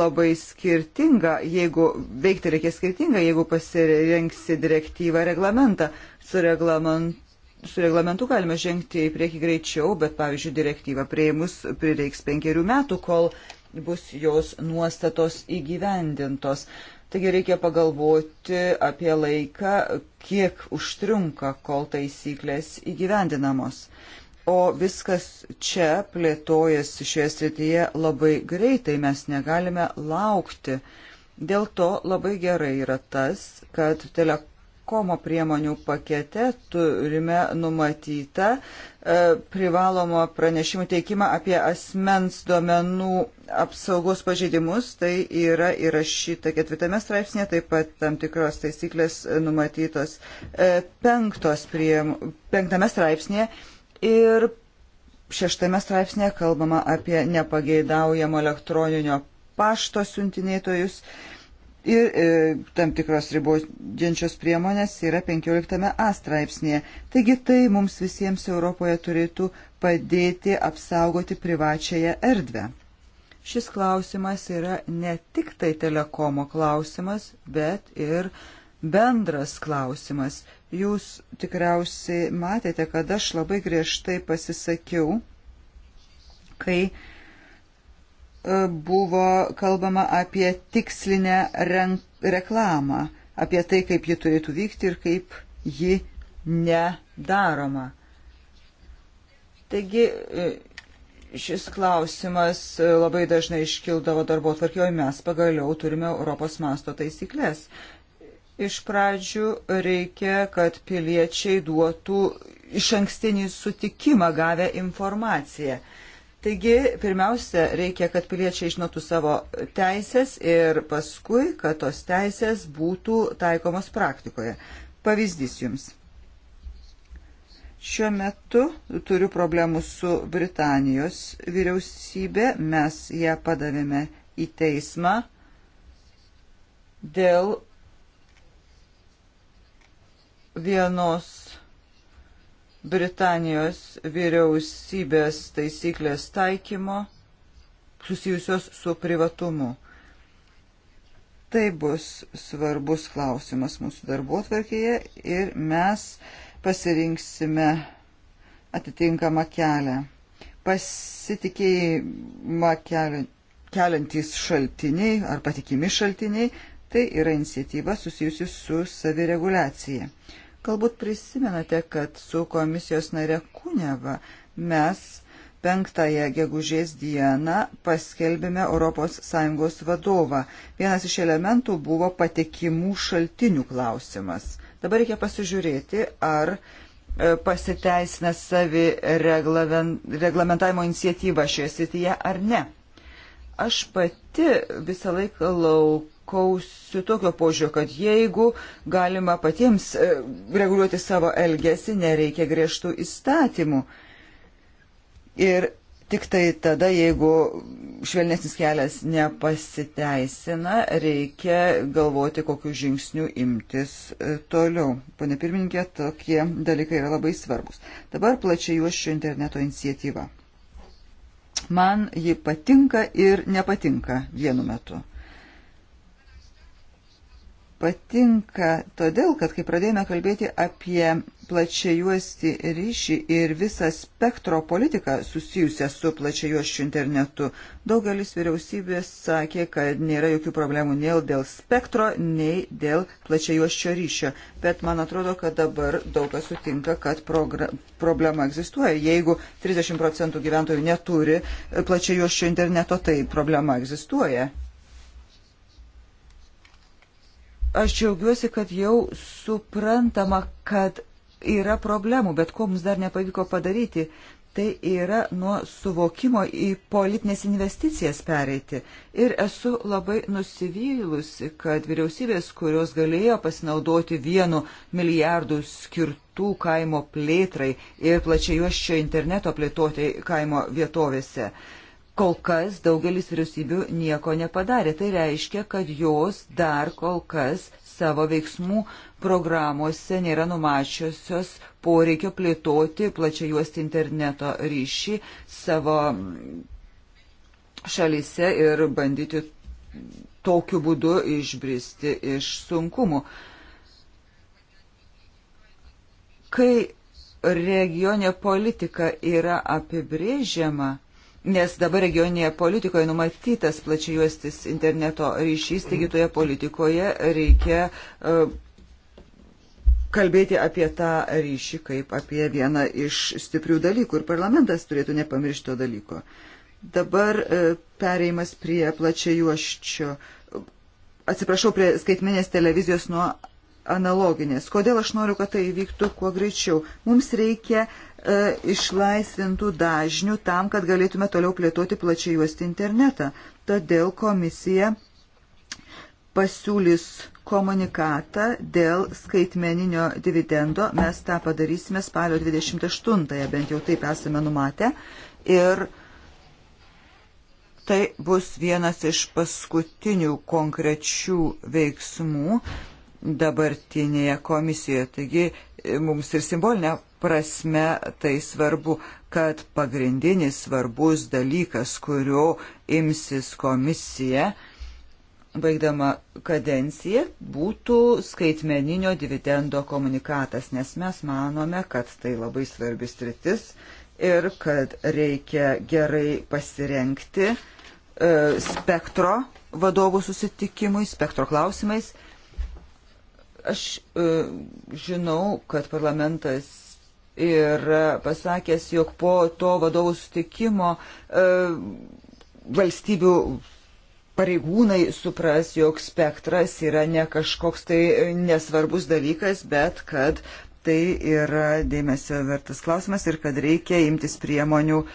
labai skirtinga, jeigu veikti reikia skirtinga, jeigu pasirenksi direktyvą reglamentą. Su reglamentu su reglamentu galime žengti į priekį greičiau, bet, pavyzdžiui, direktyvą prieimus prireiks penkerių metų, kol bus jos nuostatos įgyvendintos. Taigi reikia pagalvoti apie laiką, kiek užtrunka, kol taisyklės įgyvendinamos. O viskas čia plėtojasi šioje srityje labai greitai, mes negalime laukti. Dėl to labai gerai yra tas, kad telekomunikacijos Telekomo priemonių pakete turime numatytą e, privalomą pranešimų teikimą apie asmens duomenų apsaugos pažeidimus. Tai yra įrašyta ketvirtame straipsnėje, taip pat tam tikros taisyklės numatytos e, prie, penktame straipsnėje. Ir šeštame straipsnėje kalbama apie nepageidaujamo elektroninio pašto siuntinėtojus. E, ir e, tam tikros ribojančios priemonės yra 15 A straipsnėje. Taigi tai mums visiems Europoje turėtų padėti apsaugoti privačiąją erdvę. Šis klausimas yra ne tik tai telekomo klausimas, bet ir bendras klausimas. Jūs tikriausiai matėte, kad aš labai griežtai pasisakiau, kai uh, buvo kalbama apie tikslinę reklamą, apie tai, kaip ji turėtų vykti ir kaip ji nedaroma. Taigi e, šis klausimas e, labai dažnai iškildavo darbo tvarkioje, mes pagaliau turime Europos masto taisyklės. Iš pradžių reikia, kad piliečiai duotų iš ankstinį sutikimą gavę informaciją. Taigi, pirmiausia, reikia, kad piliečiai žinotų savo teisės ir paskui, kad tos teisės būtų taikomos praktikoje. Pavyzdys jums. Šiuo metu turiu problemų su Britanijos vyriausybė. Mes ją padavėme į teismą dėl vienos Britanijos vyriausybės taisyklės taikymo susijusios su privatumu. Tai bus svarbus klausimas mūsų darbo tvarkėje ir mes pasirinksime atitinkamą kelią. Pasitikėjimą keliantys šaltiniai ar patikimi šaltiniai tai yra iniciatyva susijusi su savireguliacija. Galbūt prisimenate, kad su komisijos nare Kuneva mes 5 gegužės dieną paskelbėme ES vadovą. Vienas iš elementų buvo patikimų šaltinių klausimas. Dabar reikia pasižiūrėti, ar e, pasiteisina savi reglamentavimo iniciatyva šioje srityje ar ne. Aš pati visą laiką lauk laikausi tokio požiūrio, kad jeigu galima patiems e, reguliuoti savo elgesį, nereikia griežtų įstatymų. Ir tik tai tada, jeigu švelnesnis kelias nepasiteisina, reikia galvoti, kokiu žingsniu imtis e, toliau. Pane pirmininkė, tokie dalykai yra labai svarbus. Dabar plačiai juošiu interneto iniciatyvą man ji patinka ir nepatinka vienu metu patinka todėl, kad kai pradėjome kalbėti apie plačiajuosti ryšį ir visą spektro politiką susijusią su plačiajuoščiu internetu, daugelis vyriausybės sakė, kad nėra jokių problemų nei dėl spektro, nei dėl plačiajuoščio ryšio. Bet man atrodo, kad dabar daug kas sutinka, kad problema egzistuoja. Jeigu 30 procentų gyventojų neturi plačiajuoščio interneto, tai problema egzistuoja. Aš džiaugiuosi, kad jau suprantama, kad yra problemų, bet ko mums dar nepavyko padaryti, tai yra nuo suvokimo į politinės investicijas pereiti. Ir esu labai nusivylusi, kad vyriausybės, kurios galėjo pasinaudoti vienu milijardu skirtų kaimo plėtrai ir plačiai juoščio interneto plėtoti kaimo vietovėse, uh, kol kas daugelis vyriausybių nieko nepadarė. Tai reiškia, kad jos dar kol kas savo veiksmų programuose nėra numačiosios poreikio plėtoti plačiai juosti interneto ryšį savo šalyse ir bandyti tokiu būdu išbristi iš sunkumų. Kai regionė politika yra apibrėžiama, nes dabar regioninėje politikoje numatytas plačiuostis interneto ryšys, taigi toje politikoje reikia e, kalbėti apie tą ryšį kaip apie vieną iš stiprių dalykų ir parlamentas turėtų nepamiršti to dalyko. Dabar e, pereimas prie plačiajuoščio, atsiprašau, prie skaitmenės televizijos nuo analoginės. Kodėl aš noriu, kad tai įvyktų kuo greičiau? Mums reikia e, išlaisvintų dažnių tam, kad galėtume toliau plėtoti plačiai juosti internetą. Todėl komisija pasiūlys komunikatą dėl skaitmeninio dividendo. Mes tą padarysime spalio 28-ąją, bent jau taip esame numatę. Ir tai bus vienas iš paskutinių konkrečių veiksmų, dabartinėje komisijoje. Taigi e, mums ir simbolinė prasme tai svarbu, kad pagrindinis svarbus dalykas, kurio imsis komisija, baigdama kadenciją, būtų skaitmeninio dividendo komunikatas, nes mes manome, kad tai labai svarbis rytis ir kad reikia gerai pasirenkti e, spektro vadovų susitikimui, spektro klausimais. E, Aš e, žinau, kad parlamentas yra pasakęs, jog po to vadovų sutikimo e, valstybių pareigūnai supras, jog spektras yra ne kažkoks tai nesvarbus dalykas, bet kad tai yra dėmesio vertas klausimas ir kad reikia imtis priemonių e,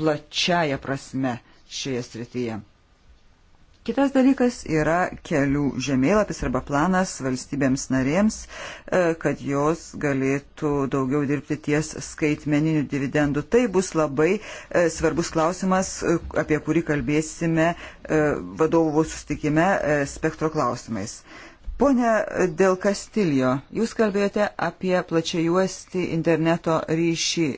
plačiaja prasme šioje srityje. Kitas dalykas yra kelių žemėlapis arba planas valstybėms narėms, e, kad jos galėtų daugiau dirbti ties skaitmeninių dividendų. Tai bus labai e, svarbus klausimas, e, apie kurį kalbėsime vadovų sustikime spektro klausimais. Pone Del Castillo, jūs kalbėjote apie plačiajuosti interneto ryšį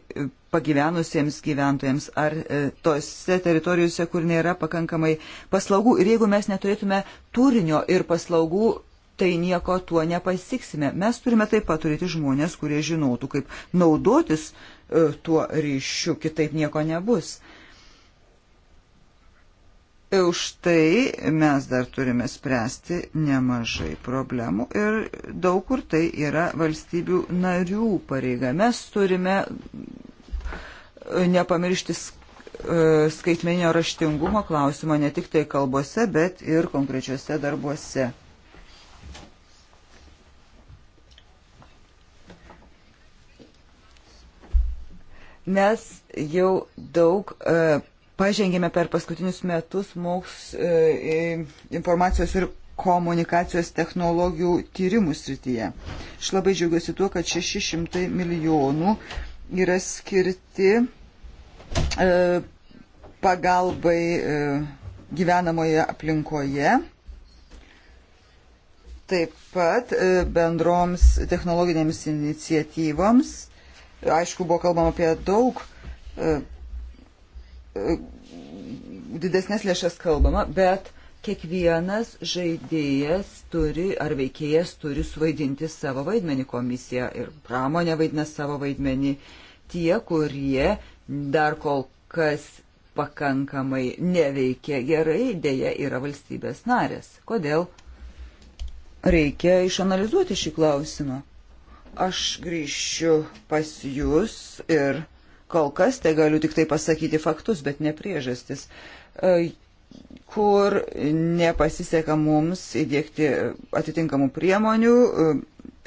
pagyvenusiems gyventojams ar e, tose teritorijose, kur nėra pakankamai paslaugų. Ir jeigu mes neturėtume turinio ir paslaugų, tai nieko tuo nepasiksime. Mes turime taip pat turėti žmonės, kurie žinotų, kaip naudotis e, tuo ryšiu, kitaip nieko nebus. E, už tai mes dar turime spręsti nemažai problemų ir daug kur tai yra valstybių narių pareiga. Mes turime nepamiršti e, skaitmeninio raštingumo klausimo ne tik tai kalbose, bet ir konkrečiuose darbuose. Mes jau daug e, pažengėme per paskutinius metus moks e, informacijos ir komunikacijos technologijų tyrimų srityje. Aš labai džiaugiuosi tuo, kad 600 milijonų e, yra skirti e, pagalbai e, gyvenamoje aplinkoje. Taip pat e, bendroms technologinėms iniciatyvoms. Aišku, buvo kalbama apie daug didesnės lėšas kalbama, bet uh, Kiekvienas žaidėjas turi ar veikėjas turi suvaidinti savo vaidmenį komisiją ir pramonė vaidina savo vaidmenį. Tie, kurie dar kol kas pakankamai neveikia gerai, dėja yra valstybės narės. Kodėl? Reikia išanalizuoti šį klausimą. Aš grįšiu pas jūs ir kol kas tai galiu tik tai pasakyti faktus, bet ne priežastis. E, kur nepasiseka mums įdėkti atitinkamų priemonių,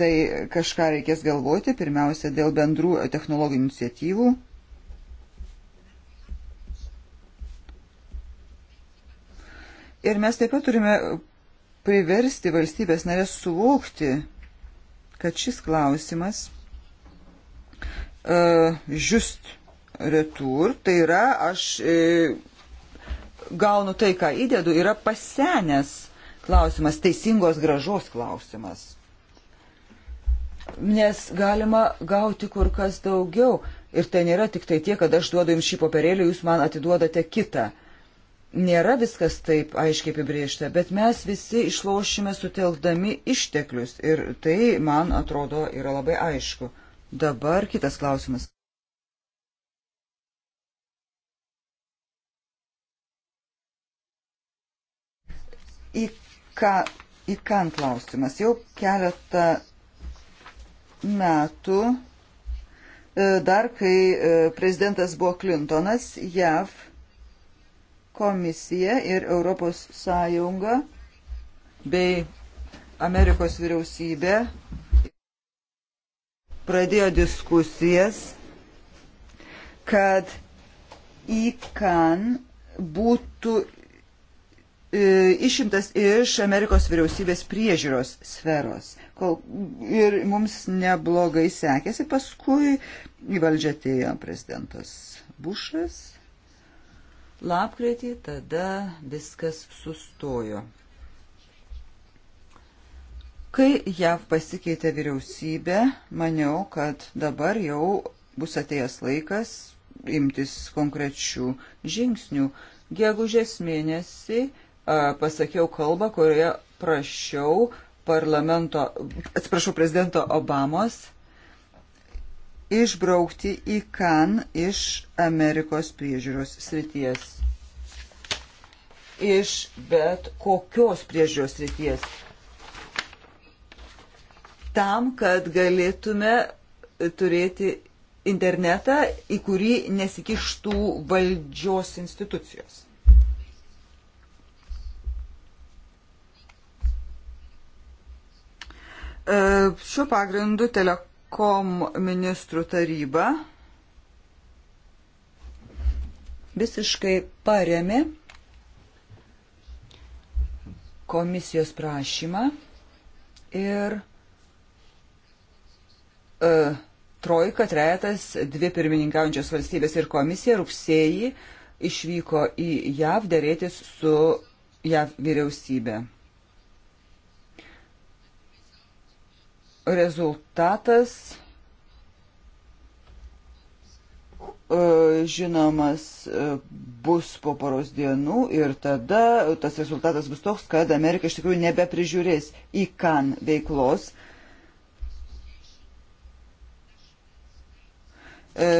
tai kažką reikės galvoti, pirmiausia, dėl bendrų technologinių iniciatyvų. Ir mes taip pat turime priversti valstybės narės suvokti, kad šis klausimas uh, just retur, tai yra aš uh, gaunu tai, ką įdedu, yra pasenęs klausimas, teisingos gražos klausimas. Nes galima gauti kur kas daugiau. Ir tai nėra tik tai tie, kad aš duodu jums šį papirėlį, jūs man atiduodate kitą. Nėra viskas taip aiškiai apibriešta, bet mes visi išlošime sutelkdami išteklius. Ir tai, man atrodo, yra labai aišku. Dabar kitas klausimas. į ką, į ką klausimas. Jau keletą metų e, dar kai e, prezidentas buvo Clintonas, JAV komisija ir Europos Sąjunga bei Amerikos vyriausybė pradėjo diskusijas, kad ICAN būtų E, išimtas iš Amerikos vyriausybės priežiūros sferos. Kol, ir mums neblogai sekėsi, paskui į valdžią atėjo prezidentas Bušas. Lapkritį tada viskas sustojo. Kai JAV pasikeitė vyriausybė, maniau, kad dabar jau bus atėjęs laikas imtis konkrečių žingsnių. Gegužės mėnesį pasakiau kalbą, kurioje prašiau parlamento, atsiprašau, prezidento Obamos išbraukti į kan iš Amerikos priežiūros srities. Iš bet kokios priežiūros srities. Tam, kad galėtume turėti internetą, į kurį nesikištų valdžios institucijos. E, šiuo pagrindu telekom ministrų taryba visiškai paremė komisijos prašymą ir e, Trojka, Trejetas, dvi pirmininkaujančios valstybės ir komisija rugsėjį išvyko į JAV dėrėtis su JAV vyriausybė. rezultatas e, žinomas e, bus po poros dienų ir tada tas rezultatas bus toks, kad Amerika iš tikrųjų nebeprižiūrės į kan veiklos. E,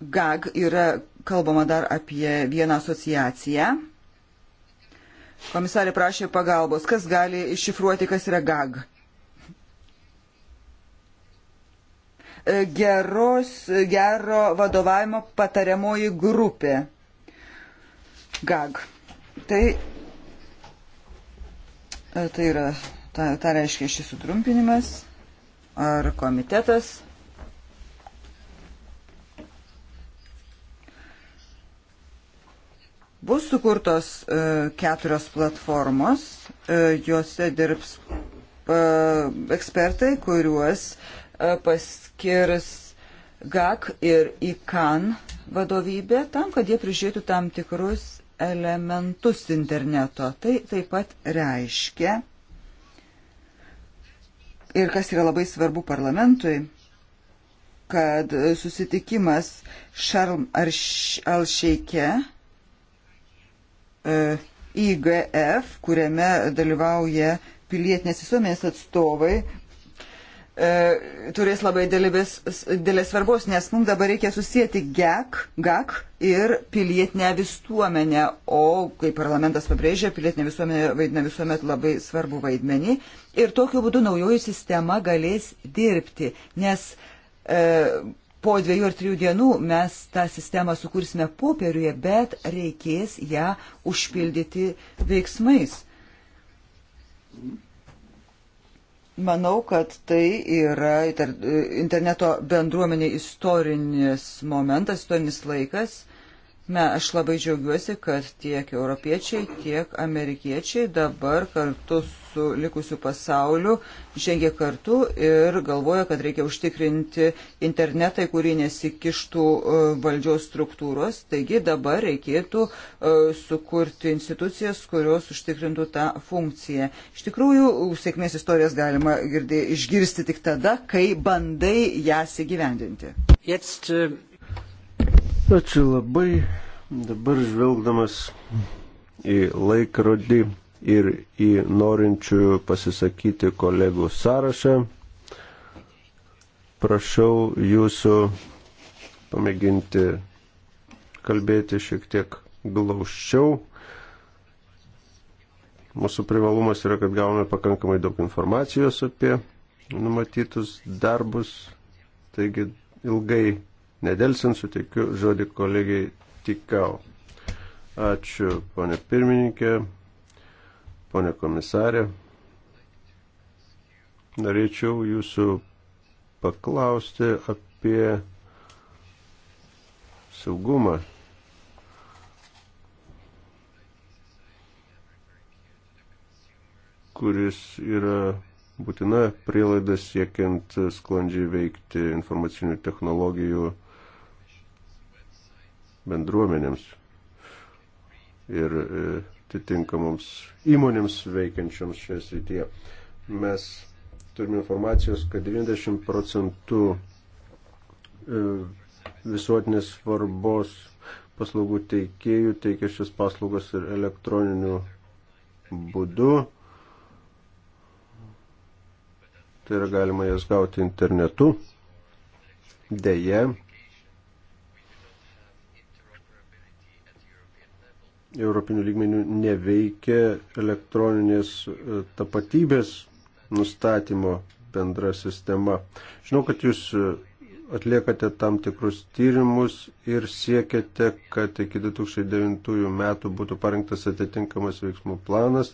GAG yra kalbama dar apie vieną asociaciją Komisarė prašė pagalbos. Kas gali iššifruoti, kas yra GAG? E, geros, gero vadovavimo patariamoji grupė. GAG. Tai, e, tai yra, ta, ta reiškia šis sutrumpinimas ar komitetas. Bus sukurtos e, keturios platformos, e, juose dirbs e, ekspertai, kuriuos paskirs GAK ir ICAN vadovybė tam, kad jie prižiūrėtų tam tikrus elementus interneto. Tai taip pat reiškia, ir kas yra labai svarbu parlamentui, kad susitikimas Šarm Alšeike E, IGF, kuriame dalyvauja pilietinės visuomenės atstovai, e, turės labai dėlės, dėlės svarbos, nes mums dabar reikia susijęti GAC, e GAC ir pilietinę visuomenę, o, kaip parlamentas pabrėžia, pilietinė visuomenė vaidina visuomet labai svarbu vaidmenį ir tokiu būdu naujoji sistema galės dirbti, nes e, po dviejų ar trijų dienų mes tą sistemą sukursime popieriuje, bet reikės ją užpildyti veiksmais. Manau, kad tai yra interneto bendruomenė istorinis momentas, istorinis laikas. Me, aš labai džiaugiuosi, kad tiek europiečiai, tiek amerikiečiai dabar kartu su likusiu pasauliu žengia kartu ir galvoja, kad reikia užtikrinti internetą, į kurį nesikištų e, valdžios struktūros. Taigi dabar reikėtų e, sukurti institucijas, kurios užtikrintų tą funkciją. Iš tikrųjų, sėkmės istorijas galima girdė, išgirsti tik tada, kai bandai jas įgyvendinti. Jetzt, uh... Ačiū labai. Dabar žvelgdamas į laikrodį ir į norinčių pasisakyti kolegų sąrašą. Prašau jūsų pamėginti kalbėti šiek tiek glaušiau. Mūsų privalumas yra, kad gavome pakankamai daug informacijos apie numatytus darbus. Taigi ilgai nedelsint suteikiu žodį kolegiai Tikau. Ačiū, ponė pirmininkė. Pone komisarė, norėčiau jūsų paklausti apie saugumą. kuris yra būtina prielaida siekiant sklandžiai veikti informacinių technologijų bendruomenėms. Ir e, atitinkamoms įmonėms veikiančioms šioje srityje. Mes turime informacijos, kad 90 procentų e, visuotinės svarbos paslaugų teikėjų teikia šias paslaugas ir elektroniniu būdu. Tai yra galima jas gauti internetu. Deja, Europinių lygmenių neveikia elektroninės e, tapatybės nustatymo bendra sistema. Žinau, kad jūs e, atliekate tam tikrus tyrimus ir siekiate, kad iki 2009 metų būtų parengtas atitinkamas veiksmų planas,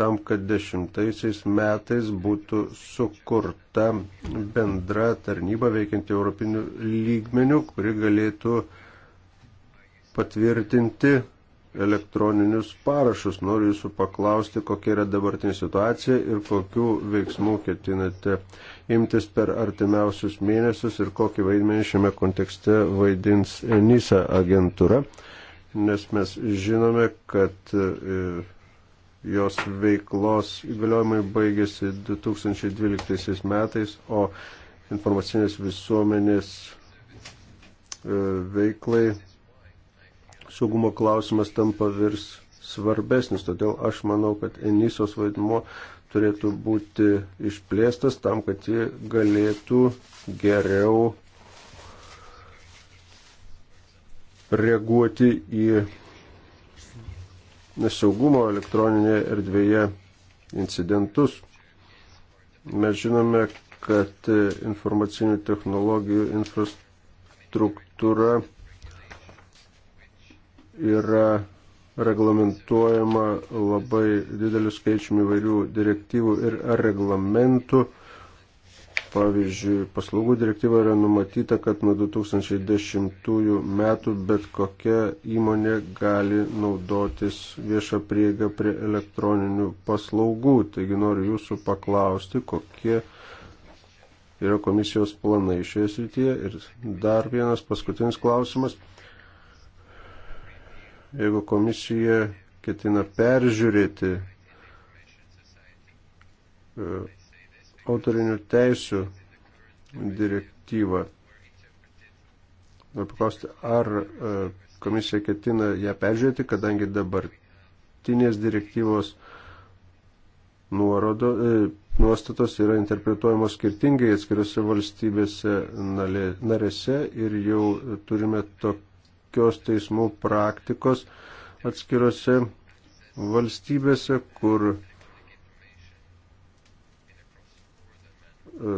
tam, kad dešimtaisiais metais būtų sukurta bendra tarnyba veikianti europinių lygmenių, kuri galėtų patvirtinti elektroninius parašus. Noriu jūsų paklausti, kokia yra dabartinė situacija ir kokių veiksmų ketinate imtis per artimiausius mėnesius ir kokį vaidmenį šiame kontekste vaidins NISA agentūra, nes mes žinome, kad e, jos veiklos įgaliojimai baigėsi 2012 metais, o informacinės visuomenės e, veiklai saugumo klausimas tampa virs svarbesnis. Todėl aš manau, kad Enisos vaidmo turėtų būti išplėstas tam, kad ji galėtų geriau reaguoti į nesaugumo elektroninėje erdvėje incidentus. Mes žinome, kad informacinių technologijų infrastruktūra yra reglamentuojama labai dideliu skaičiumi įvairių direktyvų ir reglamentų. Pavyzdžiui, paslaugų direktyva yra numatyta, kad nuo 2010 metų bet kokia įmonė gali naudotis viešą prieigą prie elektroninių paslaugų. Taigi noriu jūsų paklausti, kokie yra komisijos planai šioje srityje. Ir dar vienas paskutinis klausimas jeigu komisija ketina peržiūrėti e, autorinių teisių direktyvą. Noriu paklausti, ar e, komisija ketina ją peržiūrėti, kadangi dabartinės direktyvos nuorodo, e, nuostatos yra interpretuojamos skirtingai atskiriuose valstybėse narėse ir jau turime tokį palankios teismų praktikos atskirose valstybėse, kur e,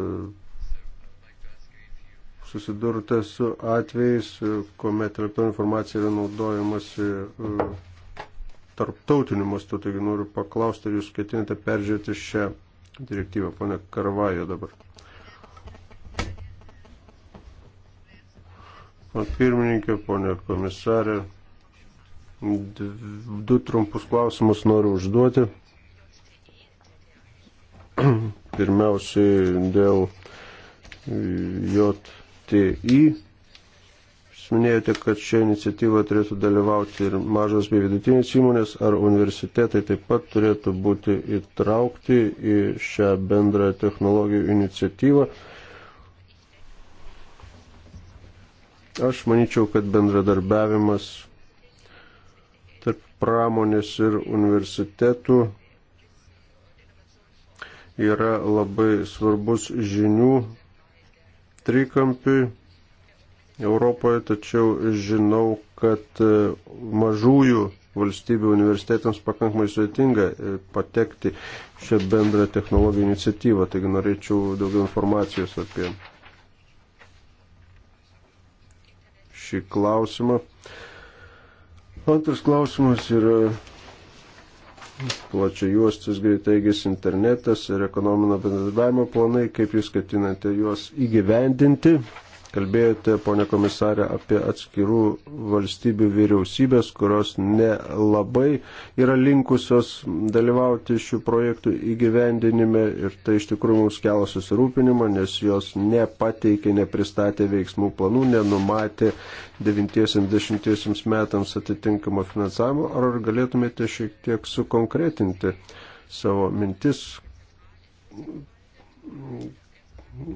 susidurta su atvejais, kuomet elektroninė informacija yra naudojamasi e, tarptautiniu mastu. Taigi noriu paklausti, ar jūs ketinate peržiūrėti šią direktyvą, pane Karvajo dabar. Pana pirmininkė, ponė komisarė, du trumpus klausimus noriu užduoti. Pirmiausiai dėl JTI. Jūs minėjote, kad šią iniciatyvą turėtų dalyvauti ir mažos bei vidutinės įmonės ar universitetai taip pat turėtų būti įtraukti į šią bendrą technologijų iniciatyvą. Aš manyčiau, kad bendradarbiavimas tarp pramonės ir universitetų yra labai svarbus žinių trikampiui Europoje, tačiau žinau, kad e, mažųjų valstybių universitetams pakankamai sudėtinga e, patekti šią bendrą technologijų iniciatyvą, taigi norėčiau daugiau informacijos apie šį klausimą. Antras klausimas yra plačia juostas greitaigis internetas ir ekonominio bendradarbiavimo planai, kaip jūs ketinate juos įgyvendinti. Kalbėjote, ponė komisarė, apie atskirų valstybių vyriausybės, kurios nelabai yra linkusios dalyvauti šių projektų įgyvendinime ir tai iš tikrųjų mums kelia susirūpinimą, nes jos nepateikė, nepristatė veiksmų planų, nenumatė 90 metams atitinkamo finansavimo. Ar galėtumėte šiek tiek sukonkretinti savo mintis?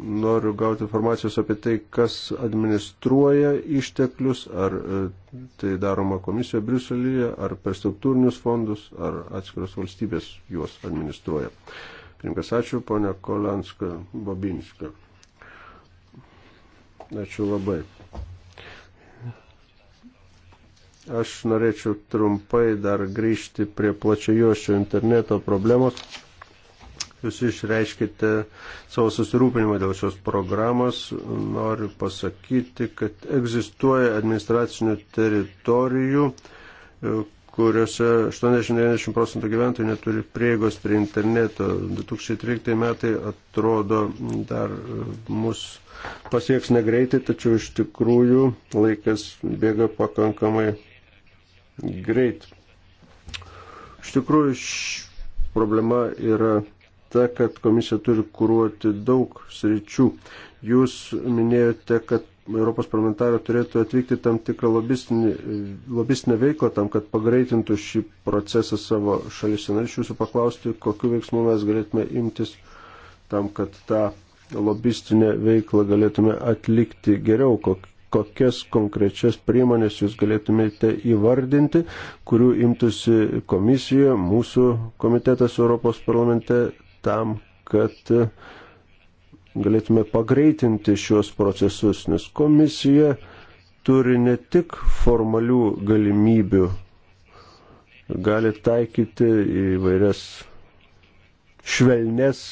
noriu gauti informacijos apie tai, kas administruoja išteklius, ar e, tai daroma komisijoje Briuselyje, ar per struktūrinius fondus, ar atskiros valstybės juos administruoja. Pirmkas, ačiū, ponia Kolanska Babinska. Ačiū labai. Aš norėčiau trumpai dar grįžti prie plačiojošio interneto problemos jūs išreiškite savo susirūpinimą dėl šios programos. Noriu pasakyti, kad egzistuoja administracinių teritorijų, kuriuose 80-90 procentų gyventojų neturi prieigos prie interneto. 2013 metai atrodo dar e, mus pasieks negreitai, tačiau iš tikrųjų laikas bėga pakankamai greit. Iš tikrųjų, problema yra ta, kad komisija turi kūruoti daug sričių. Jūs minėjote, kad Europos parlamentarė turėtų atlikti tam tikrą lobistinę veiklą tam, kad pagreitintų šį procesą savo šalyse. Norėčiau jūsų paklausti, kokiu veiksmu mes galėtume imtis tam, kad tą lobistinę veiklą galėtume atlikti geriau, kokias konkrečias priemonės jūs galėtumėte įvardinti, kurių imtųsi komisija, mūsų komitetas Europos parlamente tam, kad e, galėtume pagreitinti šios procesus, nes komisija turi ne tik formalių galimybių, gali taikyti įvairias švelnes,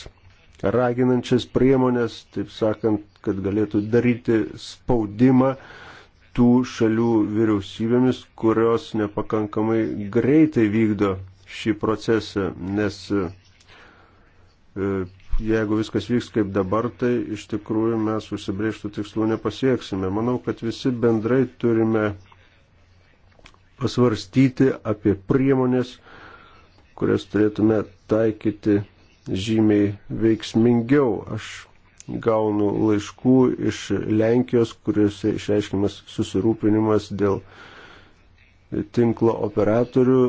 raginančias priemonės, taip sakant, kad galėtų daryti spaudimą tų šalių vyriausybėmis, kurios nepakankamai greitai vykdo šį procesą, nes E, jeigu viskas vyks kaip dabar, tai iš tikrųjų mes užsibrėžtų tikslų nepasieksime. Manau, kad visi bendrai turime pasvarstyti apie priemonės, kurias turėtume taikyti žymiai veiksmingiau. Aš gaunu laiškų iš Lenkijos, kuriuose išreiškimas susirūpinimas dėl tinklo operatorių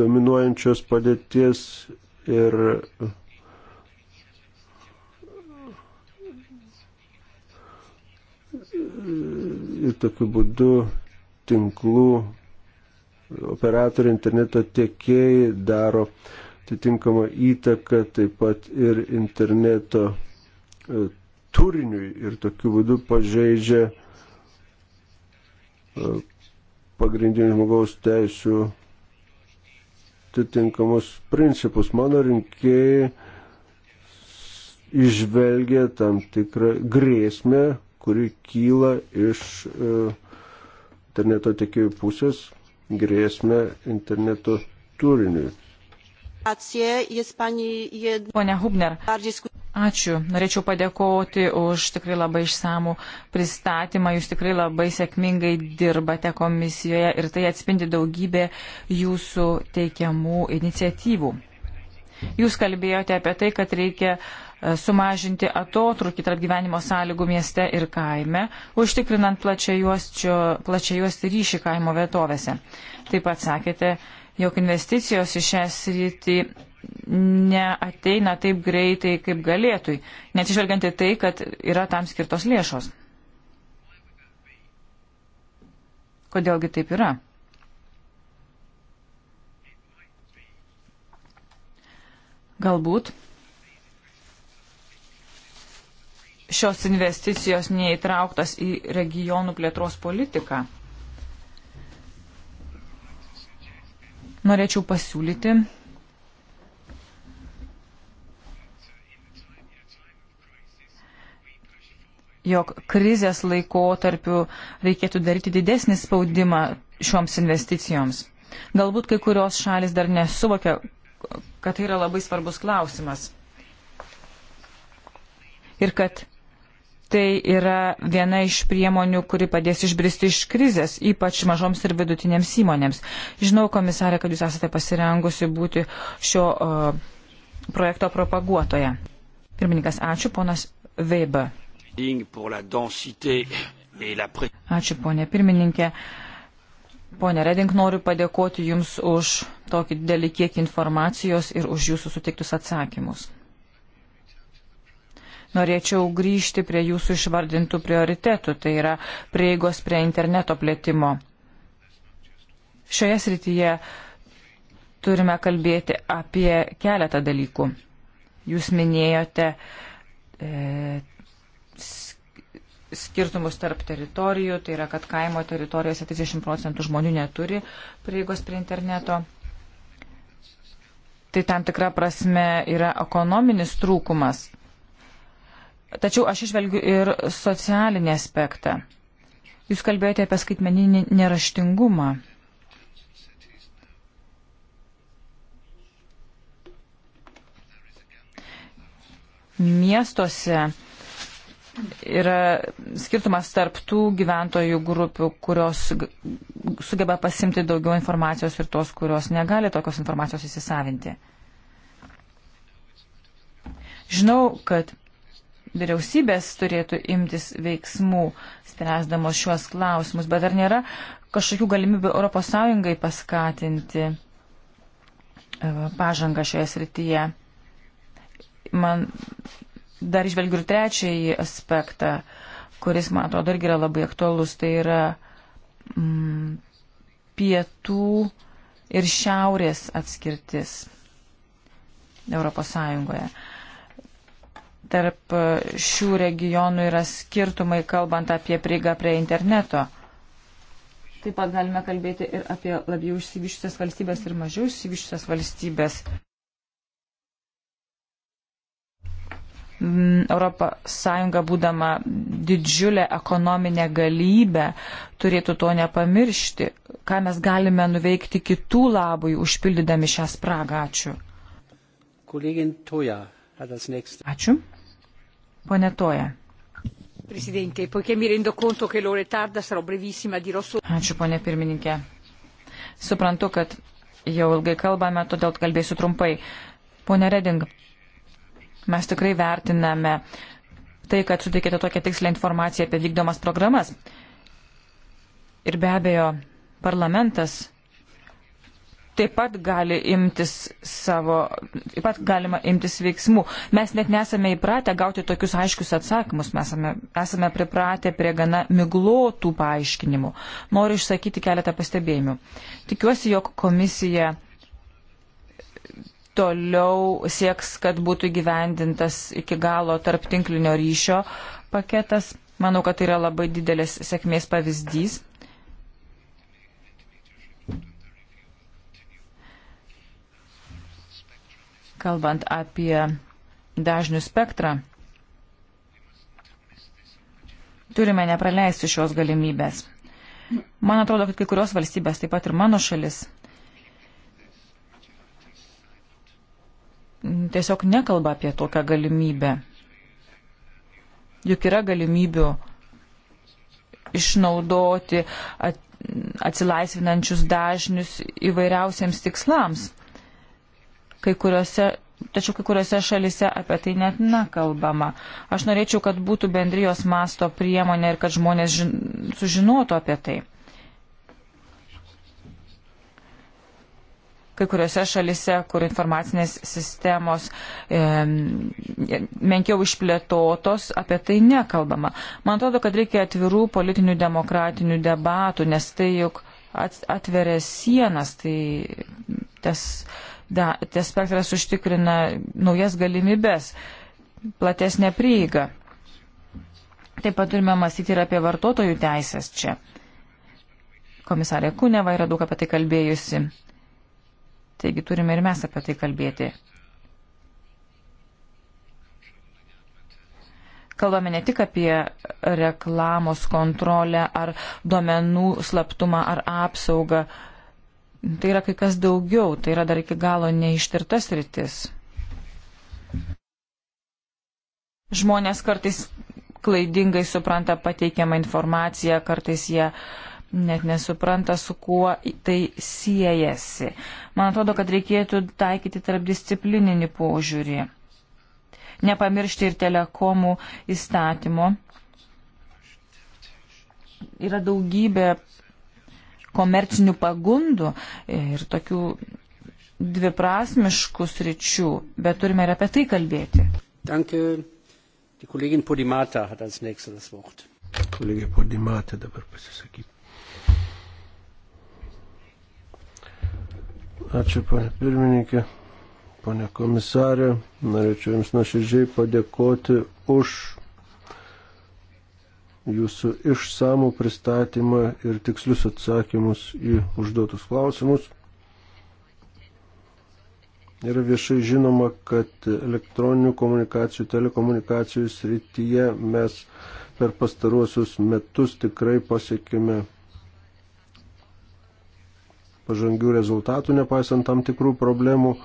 dominuojančios padėties ir ir tokiu būdu tinklų operatoriai, interneto tiekėjai daro atitinkamą įtaką taip pat ir interneto e, turiniui ir tokiu būdu pažeidžia e, pagrindinių žmogaus teisų atitinkamus principus. Mano rinkėjai išvelgia tam tikrą grėsmę kuri kyla iš e, interneto tiekėjų pusės grėsmę interneto turiniui. Pone Hubner, ačiū. Norėčiau padėkoti už tikrai labai išsamų pristatymą. Jūs tikrai labai sėkmingai dirbate komisijoje ir tai atspindi daugybė jūsų teikiamų iniciatyvų. Jūs kalbėjote apie tai, kad reikia uh, sumažinti atotrukį tarp gyvenimo sąlygų mieste ir kaime, užtikrinant plačiajuosti ryšį kaimo vietovėse. Taip pat sakėte, jog investicijos į šią sritį neateina taip greitai, kaip galėtų, neatsižvelgiant į tai, kad yra tam skirtos lėšos. Kodėlgi taip yra? Galbūt šios investicijos neįtrauktas į regionų plėtros politiką. Norėčiau pasiūlyti jog krizės laikotarpiu reikėtų daryti didesnį spaudimą šioms investicijoms. Galbūt kai kurios šalis dar nesuvokia, kad tai yra labai svarbus klausimas. Ir kad tai yra viena iš priemonių, kuri padės išbristi iš krizės, ypač mažoms ir vidutinėms įmonėms. Žinau, komisarė, kad jūs esate pasirengusi būti šio uh, projekto propaguotoje. Pirmininkas, ačiū, ponas Weber. Ačiū, ponė pirmininkė. Pone Reding, noriu padėkoti Jums už tokį didelį kiekį informacijos ir už Jūsų sutiktus atsakymus norėčiau grįžti prie jūsų išvardintų prioritetų, tai yra prieigos prie interneto plėtimo. Šioje srityje turime kalbėti apie keletą dalykų. Jūs minėjote e, skirtumus tarp teritorijų, tai yra, kad kaimo teritorijose 30 procentų žmonių neturi prieigos prie interneto. Tai tam tikra prasme yra ekonominis trūkumas. Tačiau aš išvelgiu ir socialinį aspektą. Jūs kalbėjote apie skaitmeninį neraštingumą. Miestuose yra skirtumas tarp tų gyventojų grupių, kurios sugeba pasimti daugiau informacijos ir tos, kurios negali tokios informacijos įsisavinti. Žinau, kad vyriausybės turėtų imtis veiksmų, spręsdamos šiuos klausimus, bet ar nėra kažkokių galimybių ES paskatinti e, pažangą šioje srityje? Man dar išvelgiu ir trečiąjį aspektą, kuris, man atrodo, irgi yra labai aktualus, tai yra mm, pietų ir šiaurės atskirtis Europos Sąjungoje. Uh, tarp šių regionų yra skirtumai, kalbant apie prieigą prie interneto. Taip pat galime kalbėti ir apie labiau išsivyščiusias valstybės ir mažiau išsivyščiusias valstybės. Mm, Europos Sąjunga, būdama didžiulė ekonominė galybė, turėtų to nepamiršti, ką mes galime nuveikti kitų labui, užpildydami šią spragą. Ačiū. Ačiū. Pone Toja. Ačiū, ponė pirmininkė. Suprantu, kad jau ilgai kalbame, todėl kalbėsiu trumpai. Pone Reding, mes tikrai vertiname tai, kad suteikėte tokią tikslę informaciją apie vykdomas programas. Ir be abejo, parlamentas taip pat gali imtis savo, taip pat galima imtis veiksmų. Mes net nesame įpratę gauti tokius aiškius atsakymus, mes esame, esame pripratę prie gana miglotų paaiškinimų. Noriu išsakyti keletą pastebėjimų. Tikiuosi, jog komisija toliau sieks, kad būtų gyvendintas iki galo tarp tinklinio ryšio paketas. Manau, kad tai yra labai didelis sėkmės pavyzdys kalbant apie dažnių spektrą, turime nepraleisti šios galimybės. Man atrodo, kad kai kurios valstybės, taip pat ir mano šalis, tiesiog nekalba apie tokią galimybę. Juk yra galimybių išnaudoti atsilaisvinančius dažnius įvairiausiems tikslams kai kuriuose. Tačiau kai kuriuose šalise apie tai net nekalbama. Aš norėčiau, kad būtų bendrijos masto priemonė ir kad žmonės žin, sužinotų apie tai. kai kuriuose šalise, kur informacinės sistemos e, menkiau išplėtotos, apie tai nekalbama. Man atrodo, kad reikia atvirų politinių demokratinių debatų, nes tai juk atveria sienas, tai tas da, tas spektras užtikrina naujas galimybės, platesnę prieigą. Taip pat turime mąstyti ir apie vartotojų teisės čia. Komisarė Kuneva yra daug apie tai kalbėjusi. Taigi turime ir mes apie tai kalbėti. kalbame ne tik apie reklamos kontrolę ar duomenų slaptumą ar apsaugą, Tai yra kai kas daugiau, tai yra dar iki galo neištirtas rytis. Žmonės kartais klaidingai supranta pateikiamą informaciją, kartais jie net nesupranta, su kuo tai siejasi. Man atrodo, kad reikėtų taikyti tarp disciplininį požiūrį. Nepamiršti ir telekomų įstatymo. Yra daugybė komercinių pagundų ir tokių dviprasmiškų sričių, bet turime ir apie tai kalbėti. Danke. Die Kollegin Podimata hat als nächste das Wort. Kollege Podimata dabar pasisakyti. Ačiū, ponė pirmininkė, ponė komisarė. Norėčiau Jums nuoširdžiai padėkoti už jūsų išsamų pristatymą ir tikslius atsakymus į užduotus klausimus. Yra viešai žinoma, kad elektroninių komunikacijų, telekomunikacijų srityje mes per pastaruosius metus tikrai pasiekime pažangių rezultatų, nepaisant tam tikrų problemų.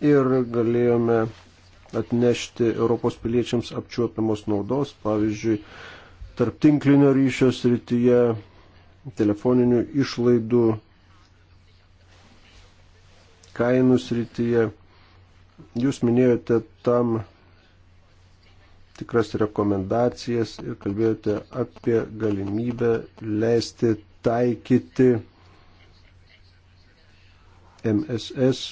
Ir galėjome atnešti Europos piliečiams apčiuopiamos naudos, pavyzdžiui, tarp tinklinio ryšio srityje, telefoninių išlaidų, kainų srityje. Jūs minėjote tam tikras rekomendacijas ir kalbėjote apie galimybę leisti taikyti MSS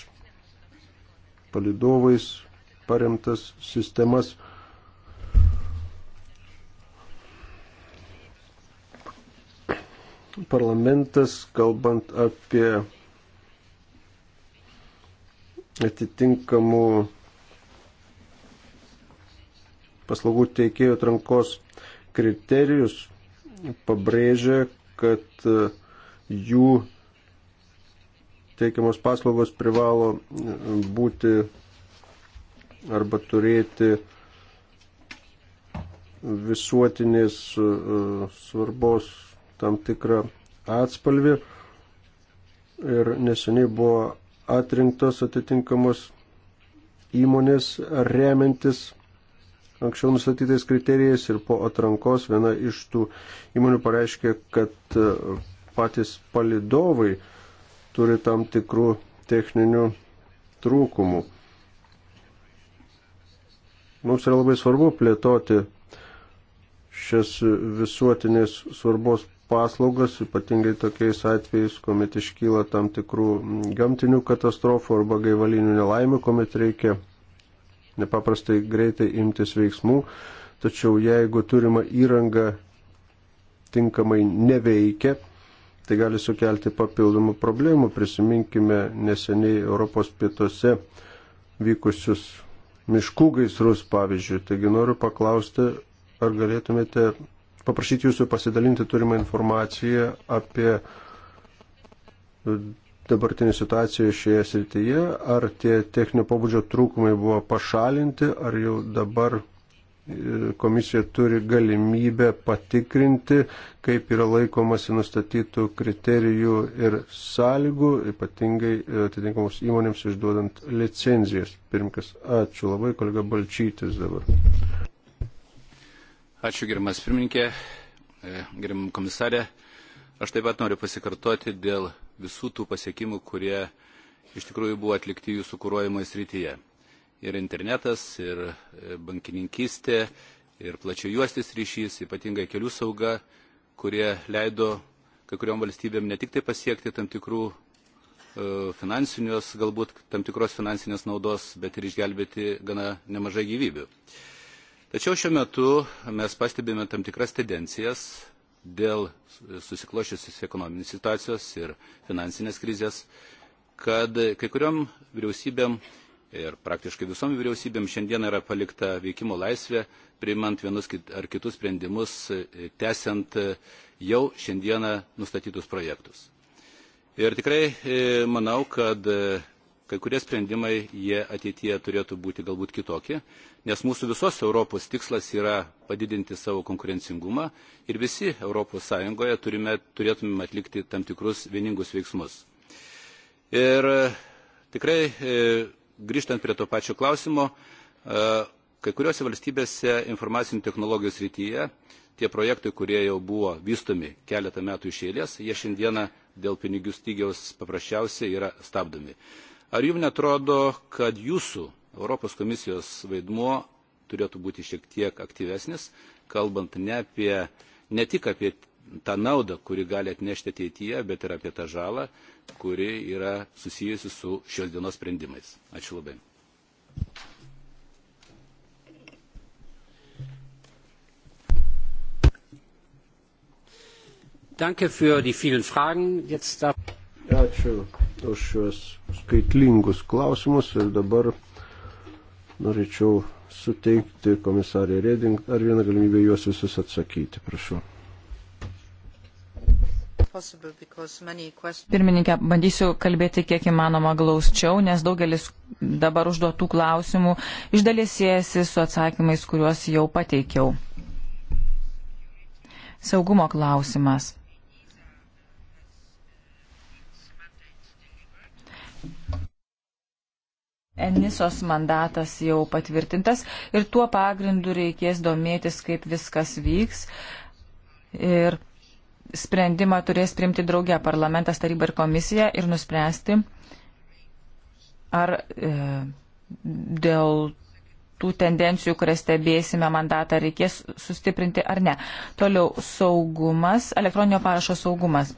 palidovais paremtas sistemas. Parlamentas, kalbant apie atitinkamų paslaugų teikėjų atrankos kriterijus pabrėžia, kad e, jų teikiamos paslaugos privalo e, būti arba turėti visuotinės e, svarbos tam tikrą atspalvį. Ir neseniai buvo atrinktos atitinkamos įmonės remiantis anksčiau nustatytais kriterijais ir po atrankos viena iš tų įmonių pareiškė, kad e, patys palidovai turi tam tikrų techninių trūkumų. Mums yra labai svarbu plėtoti šias visuotinės svarbos paslaugas, ypatingai tokiais atvejais, kuomet iškyla tam tikrų gamtinių katastrofų arba gaivalinių nelaimių, kuomet reikia nepaprastai greitai imtis veiksmų. Tačiau jeigu turima įranga tinkamai neveikia, tai gali sukelti papildomų problemų. Prisiminkime neseniai Europos pietuose vykusius miškų gaisrus, pavyzdžiui. Taigi noriu paklausti, ar galėtumėte paprašyti jūsų pasidalinti turimą informaciją apie e, dabartinė situacija šioje srityje, ar tie techninio pobūdžio trūkumai buvo pašalinti, ar jau dabar komisija turi galimybę patikrinti, kaip yra laikomasi nustatytų kriterijų ir sąlygų, ypatingai e, atitinkamos įmonėms išduodant licenzijas. Pirmkas, ačiū labai, kolega Balčytis dabar. Ačiū, gerimas pirmininkė, e, gerim komisarė. Aš taip pat noriu pasikartoti dėl visų tų pasiekimų, kurie iš tikrųjų buvo atlikti jūsų kūruojamoje srityje ir internetas, ir e, bankininkistė, ir plačiojuostis ryšys, ypatingai kelių sauga, kurie leido kai kuriuom valstybėm ne tik tai pasiekti tam tikrų e, finansinios, galbūt tam tikros finansinės naudos, bet ir išgelbėti gana nemažai gyvybių. Tačiau šiuo metu mes pastebime tam tikras tendencijas dėl susiklošiusios ekonominės situacijos ir finansinės krizės, kad kai kuriuom vyriausybėm Ir praktiškai visom vyriausybėm šiandien yra palikta veikimo laisvė, priimant vienus ar kitus sprendimus, e, tęsiant e, jau šiandieną nustatytus projektus. Ir tikrai e, manau, kad kai kurie sprendimai jie ateityje turėtų būti galbūt kitokie, nes mūsų visos Europos tikslas yra padidinti savo konkurencingumą ir visi ES turime, turėtumėm atlikti tam tikrus vieningus veiksmus. Ir tikrai grįžtant prie to pačio klausimo, e, kai kuriuose valstybėse informacinių technologijų srityje tie projektai, kurie jau buvo vystomi keletą metų iš eilės, jie šiandieną dėl pinigų stygiaus paprasčiausiai yra stabdomi. Ar jums netrodo, kad jūsų Europos komisijos vaidmuo turėtų būti šiek tiek aktyvesnis, kalbant ne, apie, ne tik apie tą naudą, kuri gali atnešti ateityje, bet ir apie tą žalą, kuri yra susijusi su šios dienos sprendimais. Ačiū labai. Danke für die vielen Fragen. Jetzt darf Ačiū už šios skaitlingus klausimus ir dabar norėčiau suteikti komisarė Reding ar vieną galimybę juos visus atsakyti. Prašau. Pirmininkė, bandysiu kalbėti kiek įmanoma glausčiau, nes daugelis dabar užduotų klausimų iš dalies siejasi su atsakymais, kuriuos jau pateikiau. Saugumo klausimas. Enisos mandatas jau patvirtintas ir tuo pagrindu reikės domėtis, kaip viskas vyks. Ir sprendimą turės priimti drauge parlamentas, taryba ir komisija ir nuspręsti, ar e, dėl tų tendencijų, kurias stebėsime mandatą, reikės sustiprinti ar ne. Toliau saugumas, elektroninio parašo saugumas.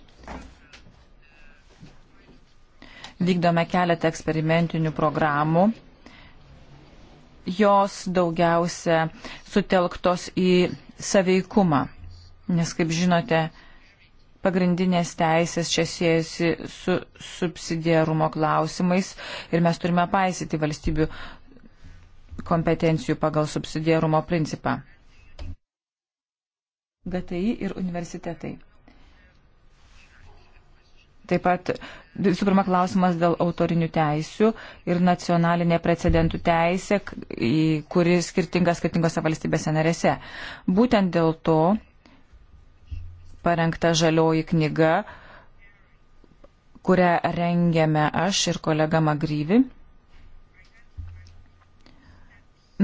Vykdome keletą eksperimentinių programų. Jos daugiausia sutelktos į saveikumą, nes, kaip žinote, pagrindinės teisės čia siejasi su subsidiarumo klausimais ir mes turime paisyti valstybių kompetencijų pagal subsidiarumo principą. GTI ir universitetai. Taip pat, visų pirma, klausimas dėl autorinių teisių ir nacionalinė precedentų teisė, kuri skirtinga skirtingose valstybėse narėse. Būtent dėl to parengta žalioji knyga, kurią rengėme aš ir kolega Magryvi.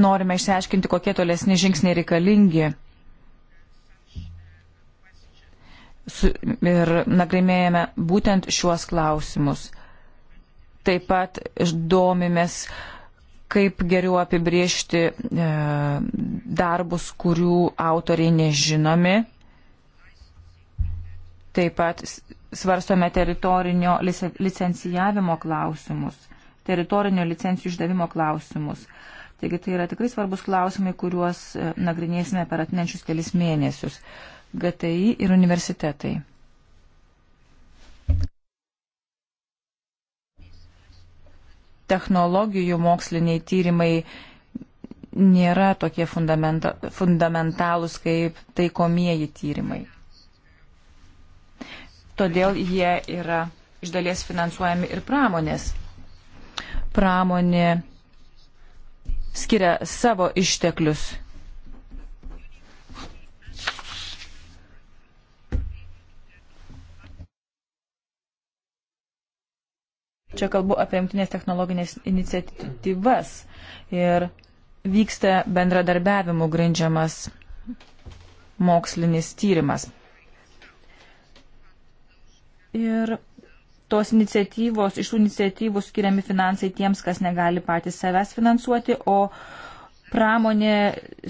Norime išsiaiškinti, kokie tolesni žingsniai reikalingi. Su, ir nagrinėjame būtent šiuos klausimus. Taip pat domimės, kaip geriau apibriežti e, darbus, kurių autoriai nežinomi Taip pat svarstome teritorinio licencijavimo klausimus, teritorinio licencijų išdavimo klausimus. Taigi tai yra tikrai svarbus klausimai, kuriuos e, nagrinėsime per atinančius kelis mėnesius. GTI ir universitetai. Technologijų moksliniai tyrimai nėra tokie fundamentalūs kaip taikomieji tyrimai todėl jie yra iš dalies finansuojami ir pramonės. Pramonė skiria savo išteklius. Čia kalbu apie jungtinės technologinės iniciatyvas ir vyksta bendradarbiavimų grindžiamas mokslinis tyrimas ir tos iniciatyvos, iš tų iniciatyvų skiriami finansai tiems, kas negali patys savęs finansuoti, o pramonė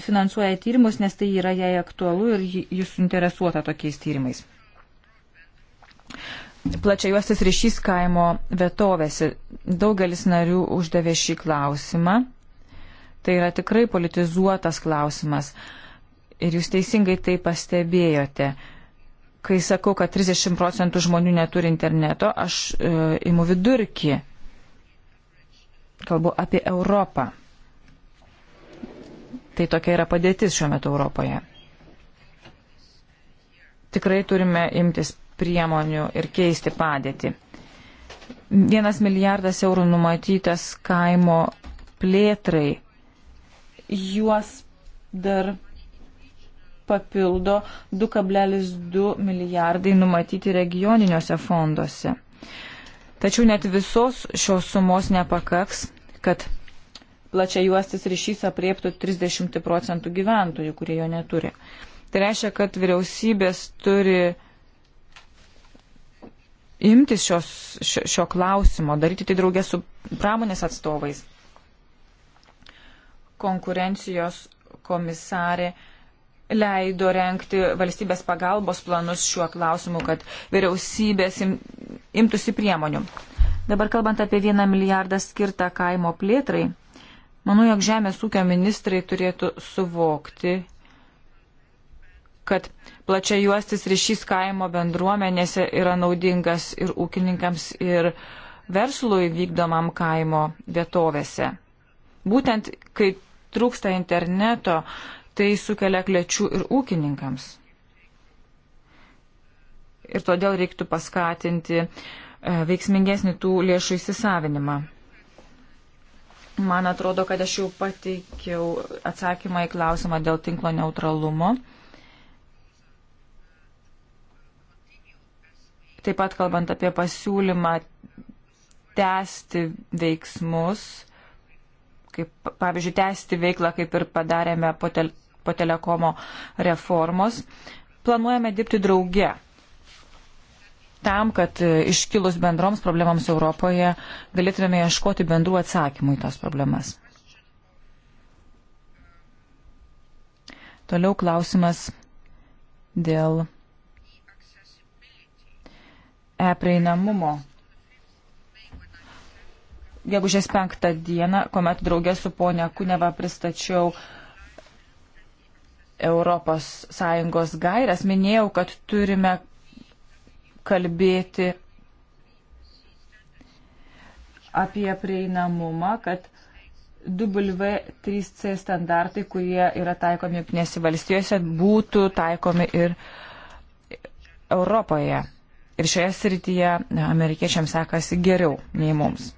finansuoja tyrimus, nes tai yra jai aktualu ir jis suinteresuota tokiais tyrimais. Plačiajuostas ryšys kaimo vietovėsi. Daugelis narių uždavė šį klausimą. Tai yra tikrai politizuotas klausimas. Ir jūs teisingai tai pastebėjote kai sakau, kad 30 procentų žmonių neturi interneto, aš e, imu vidurkį. Kalbu apie Europą. Tai tokia yra padėtis šiuo metu Europoje. Tikrai turime imtis priemonių ir keisti padėtį. Vienas milijardas eurų numatytas kaimo plėtrai. Juos dar papildo 2,2 milijardai numatyti regioniniuose fonduose. Tačiau net visos šios sumos nepakaks, kad plačia juostis ryšys apriektų 30 procentų gyventojų, kurie jo neturi. Tai reiškia, kad vyriausybės turi imtis šios, šio, šio klausimo, daryti tai draugė su pramonės atstovais. Konkurencijos komisarė uh, leido renkti valstybės pagalbos planus šiuo klausimu, kad vyriausybės im, imtųsi priemonių. Dabar kalbant apie vieną milijardą skirtą kaimo plėtrai, manau, jog žemės ūkio ministrai turėtų suvokti, kad plačia juostis ryšys kaimo bendruomenėse yra naudingas ir ūkininkams, ir verslui vykdomam kaimo vietovėse. Būtent, kai trūksta interneto, tai sukelia klečių ir ūkininkams. Ir todėl reiktų paskatinti e, veiksmingesnį tų lėšų įsisavinimą. Man atrodo, kad aš jau pateikiau atsakymą į klausimą dėl tinklo neutralumo. Taip pat kalbant apie pasiūlymą tęsti veiksmus, kaip, pavyzdžiui, tęsti veiklą, kaip ir padarėme po tel po telekomo reformos, planuojame dirbti drauge tam, kad iškilus bendroms problemams Europoje galėtume ieškoti bendrų atsakymų į tas problemas. Toliau klausimas dėl e-prieinamumo. Gegužės penktą dieną, kuomet draugė su ponia Kuneva pristačiau uh, ES gairias, minėjau, kad turime kalbėti apie prieinamumą, kad W3C standartai, kurie yra taikomi jungtinėse valstijose, būtų taikomi ir Europoje. Ir šioje srityje amerikiečiams sekasi geriau nei mums.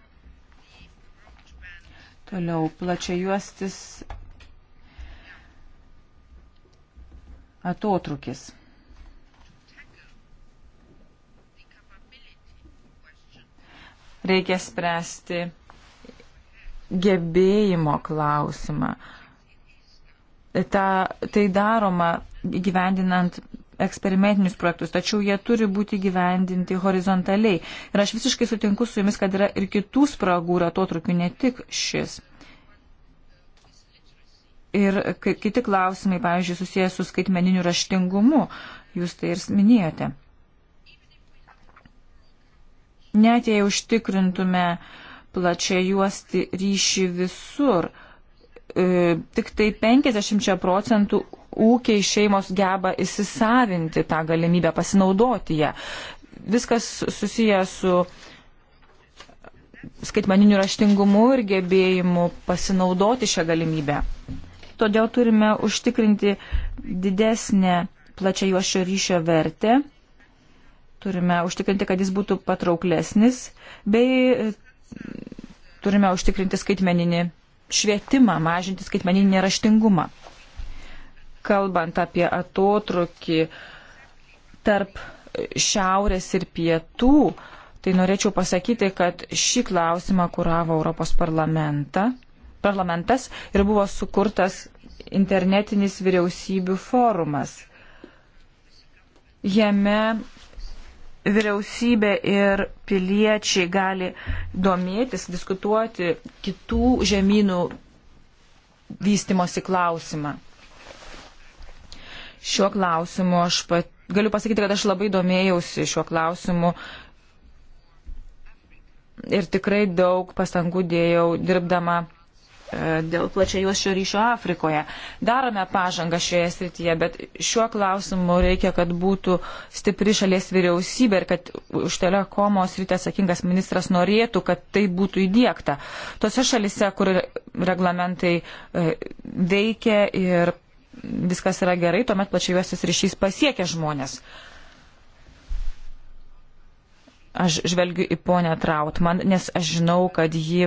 Toliau plačiajuostis atotrukis. Reikia spręsti gebėjimo klausimą. Ta, tai daroma gyvendinant eksperimentinius projektus, tačiau jie turi būti gyvendinti horizontaliai. Ir aš visiškai sutinku su jumis, kad yra ir kitų spragų ir atotrukių, ne tik šis ir kiti klausimai, pavyzdžiui, susijęs su skaitmeniniu raštingumu, jūs tai ir minėjote. Net jei užtikrintume plačiai juosti ryšį visur, e, tik tai 50 procentų ūkiai šeimos geba įsisavinti tą galimybę, pasinaudoti ją. Viskas susiję su skaitmaniniu raštingumu ir gebėjimu pasinaudoti šią galimybę todėl turime užtikrinti didesnę plačia juošio ryšio vertę, turime užtikrinti, kad jis būtų patrauklesnis, bei e, turime užtikrinti skaitmeninį švietimą, mažinti skaitmeninį raštingumą. Kalbant apie atotrukį tarp šiaurės ir pietų, tai norėčiau pasakyti, kad šį klausimą kuravo Europos parlamentą parlamentas ir buvo sukurtas internetinis vyriausybių forumas. Jame vyriausybė ir piliečiai gali domėtis, diskutuoti kitų žemynų vystimosi klausimą. Šiuo klausimu aš pat, galiu pasakyti, kad aš labai domėjausi šiuo klausimu ir tikrai daug pastangų dėjau dirbdama E, dėl plačiajuosčio ryšio Afrikoje. Darome pažangą šioje srityje, bet šiuo klausimu reikia, kad būtų stipri šalies vyriausybė ir kad už telekomo sritį atsakingas ministras norėtų, kad tai būtų įdėkta. Tose šalise, kur reglamentai e, veikia ir viskas yra gerai, tuomet plačiajuostis ryšys pasiekia žmonės. Uh, Aš žvelgiu į ponę Trautman, nes aš žinau, kad ji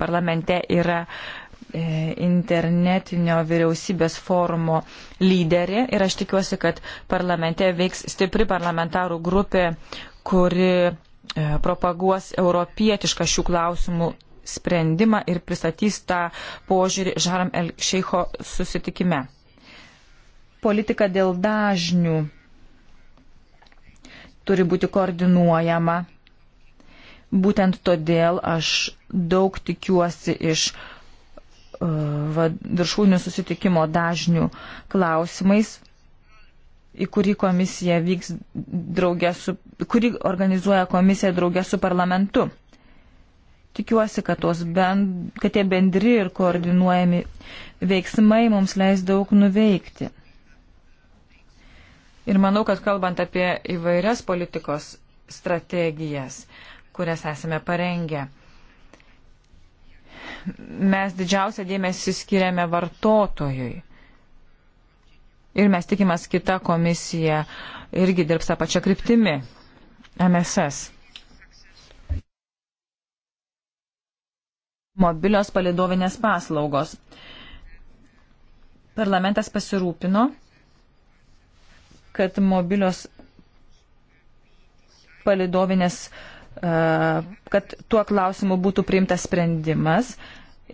parlamente yra e, internetinio vyriausybės forumo lyderė ir aš tikiuosi, kad parlamente veiks stipri parlamentarų grupė, kuri e, propaguos europietišką šių klausimų sprendimą ir pristatys tą požiūrį Žaram El Šeiko susitikime. Politika dėl dažnių turi būti koordinuojama. Būtent todėl aš daug tikiuosi iš uh, viršūnių susitikimo dažnių klausimais, į kurį komisija vyks draugė su, kurį organizuoja komisija draugė su parlamentu. Tikiuosi, kad, bend, kad tie bendri ir koordinuojami veiksmai mums leis daug nuveikti. Ir manau, kad kalbant apie įvairias politikos strategijas, kurias esame parengę, mes didžiausią dėmesį skiriame vartotojui. Ir mes tikimės kita komisija irgi dirbs tą pačią kryptimį - MSS. Mobilios palidovinės paslaugos. Parlamentas pasirūpino, kad mobilios palidovinės, e, kad tuo klausimu būtų priimtas sprendimas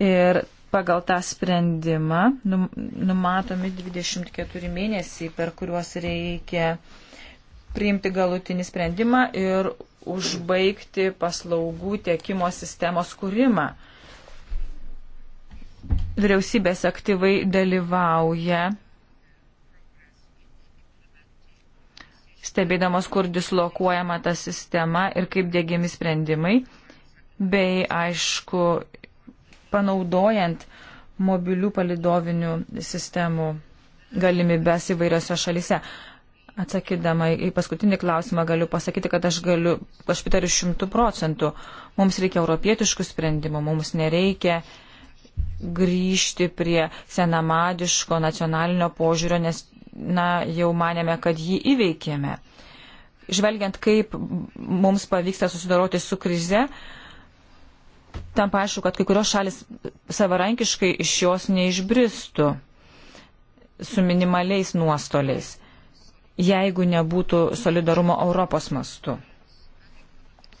ir pagal tą sprendimą numatomi 24 mėnesiai, per kuriuos reikia priimti galutinį sprendimą ir užbaigti paslaugų tiekimo sistemos kūrimą. Vyriausybės aktyvai dalyvauja stebėdamos, kur dislokuojama ta sistema ir kaip dėgiami sprendimai, bei aišku, panaudojant mobilių palidovinių sistemų galimybės įvairiose šalise. Atsakydama į paskutinį klausimą galiu pasakyti, kad aš galiu, aš pritariu šimtų procentų. Mums reikia europietiškų sprendimų, mums nereikia grįžti prie senamadiško nacionalinio požiūrio, nes na, jau manėme, kad jį įveikėme. Žvelgiant, kaip mums pavyksta susidoroti su krize, tam paaišku, kad kai kurios šalis savarankiškai iš jos neišbristų su minimaliais nuostoliais, jeigu nebūtų solidarumo Europos mastu.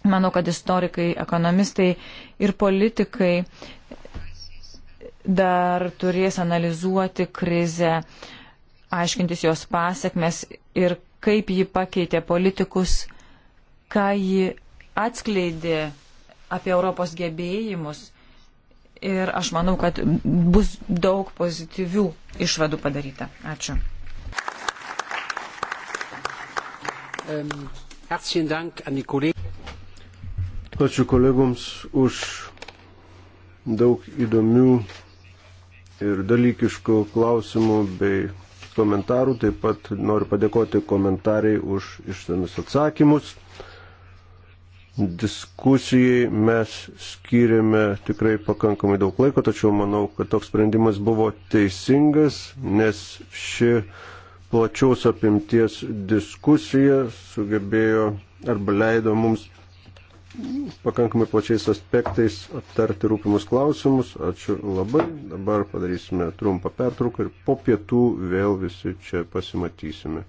Manau, kad istorikai, ekonomistai ir politikai dar turės analizuoti krizę uh, aiškintis jos pasiekmes ir kaip ji pakeitė politikus, ką ji atskleidė apie Europos gebėjimus. Ir aš manau, kad bus daug pozityvių išvadų padaryta. Ačiū. Ačiū kolegoms už daug įdomių ir dalykiškų klausimų bei komentarų, taip pat noriu padėkoti komentarai už išsamius atsakymus. Diskusijai mes skiriame tikrai pakankamai daug laiko, tačiau manau, kad toks sprendimas buvo teisingas, nes ši plačiaus apimties diskusija sugebėjo arba leido mums pakankamai plačiais aspektais aptarti rūpimus klausimus. Ačiū labai. Dabar padarysime trumpą pertrauką ir po pietų vėl visi čia pasimatysime.